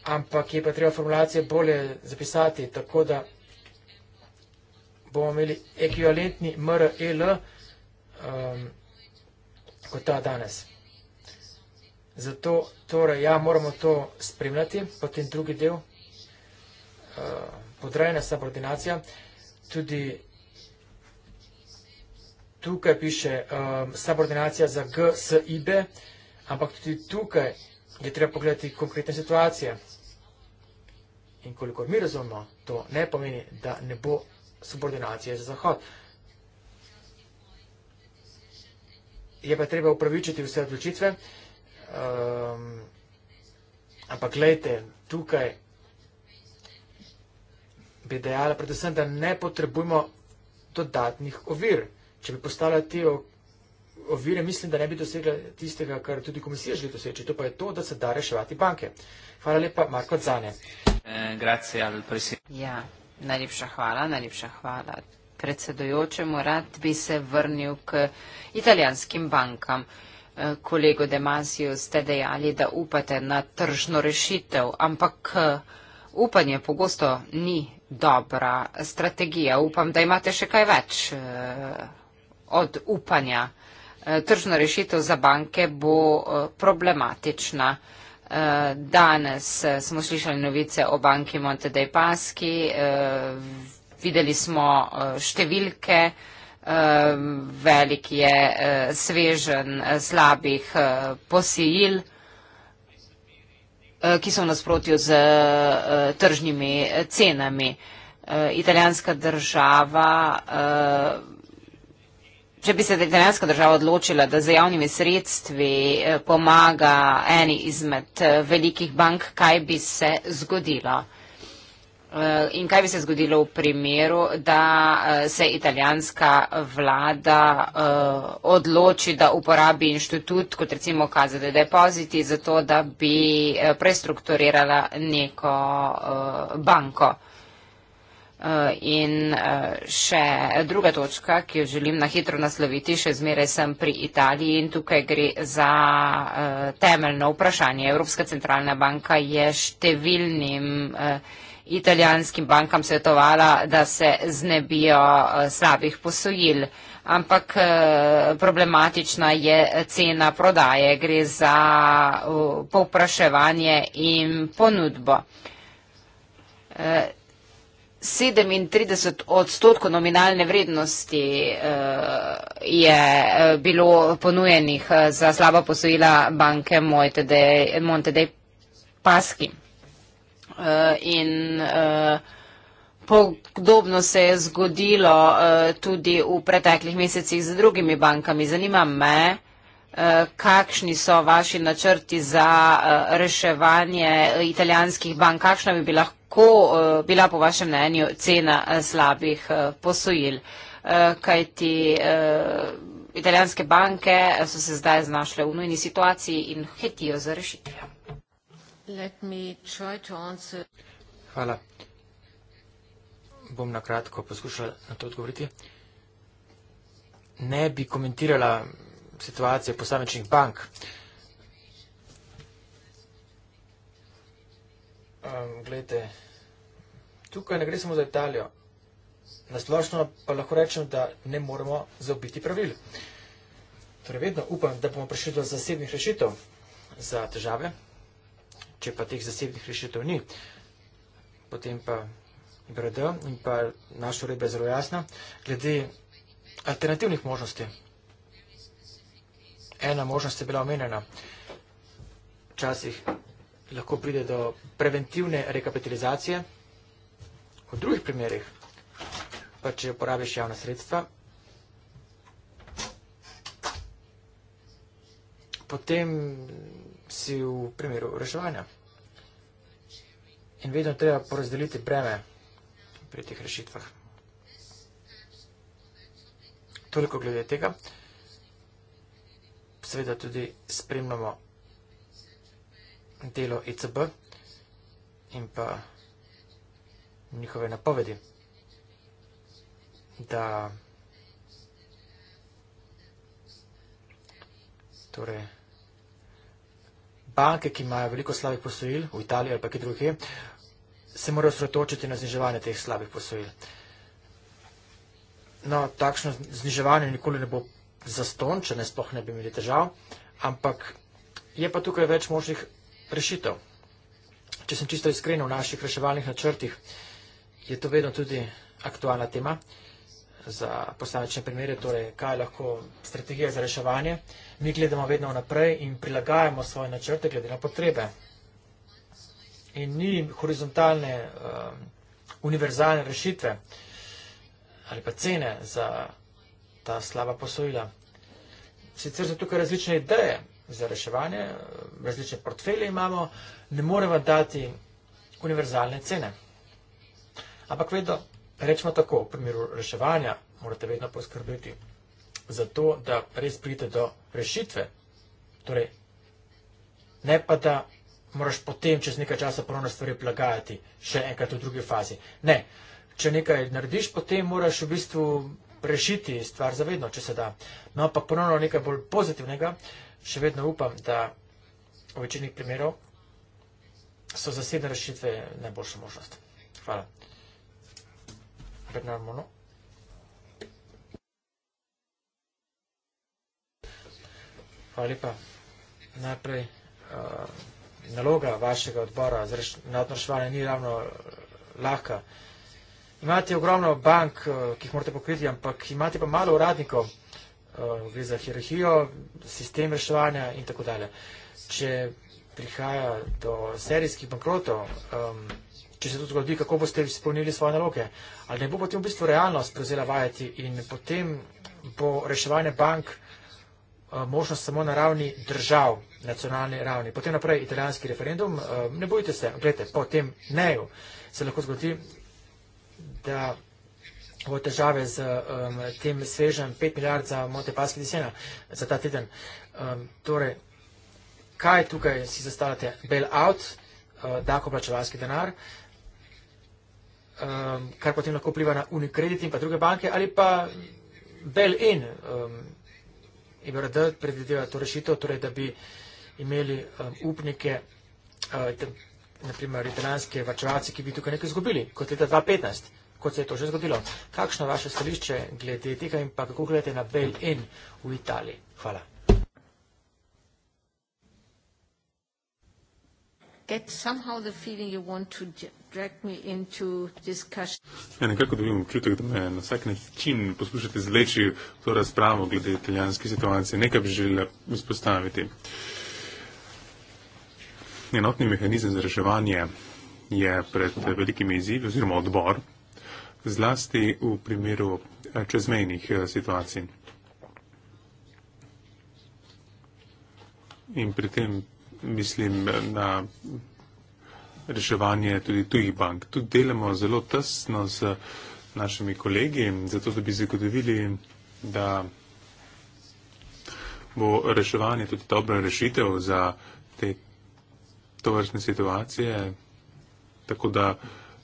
ampak je pa treba formulacije bolje zapisati, tako da bomo imeli ekvivalentni MRL e um, kot ta danes. Zato torej, ja, moramo to spremljati, potem drugi del, uh, podrajena subordinacija, tudi tukaj piše um, subordinacija za G, S, I, B, ampak tudi tukaj da je treba pogledati konkretne situacije. In kolikor mi razumemo, to ne pomeni, da ne bo subordinacije za Zahod. Je pa treba upravičiti vse odločitve, um, ampak gledajte, tukaj bi dejala predvsem, da ne potrebujemo dodatnih ovir. Če bi postavljali te ovire mislim, da ne bi dosegla tistega, kar tudi komisija želi doseči, to pa je to, da se da reševati banke. Hvala lepa, Marko Zane. Eh, ja, najlepša hvala, najlepša hvala. Predsedojočemu rad bi se vrnil k italijanskim bankam. Eh, kolego Demasiju ste dejali, da upate na tržno rešitev, ampak eh, upanje pogosto ni dobra strategija. Upam, da imate še kaj več od upanja. Eh, tržno rešitev za banke bo eh, problematična. Eh, danes smo slišali novice o banki Monte dei Paschi, videli smo številke, velik je svežen slabih posijil, ki so v nasprotju z tržnimi cenami. Italijanska država Če bi se italijanska država odločila, da z javnimi sredstvi eh, pomaga eni izmed eh, velikih bank, kaj bi se zgodilo? Eh, in kaj bi se zgodilo v primeru, da se italijanska vlada odloči, da uporabi inštitut, kot recimo kazate depoziti, za to, da bi prestrukturirala neko banko? Eh, in eh, še druga točka, ki jo želim na hitro nasloviti, še zmeraj sem pri Italiji in tukaj gre za eh, temeljno vprašanje. Evropska centralna banka je številnim italijanskim bankam svetovala, da se znebijo slabih posojil. Ampak problematična je cena prodaje, gre za povpraševanje in ponudbo. 37 odstotkov nominalne vrednosti uh, je eh, bilo ponujenih eh, za slaba posojila banke Montedej Paski. Uh, in uh, podobno se je zgodilo uh, tudi v preteklih mesecih z drugimi bankami. Zanima me, uh, Eh, kakšni so vaši načrti za eh, reševanje italijanskih bank, kakšna bi lahko eh, bila po vašem mnenju cena slabih posojil. Kaj ti italijanske banke so se zdaj znašle v nujni situaciji in hitijo za rešitvijo. Hvala. Bom nakratko poskušala na to odgovoriti. Ne bi komentirala situacije posamičnih bank. Um, ehm, glede, tukaj ne gre samo za Italijo. Nasplošno pa lahko rečem, da ne moremo zaobiti pravil. Torej, vedno upam, da bomo prišli do zasebnih rešitev za težave. Če pa teh zasebnih rešitev ni, potem pa BRD in pa naša uredba je zelo jasna. Glede alternativnih možnosti, ena možnost je bila omenjena. Včasih lahko pride do preventivne rekapitalizacije. V drugih primerih, pa če uporabiš javna sredstva, potem si v primeru reševanja. In vedno treba porazdeliti breme pri teh rešitvah. Toliko glede tega seveda tudi spremljamo delo ECB in pa njihove napovedi, da torej banke, ki imajo veliko slabih posojil v Italiji ali pa ki druge, se morajo sretočiti na zniževanje teh slabih posojil. No, takšno zniževanje nikoli ne bo povedal zaston, če ne sploh ne bi imeli težav, ampak je pa tukaj več možnih rešitev. Če sem čisto iskren v naših reševalnih načrtih, je to vedno tudi aktualna tema za posamečne primere, torej kaj je lahko strategija za reševanje. Mi gledamo vedno naprej in prilagajamo svoje načrte glede na potrebe. In ni horizontalne, um, univerzalne rešitve ali pa cene za ta slaba posojila. Sicer so tukaj različne ideje za reševanje, različne portfelje imamo, ne moremo dati univerzalne cene. Ampak vedno rečemo tako, v primeru reševanja morate vedno poskrbeti za to, da res pridete do rešitve. Torej, ne pa da moraš potem čez nekaj časa ponovno stvari prilagajati še enkrat v drugi fazi. Ne, če nekaj narediš, potem moraš v bistvu rešiti stvar zavedno, če se da. No, ampak ponovno nekaj bolj pozitivnega, še vedno upam, da v večini primerov so zasedne rešitve najboljša možnost. Hvala. Bernard Mono. Hvala lepa. Najprej eh, naloga vašega odbora za nadnoršvanje ni ravno eh, lahka. Imate ogromno bank, eh, ki jih morate pokriti, ampak imate pa malo uradnikov, eh, gre za hierarhijo, sistem reševanja in tako dalje. Če prihaja do serijskih bankrotov, če se to zgodi, kako boste izpolnili svoje naloge? Ali ne bo potem v bistvu realnost prevzela vajati in potem bo reševanje bank eh, možnost samo na ravni držav, nacionalni ravni. Potem naprej italijanski referendum, ne bojte se, gledajte, po tem neju se lahko zgodi da bo težave z um, tem svežem 5 milijard za Montepaski disena za ta teden. Um, torej, kaj tukaj si zastavljate? Bailout, uh, dako plačevalski denar, um, kar potem lahko pliva na Unicredit in pa druge banke ali pa Bail-in. Um, IBRD predvideva to rešitev, torej, da bi imeli um, upnike, uh, naprimer italijanske vrčevalce, ki bi tukaj nekaj izgubili, kot leta 2015 kot se je to že zgodilo. Kakšno je vaše stališče glede tega in pa kako gledate na Bail-in v Italiji? Hvala. Ja, nekako dobim občutek, da me na vsak način poskušate zleči v to razpravo glede italijanske situacije. Nekaj bi želela izpostaviti. Enotni mehanizem za reševanje je pred velikimi izzivi oziroma odbor zlasti v primeru eh, čezmejnih eh, situacij. In pri tem mislim eh, na reševanje tudi tujih bank. Tu delamo zelo tesno z našimi kolegi, zato da bi zagotovili, da bo reševanje tudi dobra rešitev za te tovrstne situacije, tako da uh,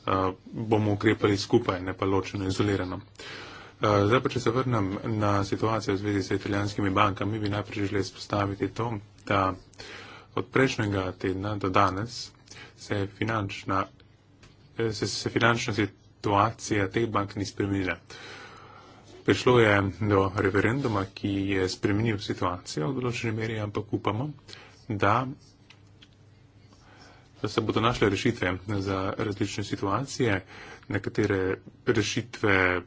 Eh, bomo ukrepali skupaj, ne pa ločeno, izolirano. Eh, zdaj pa, če se vrnem na situacijo v zvezi s italijanskimi bankami, bi najprej želel spostaviti to, da od prejšnjega tedna do danes se, finančna, eh, se, se finančna situacija teh bank ni spremenila. Prišlo je do referenduma, ki je spremenil situacijo v določeni meri, ampak upamo, da da se bodo našle rešitve za različne situacije, nekatere rešitve,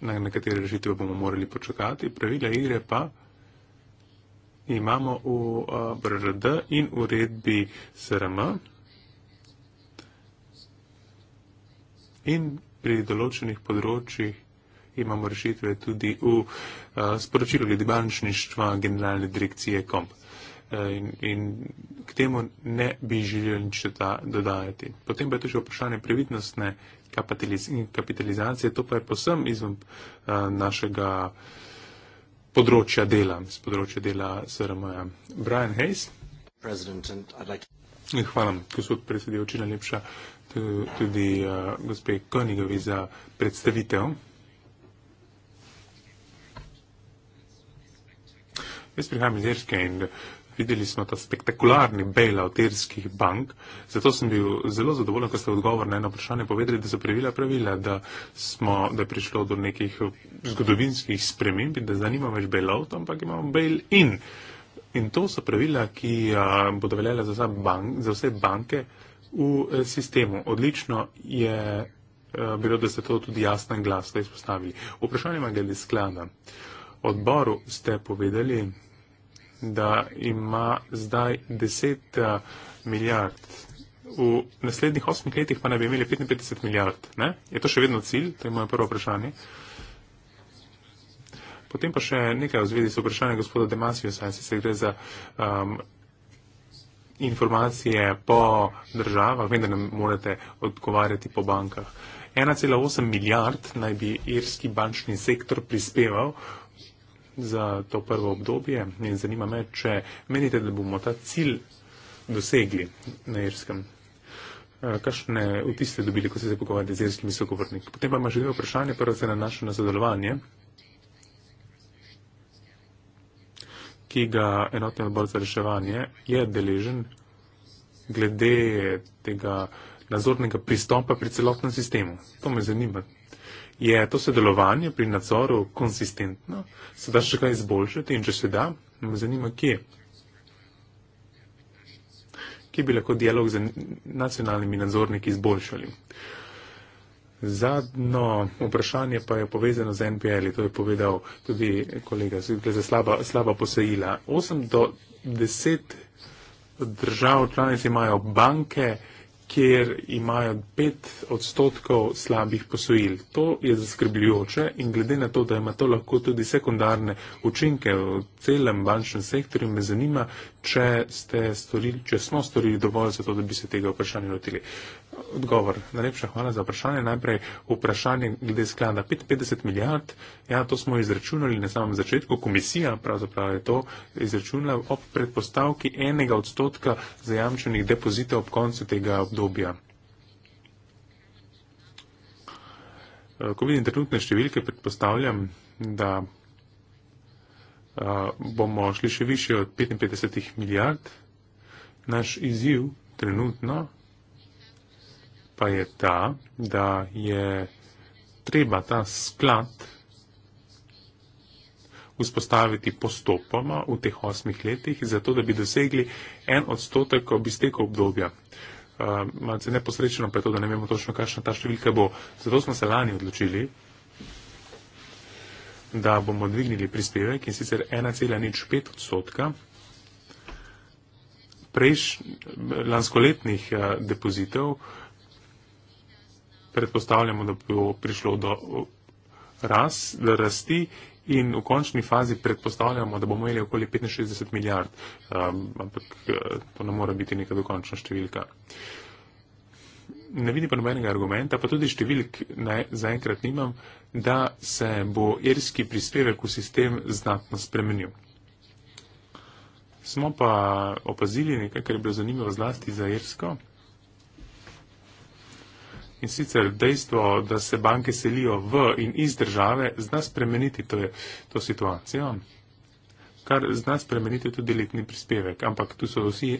na nekatere rešitve bomo morali počakati, pravila igre pa imamo v BRD in uredbi SRM in pri določenih področjih imamo rešitve tudi v uh, sporočilu ljudi bančništva generalne direkcije KOMP. Uh, Eh, in, in k temu ne bi želeli nič dodajati. Potem pa je tu še vprašanje previdnostne kapitalizacije, to pa je posem izven eh, našega področja dela, z področja dela SRM-ja. Brian Hayes. Eh, hvala, gospod predsedujoči, najlepša tudi uh, gospe Konigovi za predstavitev. Jaz prihajam iz Irske in uh, videli smo ta spektakularni bailout irskih bank. Zato sem bil zelo zadovoljen, ko ste odgovor na eno vprašanje povedali, da so pravila pravila, da, smo, da je prišlo do nekih zgodovinskih sprememb, da zdaj nimamo več bailout, ampak imamo bail-in. In to so pravila, ki a, bodo veljala za, bank, za vse banke v a, e, sistemu. Odlično je a, e, bilo, da ste to tudi jasno in glasno izpostavili. Vprašanje ima glede sklada. Odboru ste povedali, da ima zdaj 10 eh, milijard. V naslednjih 8 letih pa naj bi imeli 55 milijard. Ne? Je to še vedno cilj? To je moje prvo vprašanje. Potem pa še nekaj v zvezi s vprašanjem gospoda Demasiusa, se, se gre za um, informacije po državah, vendar ne morate odgovarjati po bankah. 1,8 milijard naj bi irski bančni sektor prispeval za to prvo obdobje in zanima me, če menite, da bomo ta cilj dosegli na Irskem. Eh, kakšne vtise dobili, ko ste se pogovarjali z irskimi sogovorniki? Potem pa ima še dve vprašanje, prvo se nanaša na sodelovanje, ki ga enotni odbor za reševanje je deležen glede tega nazornega pristopa pri celotnem sistemu. To me zanima je to sodelovanje pri nadzoru konsistentno? Se da še kaj izboljšati in če se da, me zanima, kje? Kje bi lahko dialog z nacionalnimi nadzorniki izboljšali? Zadnjo vprašanje pa je povezano z NPL, to je povedal tudi kolega, gre za slaba, slaba posojila. 8 do 10 držav članic imajo banke, kjer imajo 5 odstotkov slabih posojil. To je zaskrbljujoče in glede na to, da ima to lahko tudi sekundarne učinke v celem bančnem sektorju, me zanima, če, storili, če smo storili dovolj za to, da bi se tega vprašanja lotili. Odgovor. Najlepša hvala za vprašanje. Najprej vprašanje glede sklada 55 milijard. Ja, to smo izračunali na samem začetku. Komisija pravzaprav je to izračunala ob predpostavki enega odstotka zajamčenih depozitev ob koncu tega obdobja. Eh, ko vidim trenutne številke, predpostavljam, da eh, bomo šli še više od 55 milijard. Naš izziv trenutno pa je ta, da je treba ta sklad vzpostaviti postopoma v teh osmih letih, zato da bi dosegli en odstotek ob izteku obdobja. Uh, malce neposrečeno pa je to, da ne vemo točno, kakšna ta številka bo. Zato smo se lani odločili, da bomo dvignili prispevek in sicer 1,05 odstotka prejšnjih lanskoletnih uh, depozitev uh, predpostavljamo, da bo prišlo do ras, rasti in v končni fazi predpostavljamo, da bomo imeli okoli 65 milijard, um, ampak eh, to ne mora biti neka dokončna številka. Ne vidim pa nobenega argumenta, pa tudi številk zaenkrat nimam, da se bo irski prispevek v sistem znatno spremenil. Smo pa opazili nekaj, kar je bilo zanimivo zlasti za irsko. In sicer dejstvo, da se banke selijo v in iz države, zna spremeniti to, je, to situacijo, kar zna spremeniti tudi letni prispevek. Ampak tu so vsi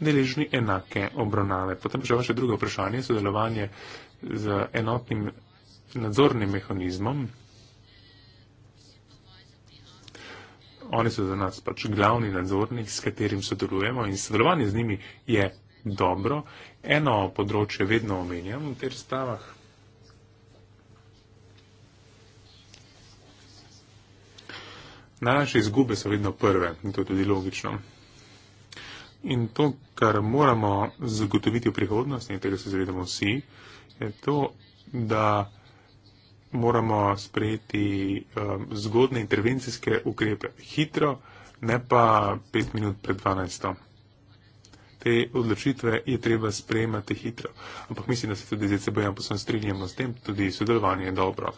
deležni enake obronave. Potem še vaše drugo vprašanje, sodelovanje z enotnim nadzornim mehanizmom. Oni so za nas pač glavni nadzornik, s katerim sodelujemo in sodelovanje z njimi je dobro. Eno področje vedno omenjam v teh stavah. Naše izgube so vedno prve in to je tudi logično. In to, kar moramo zagotoviti v prihodnosti, in tega se zavedamo vsi, je to, da moramo sprejeti um, zgodne intervencijske ukrepe hitro, ne pa pet minut pred dvanajsto te odločitve je treba sprejemati hitro. Ampak mislim, da se tudi z ECB-jem posem strinjamo s tem, tudi sodelovanje je dobro.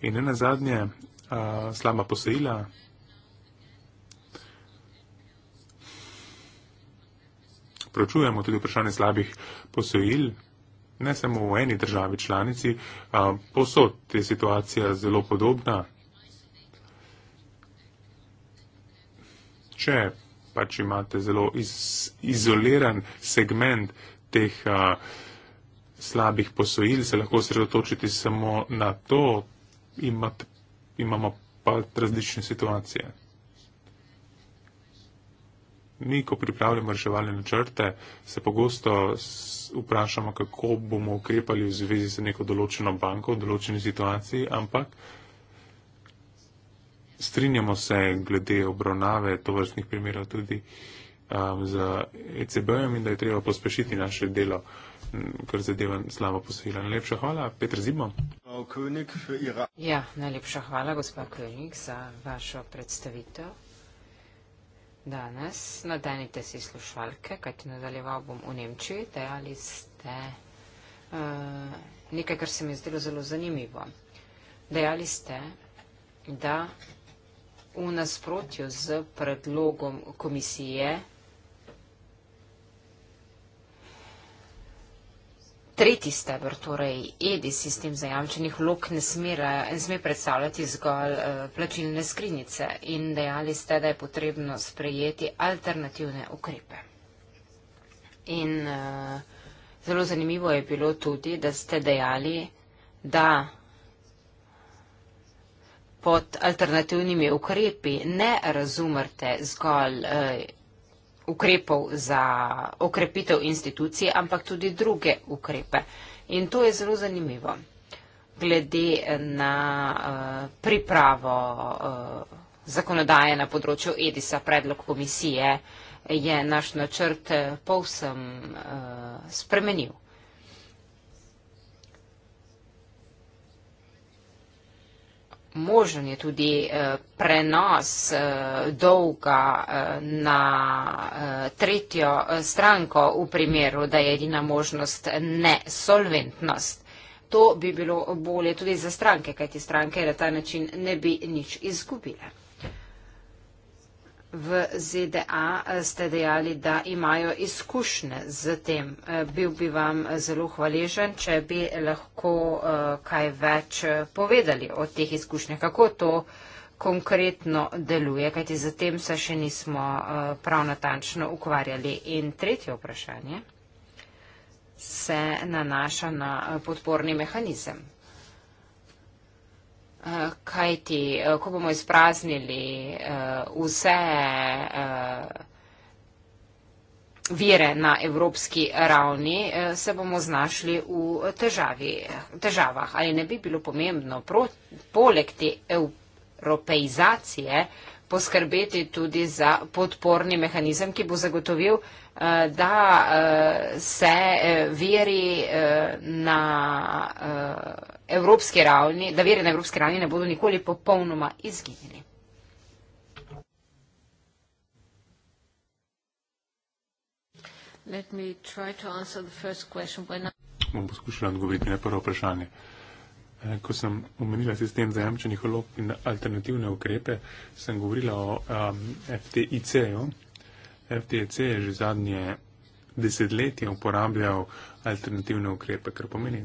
In ena zadnje, uh, slaba posojila. Pročujemo tudi vprašanje slabih posojil, ne samo v eni državi članici, uh, posod je situacija zelo podobna. Če pač imate zelo iz, izoliran segment teh a, slabih posojil, se lahko sredotočiti samo na to, imat, imamo pa različne situacije. Mi, ko pripravljamo reševalne načrte, se pogosto vprašamo, kako bomo ukrepali v zvezi z neko določeno banko v določeni situaciji, ampak strinjamo se glede obravnave tovrstnih primerov tudi um, z ECB-jem in da je treba pospešiti naše delo, kar zadeva slabo posojilo. Najlepša hvala, Petr Zimo. Ja, najlepša hvala, gospod Kronik, za vašo predstavitev. Danes nadenite si slušalke, kajti nadaljeval bom v Nemčiji, dejali ste uh, nekaj, kar se mi je zdelo zelo zanimivo. Dejali ste, da v nasprotju z predlogom komisije. Tretji stebr, torej EDI, sistem zajamčenih vlog, ne, ne sme predstavljati zgolj uh, plačilne skrinjice in dejali ste, da je potrebno sprejeti alternativne ukrepe. In uh, zelo zanimivo je bilo tudi, da ste dejali, da pod alternativnimi ukrepi ne razumete zgolj eh, ukrepov za okrepitev institucij, ampak tudi druge ukrepe. In to je zelo zanimivo glede na eh, pripravo eh, zakonodaje na področju Edisa, predlog komisije je naš načrt eh, povsem uh, spremenil. možen je tudi eh, prenos eh, dolga eh, na tretjo stranko v primeru, da je edina možnost nesolventnost. To bi bilo bolje tudi za stranke, kajti stranke na ta način ne bi nič izgubile. V ZDA eh, ste dejali, da imajo izkušnje z tem. Eh, bil bi vam eh, zelo hvaležen, če bi lahko kaj več povedali o teh izkušnjah. Kako to konkretno deluje, kajti z tem se še nismo prav natančno ukvarjali. In tretje vprašanje se nanaša na podporni mehanizem. Eh, Kaj ti, eh, ko bomo izpraznili eh, vse vire na evropski ravni, se bomo znašli v težavi, težavah. Ali ne bi bilo pomembno poleg te evropeizacije poskrbeti tudi za podporni mehanizem, ki bo zagotovil, da se viri na evropski ravni, da vere na evropski ravni ne bodo nikoli popolnoma izginili. Bom poskušala odgovoriti na prvo vprašanje. Eh, ko sem omenila sistem zajamčenih vlog in alternativne ukrepe, sem govorila o um, FTIC-ju. FTIC je že zadnje desetletje uporabljal alternativne ukrepe, kar pomeni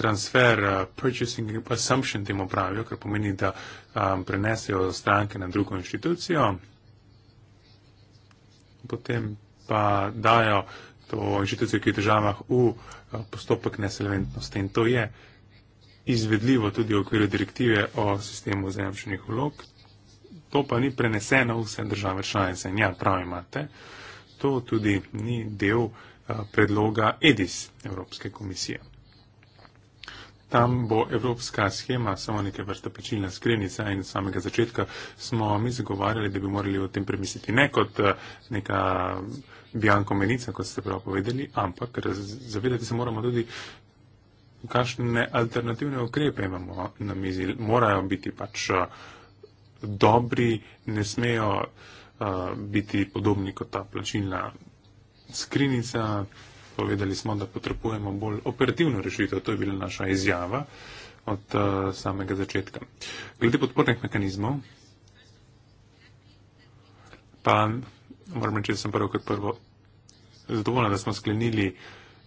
transfer, uh, purchasing assumption temu pravijo, kar pomeni, da um, prenesejo stranke na drugo inštitucijo, potem pa dajo to inštitucijo, ki je v državah, v uh, postopek nesolventnosti in to je izvedljivo tudi v okviru direktive o sistemu zajemčenih vlog. To pa ni preneseno v vse države članice. Ja, prav imate. To tudi ni del uh, predloga EDIS Evropske komisije. Tam bo evropska schema samo neke vrste pečilna skrenica in samega začetka smo mi zagovarjali, da bi morali o tem premisliti ne kot eh, neka bjanko menica, kot ste prav povedali, ampak zavedati se moramo tudi, kakšne alternativne ukrepe imamo na mizi. Morajo biti pač eh, dobri, ne smejo uh, biti podobni kot ta plačilna skrinica, povedali smo, da potrebujemo bolj operativno rešitev. To je bila naša izjava od uh, samega začetka. Glede podpornih mehanizmov, pa moram reči, da sem prvo kot prvo zadovoljna, da smo sklenili,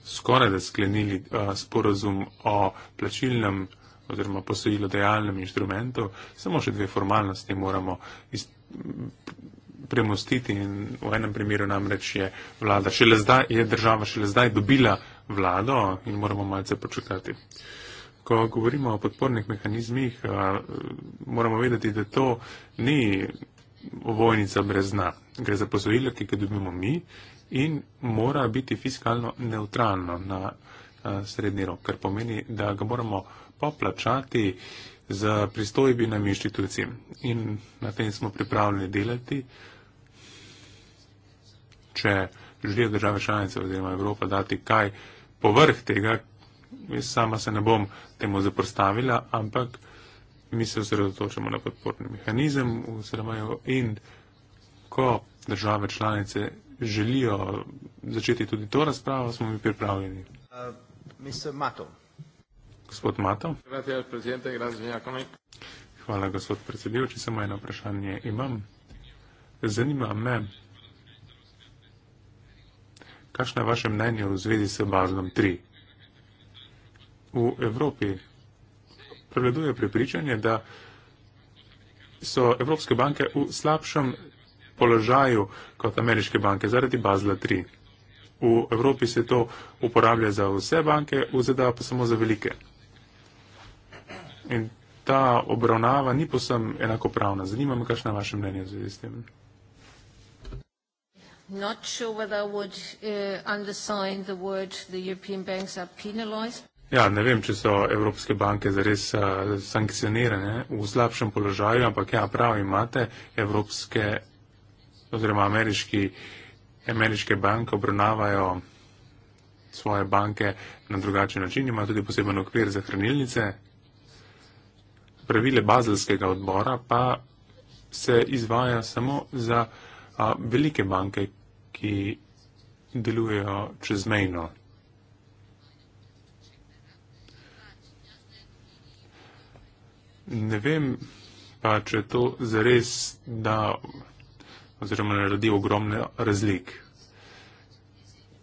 skoraj da sklenili uh, eh, sporozum o plačilnem oziroma posojilo dejalnem inštrumentu. Samo še dve formalnosti moramo izpolniti premostiti in v enem primeru namreč je vlada šele zdaj, je država šele zdaj dobila vlado in moramo malce počutati. Ko govorimo o podpornih mehanizmih, eh, moramo vedeti, da to ni vojnica brez dna. Gre za posojila, ki ga dobimo mi in mora biti fiskalno neutralno na eh, srednji rok, kar pomeni, da ga moramo poplačati z pristojbinami inštitucij. In na tem smo pripravljeni delati če želijo države članice oziroma Evropa dati kaj povrh tega, jaz sama se ne bom temu zaprstavila, ampak mi se osredotočamo na podporni mehanizem v Sremaju in ko države članice želijo začeti tudi to razpravo, smo mi pripravljeni. Uh, gospod Mato. Hvala, gospod predsedujoči. Samo eno vprašanje imam. Zanima me, Kakšno je vaše mnenje v zvezi s Baslom 3? V Evropi prevladuje prepričanje, da so evropske banke v slabšem položaju kot ameriške banke zaradi Basla 3. V Evropi se to uporablja za vse banke, v ZDA pa samo za velike. In ta obravnava ni posem enakopravna. Zanima me, kakšno je vaše mnenje v zvezi s tem not sure whether I would uh, undersign the word the European banks are penalized. Ja, ne vem, če so evropske banke zares uh, sankcionirane v slabšem položaju, ampak ja, prav imate, evropske oziroma ameriški, ameriške banke obravnavajo svoje banke na drugačen način, imajo tudi poseben okvir za hranilnice. Pravile bazelskega odbora pa se izvaja samo za a velike banke, ki delujejo čezmejno. Ne vem pa, če to zares da oziroma naredi ogromne razlik.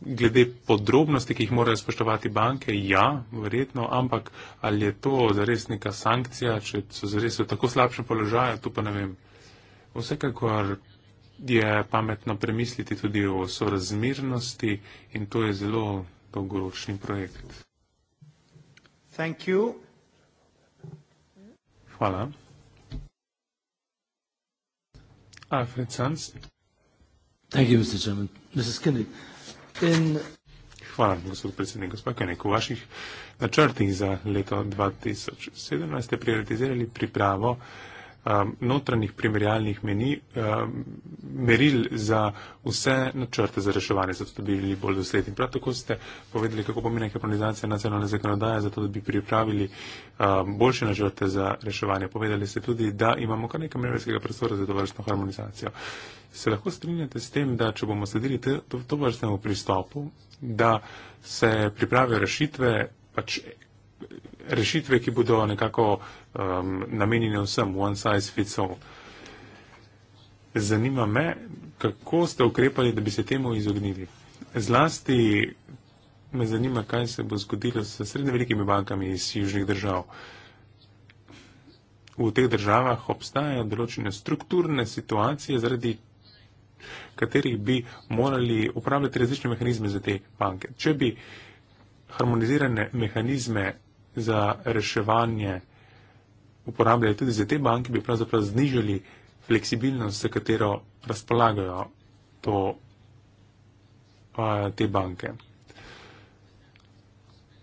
Glede podrobnosti, ki jih morajo spoštovati banke, ja, verjetno, ampak ali je to zares neka sankcija, če so zares v tako slabšem položaju, to pa ne vem. Vsekakor je pametno premisliti tudi o sorazmirnosti in to je zelo dolgoročni projekt. Hvala. Alfred Sanz. Thank you, Mr. Chairman. Mrs. Kinnick, in... Hvala, gospod predsednik, gospod Kinnick. V vaših načrtih za leto 2017 ste prioritizirali pripravo uh, Um, notranjih primerjalnih meni, um, meril za vse načrte za reševanje, zato da bi bili bolj dosledni. Prav tako ste povedali, kako pomeni harmonizacija nacionalne zakonodaje, zato da bi pripravili um, boljše načrte za reševanje. Povedali ste tudi, da imamo kar nekaj mirovskega prostora za to vrstno harmonizacijo. Se lahko strinjate s tem, da če bomo sledili to vrstnemu pristopu, da se pripravijo rešitve, pač rešitve, ki bodo nekako um, namenjene vsem, one size fits all. Zanima me, kako ste ukrepali, da bi se temu izognili. Zlasti me zanima, kaj se bo zgodilo s srednje velikimi bankami iz južnih držav. V teh državah obstajajo določene strukturne situacije, zaradi katerih bi morali upravljati različne mehanizme za te banke. Če bi harmonizirane mehanizme za reševanje uporabljajo tudi za te banke, bi pravzaprav znižali fleksibilnost, s katero razpolagajo to, a, te banke.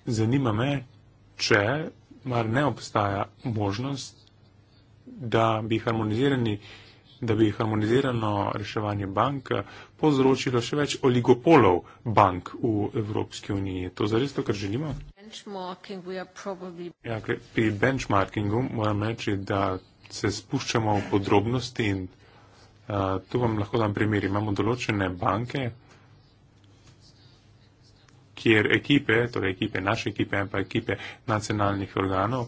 Zanima me, če mar ne obstaja možnost, da bi, da bi harmonizirano reševanje bank povzročilo še več oligopolov bank v Evropski uniji. Je to zares to, kar želimo? Ja, pri benchmarkingu moram reči, da se spuščamo v podrobnosti in uh, eh, tu vam lahko dam primer. Imamo določene banke, kjer ekipe, torej ekipe naše ekipe in pa ekipe nacionalnih organov,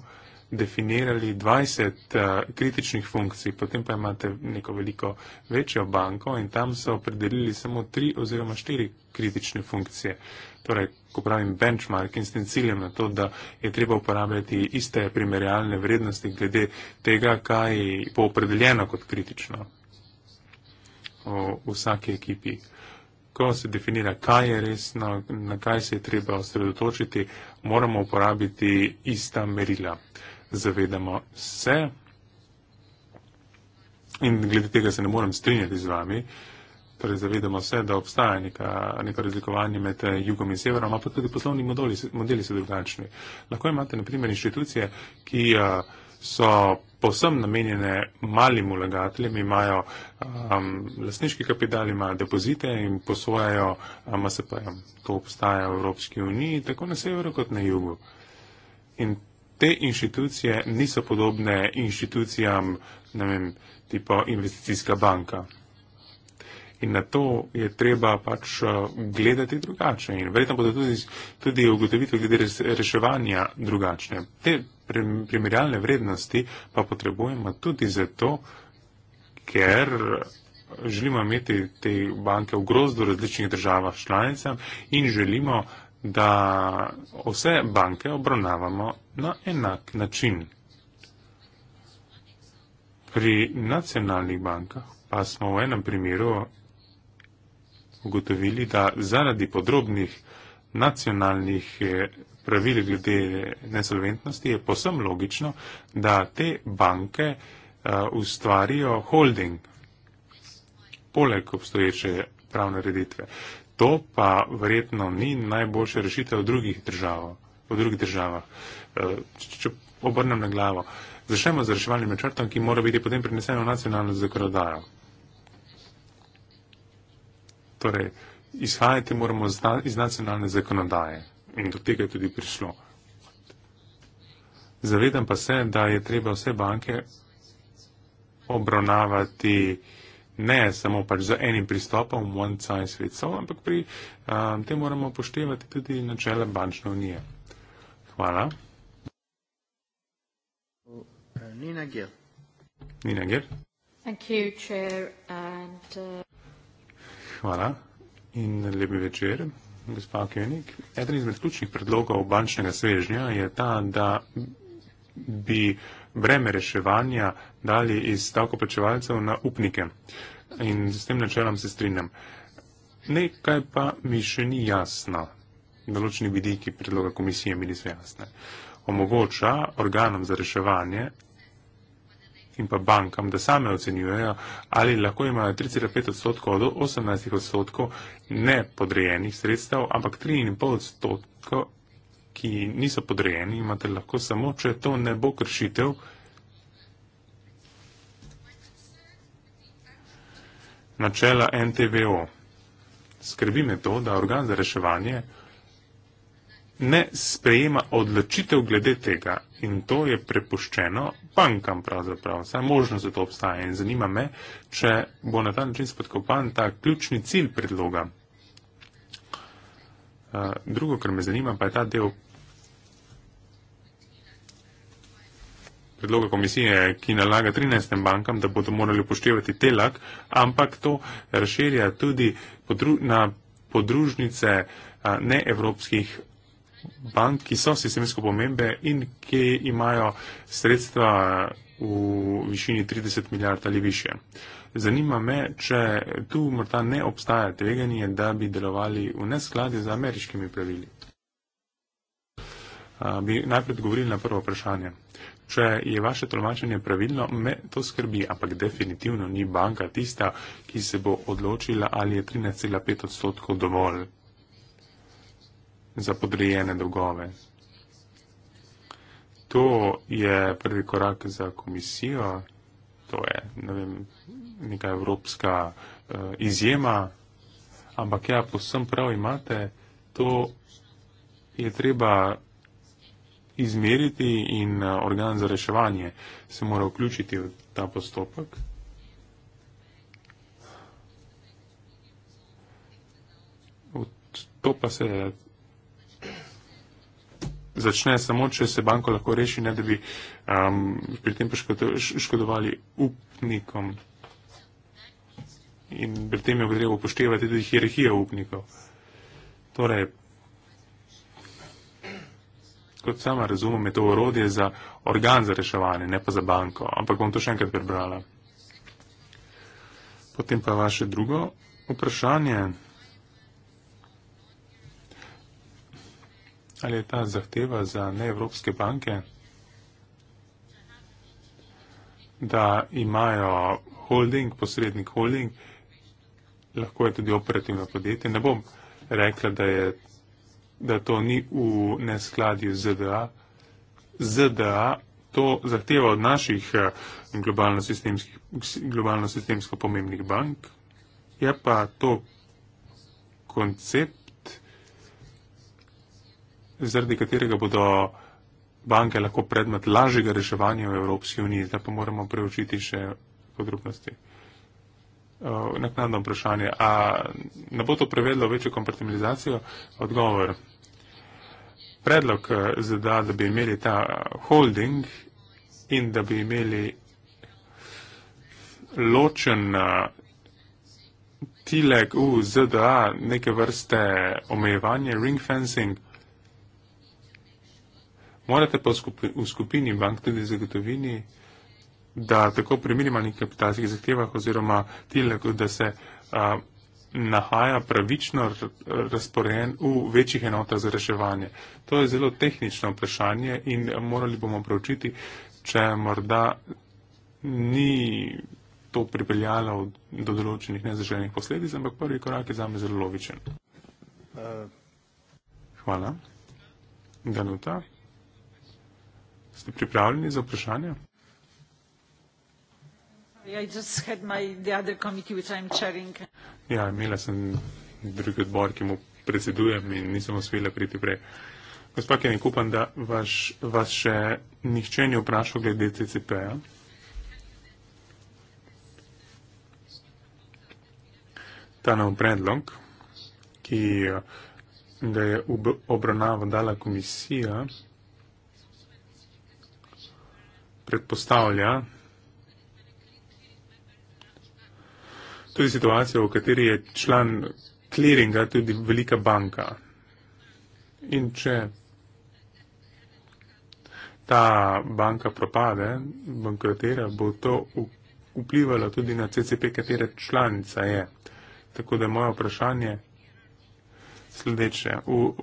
definirali 20 uh, eh, kritičnih funkcij, potem pa imate neko veliko večjo banko in tam so opredelili samo 3 oziroma 4 kritične funkcije. Uh, torej, ko pravim benchmark in s tem ciljem na to, da je treba uporabljati iste primerjalne vrednosti glede tega, kaj bo opredeljeno kot kritično o vsaki ekipi. Ko se definira, kaj je resno, na kaj se je treba osredotočiti, moramo uporabiti ista merila. Zavedamo se in glede tega se ne morem strinjati z vami, uh, torej zavedamo se, da obstaja neka, neko razlikovanje med eh, jugom in severom, ampak tudi poslovni modeli, modeli so drugačni. Lahko imate naprimer inštitucije, ki eh, so posem namenjene malim ulagateljem, imajo um, ehm, lasniški kapital, imajo depozite in posvojajo MSP-jem. Eh, to obstaja v Evropski uniji, tako na severu kot na jugu. In te inštitucije niso podobne inštitucijam, ne vem, tipo investicijska banka. In na to je treba pač eh, gledati drugače. In verjetno bodo tudi, tudi ugotovitve glede reševanja drugačne. Te primerjalne vrednosti pa potrebujemo tudi zato, ker želimo imeti te banke v grozdu različnih državah članicam in želimo, da vse banke obravnavamo na enak način. Pri nacionalnih bankah pa smo v enem primeru ugotovili, da zaradi podrobnih nacionalnih eh, pravil glede nesolventnosti je posem logično, da te banke eh, ustvarijo holding poleg obstoječe pravne reditve. To pa verjetno ni najboljše rešitev v drugih, držav, v drugih državah. Eh, če obrnem na glavo, začnemo z reševalnim načrtom, ki mora biti potem prineseno v nacionalno zakonodajo. Torej, izhajati moramo iz nacionalne zakonodaje in do tega je tudi prišlo. Zavedam pa se, da je treba vse banke obravnavati ne samo pač z enim pristopom, one size fits all, ampak pri um, tem moramo poštevati tudi načele bančne unije. Hvala. Nina Gir. Nina Gir. Thank you, Chair, and, uh hvala in lep večer, gospod Kenik. Eden izmed ključnih predlogov bančnega svežnja je ta, da bi breme reševanja dali iz davkoplačevalcev na upnike. In s tem načelom se strinjam. Nekaj pa mi še ni jasno. Določeni vidiki predloga komisije mi niso jasne. Omogoča organom za reševanje, in pa bankam, da same ocenjujejo, ali lahko imajo 3,5 odstotkov do 18 odstotkov nepodrejenih sredstev, ampak 3,5 odstotkov, ki niso podrejeni, imate lahko samo, če to ne bo kršitev. Načela NTVO. Skrbi me to, da organ za reševanje ne sprejema odločitev glede tega in to je prepuščeno bankam pravzaprav. Vsa možnost za to obstaja in zanima me, če bo na ta način spodkopan ta ključni cilj predloga. Eh, drugo, kar me zanima, pa je ta del predloga komisije, ki nalaga 13. bankam, da bodo morali upoštevati telak, ampak to razširja tudi na podružnice eh, neevropskih bank, ki so sistemsko pomembe in ki imajo sredstva v višini 30 milijard ali više. Zanima me, če tu morda ne obstaja tveganje, da bi delovali v neskladju z ameriškimi pravili. Bi najprej govorili na prvo vprašanje. Če je vaše tolmačenje pravilno, me to skrbi, ampak definitivno ni banka tista, ki se bo odločila, ali je 13,5 odstotkov dovolj za podrejene dolgove. To je prvi korak za komisijo, to je ne vem, neka evropska eh, izjema, ampak ja, posem prav imate, to je treba izmeriti in eh, organ za reševanje se mora vključiti v ta postopek. To pa se začne samo, če se banko lahko reši, ne da bi um, pri tem poškodovali upnikom. In pri tem je potrebno upoštevati tudi hierarhijo upnikov. Torej, kot sama razumem, je to orodje za organ za reševanje, ne pa za banko. Ampak bom to še enkrat prebrala. Potem pa vaše drugo vprašanje. Ali je ta zahteva za neevropske banke, da imajo holding, posrednik holding, lahko je tudi operativno podjetje. Ne bom rekla, da, je, da to ni v neskladju ZDA. ZDA to zahteva od naših globalno-sistemsko eh, globalno pomembnih bank. Je pa to koncept zaradi katerega bodo banke lahko predmet lažjega reševanja v Evropski uniji. Zdaj pa moramo preučiti še podrobnosti. Uh, Naknadno vprašanje. A ne bo to prevedlo večjo kompartimilizacijo? Odgovor. Predlog eh, za da, da bi imeli ta holding in da bi imeli ločen eh, tilek v ZDA neke vrste omejevanje, ring fencing, Morate pa v skupini bank tudi zagotoviti, da tako pri minimalnih kapitalskih zahtevah oziroma tile, da se a, nahaja pravično razporejen v večjih enotah za reševanje. To je zelo tehnično vprašanje in morali bomo pravčiti, če morda ni to pripeljalo do določenih nezaželjenih posledic, ampak prvi korak je zame zelo logičen. Uh. Hvala. Danuta. Ste pripravljeni za vprašanje? Ja, imela sem drugi odbor, ki mu predsedujem in nisem uspela priti prej. Gospa Kenik, upam, da vaš, vas še nihče ni vprašal glede CCP-ja. Ta nov predlog, ki ga eh, je obravnavo dala komisija, predpostavlja tudi situacijo, v kateri je član kliringa tudi velika banka. In če ta banka propade, bankrotera, bo to vplivalo tudi na CCP, katera članica je. Tako da moje vprašanje sledeče. V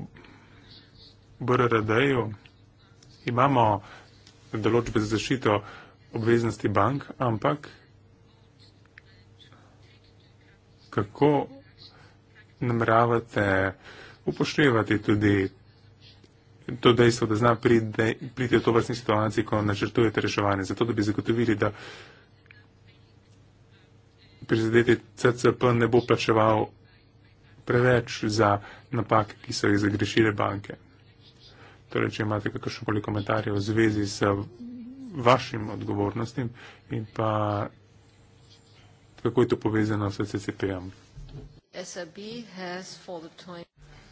BRRD-ju imamo določbe za zašito obveznosti bank, ampak kako namravate upoštevati tudi to dejstvo, da zna priti v to vrstni situaciji, ko načrtujete reševanje, zato da bi zagotovili, da prizadeti CCP ne bo plačeval preveč za napake, ki so jih zagrešile banke. Torej, če imate kakšno koli komentarje v zvezi s vašim odgovornostim in pa kako je to povezano s CCP-jem.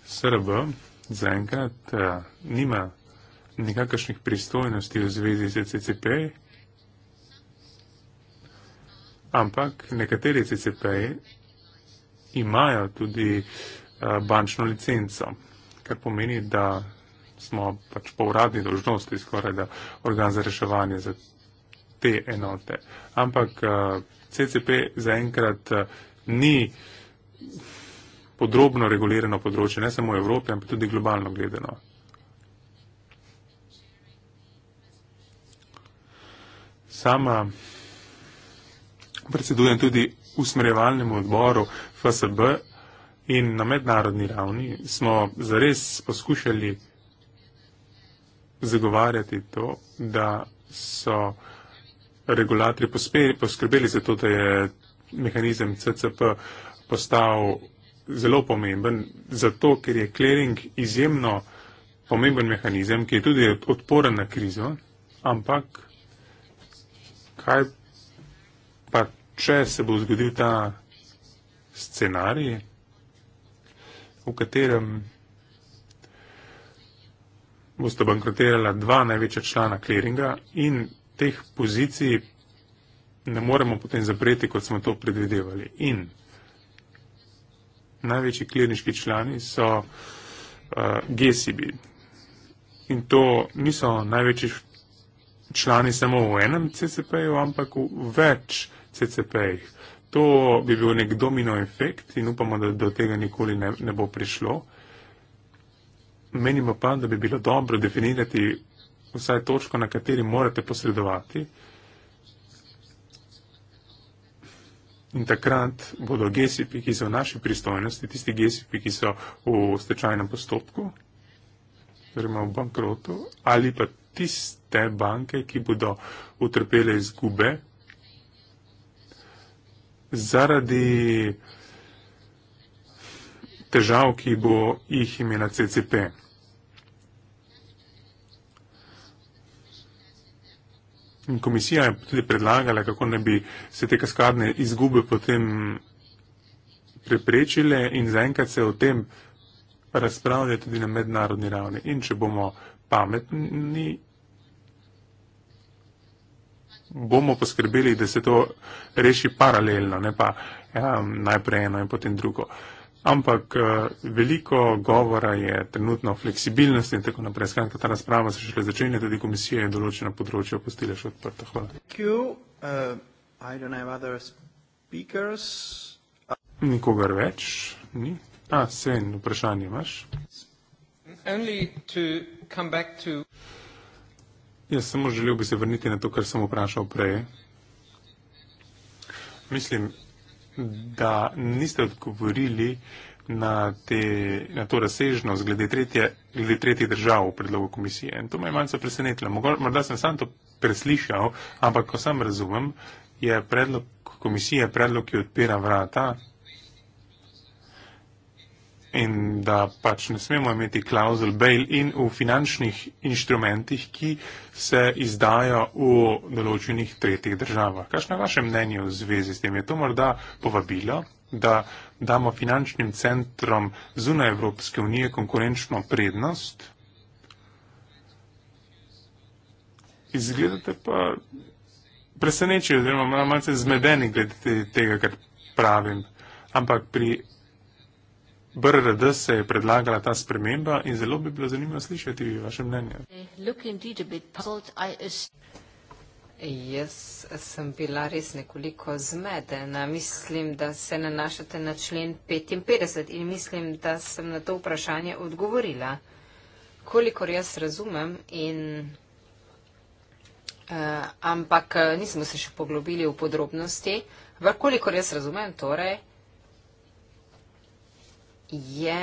SRB zaenkrat eh, nima nikakršnih pristojnosti v zvezi s CCP, ampak nekateri CCP imajo tudi eh, bančno licenco, kar pomeni, da smo pač po uradni dožnosti skoraj da organ za reševanje za te enote. Ampak eh, CCP zaenkrat eh, ni podrobno regulirano področje, ne samo v Evropi, ampak tudi globalno gledano. Sama predsedujem tudi usmerjevalnemu odboru FSB in na mednarodni ravni smo zares poskušali zagovarjati to, da so regulatori poskrbeli za to, da je mehanizem CCP postal zelo pomemben, zato ker je clearing izjemno pomemben mehanizem, ki je tudi odporen na krizo, ampak kaj pa, če se bo zgodil ta scenarij, v katerem boste bankrotirala dva največja člana kliringa in teh pozicij ne moremo potem zapreti, kot smo to predvidevali. In največji klirniški člani so uh, GSIB. In to niso največji člani samo v enem CCP-ju, ampak v več CCP-jih. To bi bil nek domino efekt in upamo, da do tega nikoli ne, ne bo prišlo. Uh, menimo pa, da bi bilo dobro definirati vsaj točko, na kateri morate posredovati. In takrat bodo gesipi, ki so v naši pristojnosti, tisti gesipi, ki so v stečajnem postopku, oziroma v bankrotu, ali pa tiste banke, ki bodo utrpele izgube zaradi težav, ki bo jih imela CCP. Komisija je tudi predlagala, kako ne bi se te kaskadne izgube potem preprečile in zaenkrat se o tem razpravlja tudi na mednarodni ravni. In če bomo pametni, bomo poskrbeli, da se to reši paralelno, ne pa ja, najprej eno in potem drugo. Uh, Ampak eh, veliko govora je trenutno o fleksibilnosti in tako naprej. Skratka, ta razprava se šele začenja, tudi komisija je določena področja opustila še odprta. Hvala. Uh, Nikogar več? Ni. A, sen, vprašanje imaš? Jaz samo želel bi se vrniti na to, kar sem vprašal prej. Mislim, da niste odgovorili na, te, na to razsežnost glede, tretje, glede tretjih držav v predlogu komisije. In to me je malce presenetilo. Morda sem sam to preslišal, ampak ko sam razumem, je predlog komisije predlog, ki odpira vrata in da pač ne smemo imeti klauzul bail-in v finančnih inštrumentih, ki se izdajo v določenih tretjih državah. Kakšno je vaše mnenje v zvezi s tem? Je to morda povabilo, da damo finančnim centrom zunaj Evropske unije konkurenčno prednost? Izgledate pa presenečeni, oziroma malo zmedeni glede tega, kar pravim. Ampak pri BRRD se je predlagala ta sprememba in zelo bi bilo zanimivo slišati vaše mnenje. Jaz sem bila res nekoliko zmedena. Mislim, da se nanašate na člen 55 in mislim, da sem na to vprašanje odgovorila. Kolikor jaz razumem in. Uh, ampak eh, nismo se še poglobili v podrobnosti. Vrkolikor jaz razumem, torej je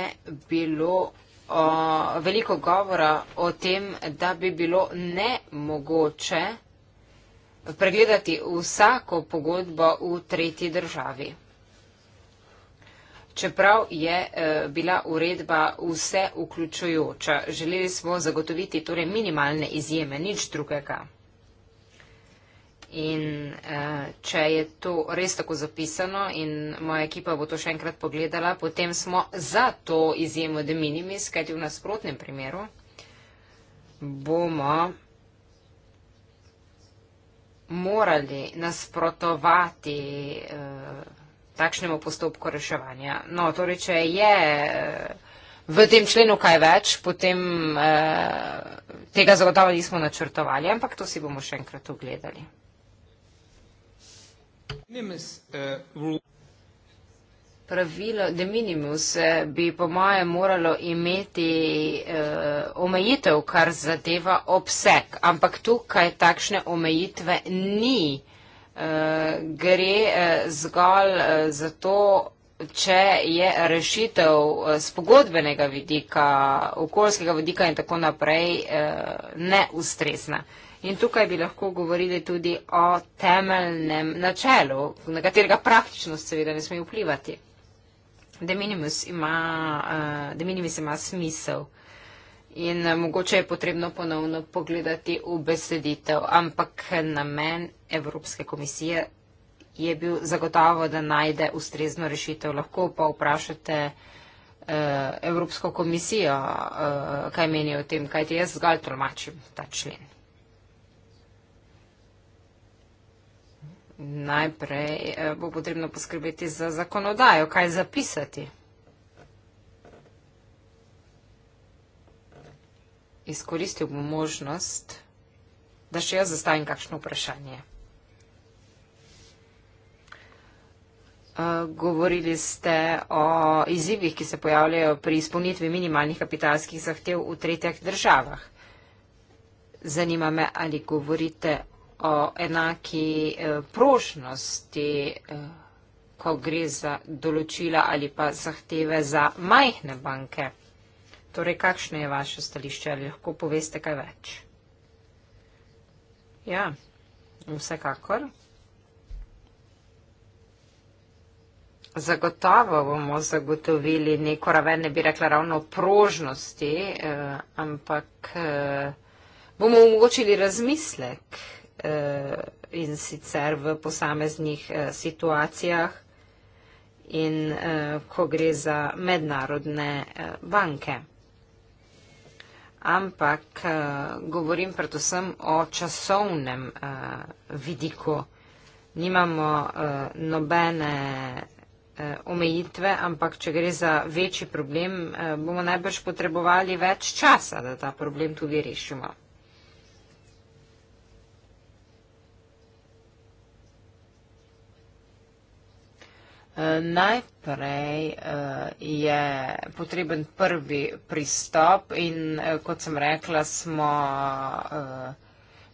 bilo o, veliko govora o tem, da bi bilo nemogoče pregledati vsako pogodbo v tretji državi. Čeprav je e, bila uredba vse vključujoča, želeli smo zagotoviti torej minimalne izjeme, nič drugega. In uh, če je to res tako zapisano in moja ekipa bo to še enkrat pogledala, potem smo za to izjemo de minimis, kajti v nasprotnem primeru bomo morali nasprotovati uh, takšnemu postopku reševanja. No, torej, če je uh, v tem členu kaj več, potem uh, tega zagotovo nismo načrtovali, ampak to si bomo še enkrat ogledali. Eh, Pravilo de minimus eh, bi po moje moralo imeti uh, omejitev, kar zadeva obseg, ampak tukaj takšne omejitve ni. Uh, gre uh, zgolj uh, za to, če je rešitev uh, z pogodbenega vidika, okoljskega vidika in tako naprej uh, neustrezna. Uh, In tukaj bi lahko govorili tudi o temeljnem načelu, na katerega praktično seveda ne sme vplivati. De minimis ima, uh, de minimis ima smisel in uh, mogoče je potrebno ponovno pogledati v beseditev, ampak namen Evropske komisije je bil zagotovo, da najde ustrezno rešitev. Lahko pa vprašate uh, Evropsko komisijo, uh, kaj meni o tem, kaj ti jaz zgolj tolmačim ta člen. najprej eh, bo potrebno poskrbeti za zakonodajo, kaj zapisati. Izkoristil bom možnost, da še jaz zastavim kakšno vprašanje. Eh, govorili ste o izzivih, ki se pojavljajo pri izpolnitvi minimalnih kapitalskih zahtev v tretjih državah. Zanima me, ali govorite o enaki eh, prošnosti, eh, ko gre za določila ali pa zahteve za majhne banke. Torej, kakšno je vaše stališče ali lahko poveste kaj več? Ja, vsekakor. Zagotovo bomo zagotovili neko raven, ne bi rekla ravno prožnosti, eh, ampak eh, bomo omogočili razmislek. Eh, in sicer v posameznih eh, situacijah in eh, ko gre za mednarodne banke. Ampak govorim predvsem o časovnem vidiku. Nimamo nobene omejitve, ampak če gre za večji problem, bomo najbrž potrebovali več časa, da ta problem tudi rešimo. Najprej eh, je potreben prvi pristop in eh, kot sem rekla, smo eh,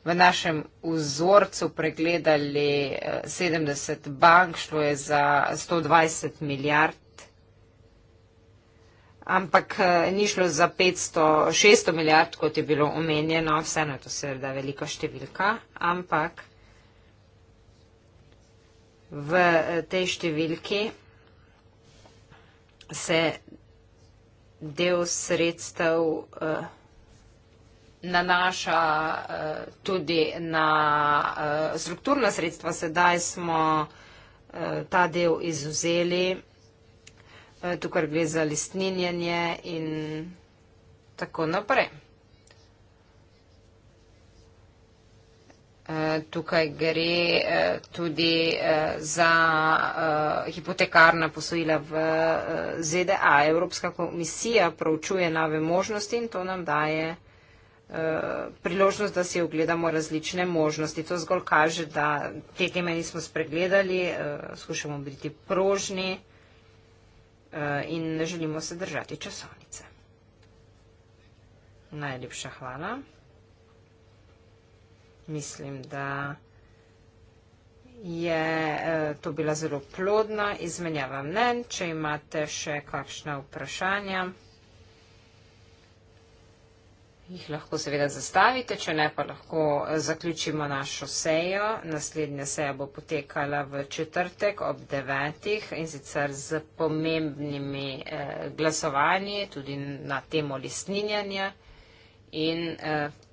v našem vzorcu pregledali 70 bank, šlo je za 120 milijard, ampak ni šlo za 500, 600 milijard, kot je bilo omenjeno, vseeno je to seveda velika številka, ampak v eh, tej številki se del sredstev eh, nanaša eh, tudi na strukturna sredstva. Sedaj smo ta del izuzeli, tukaj gre za listninjenje in tako naprej. Tukaj gre eh, tudi eh, za eh, hipotekarna posojila v ZDA. Evropska komisija proučuje nove možnosti in to nam daje priložnost, da si ogledamo različne možnosti. To zgolj kaže, da te teme nismo spregledali, skušamo biti prožni in ne želimo se držati časovnice. Najlepša hvala mislim, da je eh, to bila zelo plodna izmenjava mnen. Če imate še kakšna vprašanja, jih lahko seveda zastavite, če ne pa lahko eh, zaključimo našo sejo. Naslednja seja bo potekala v četrtek ob devetih in sicer z pomembnimi eh, glasovanji tudi na temo listninjanja in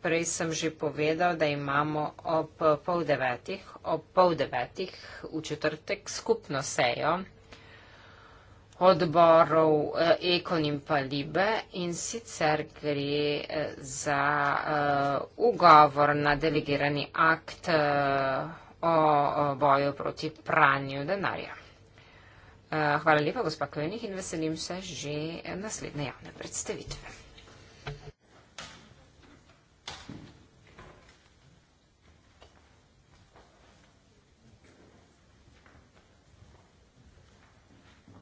Prej sem že povedal, da imamo ob pol devetih, ob pol devetih v četrtek skupno sejo odborov eh, Ekon in pa Libe in sicer gre eh, za eh, ugovor na delegirani akt o boju proti pranju denarja. Hvala lepa, gospa Kojenih, in veselim se že naslednje javne predstavitve.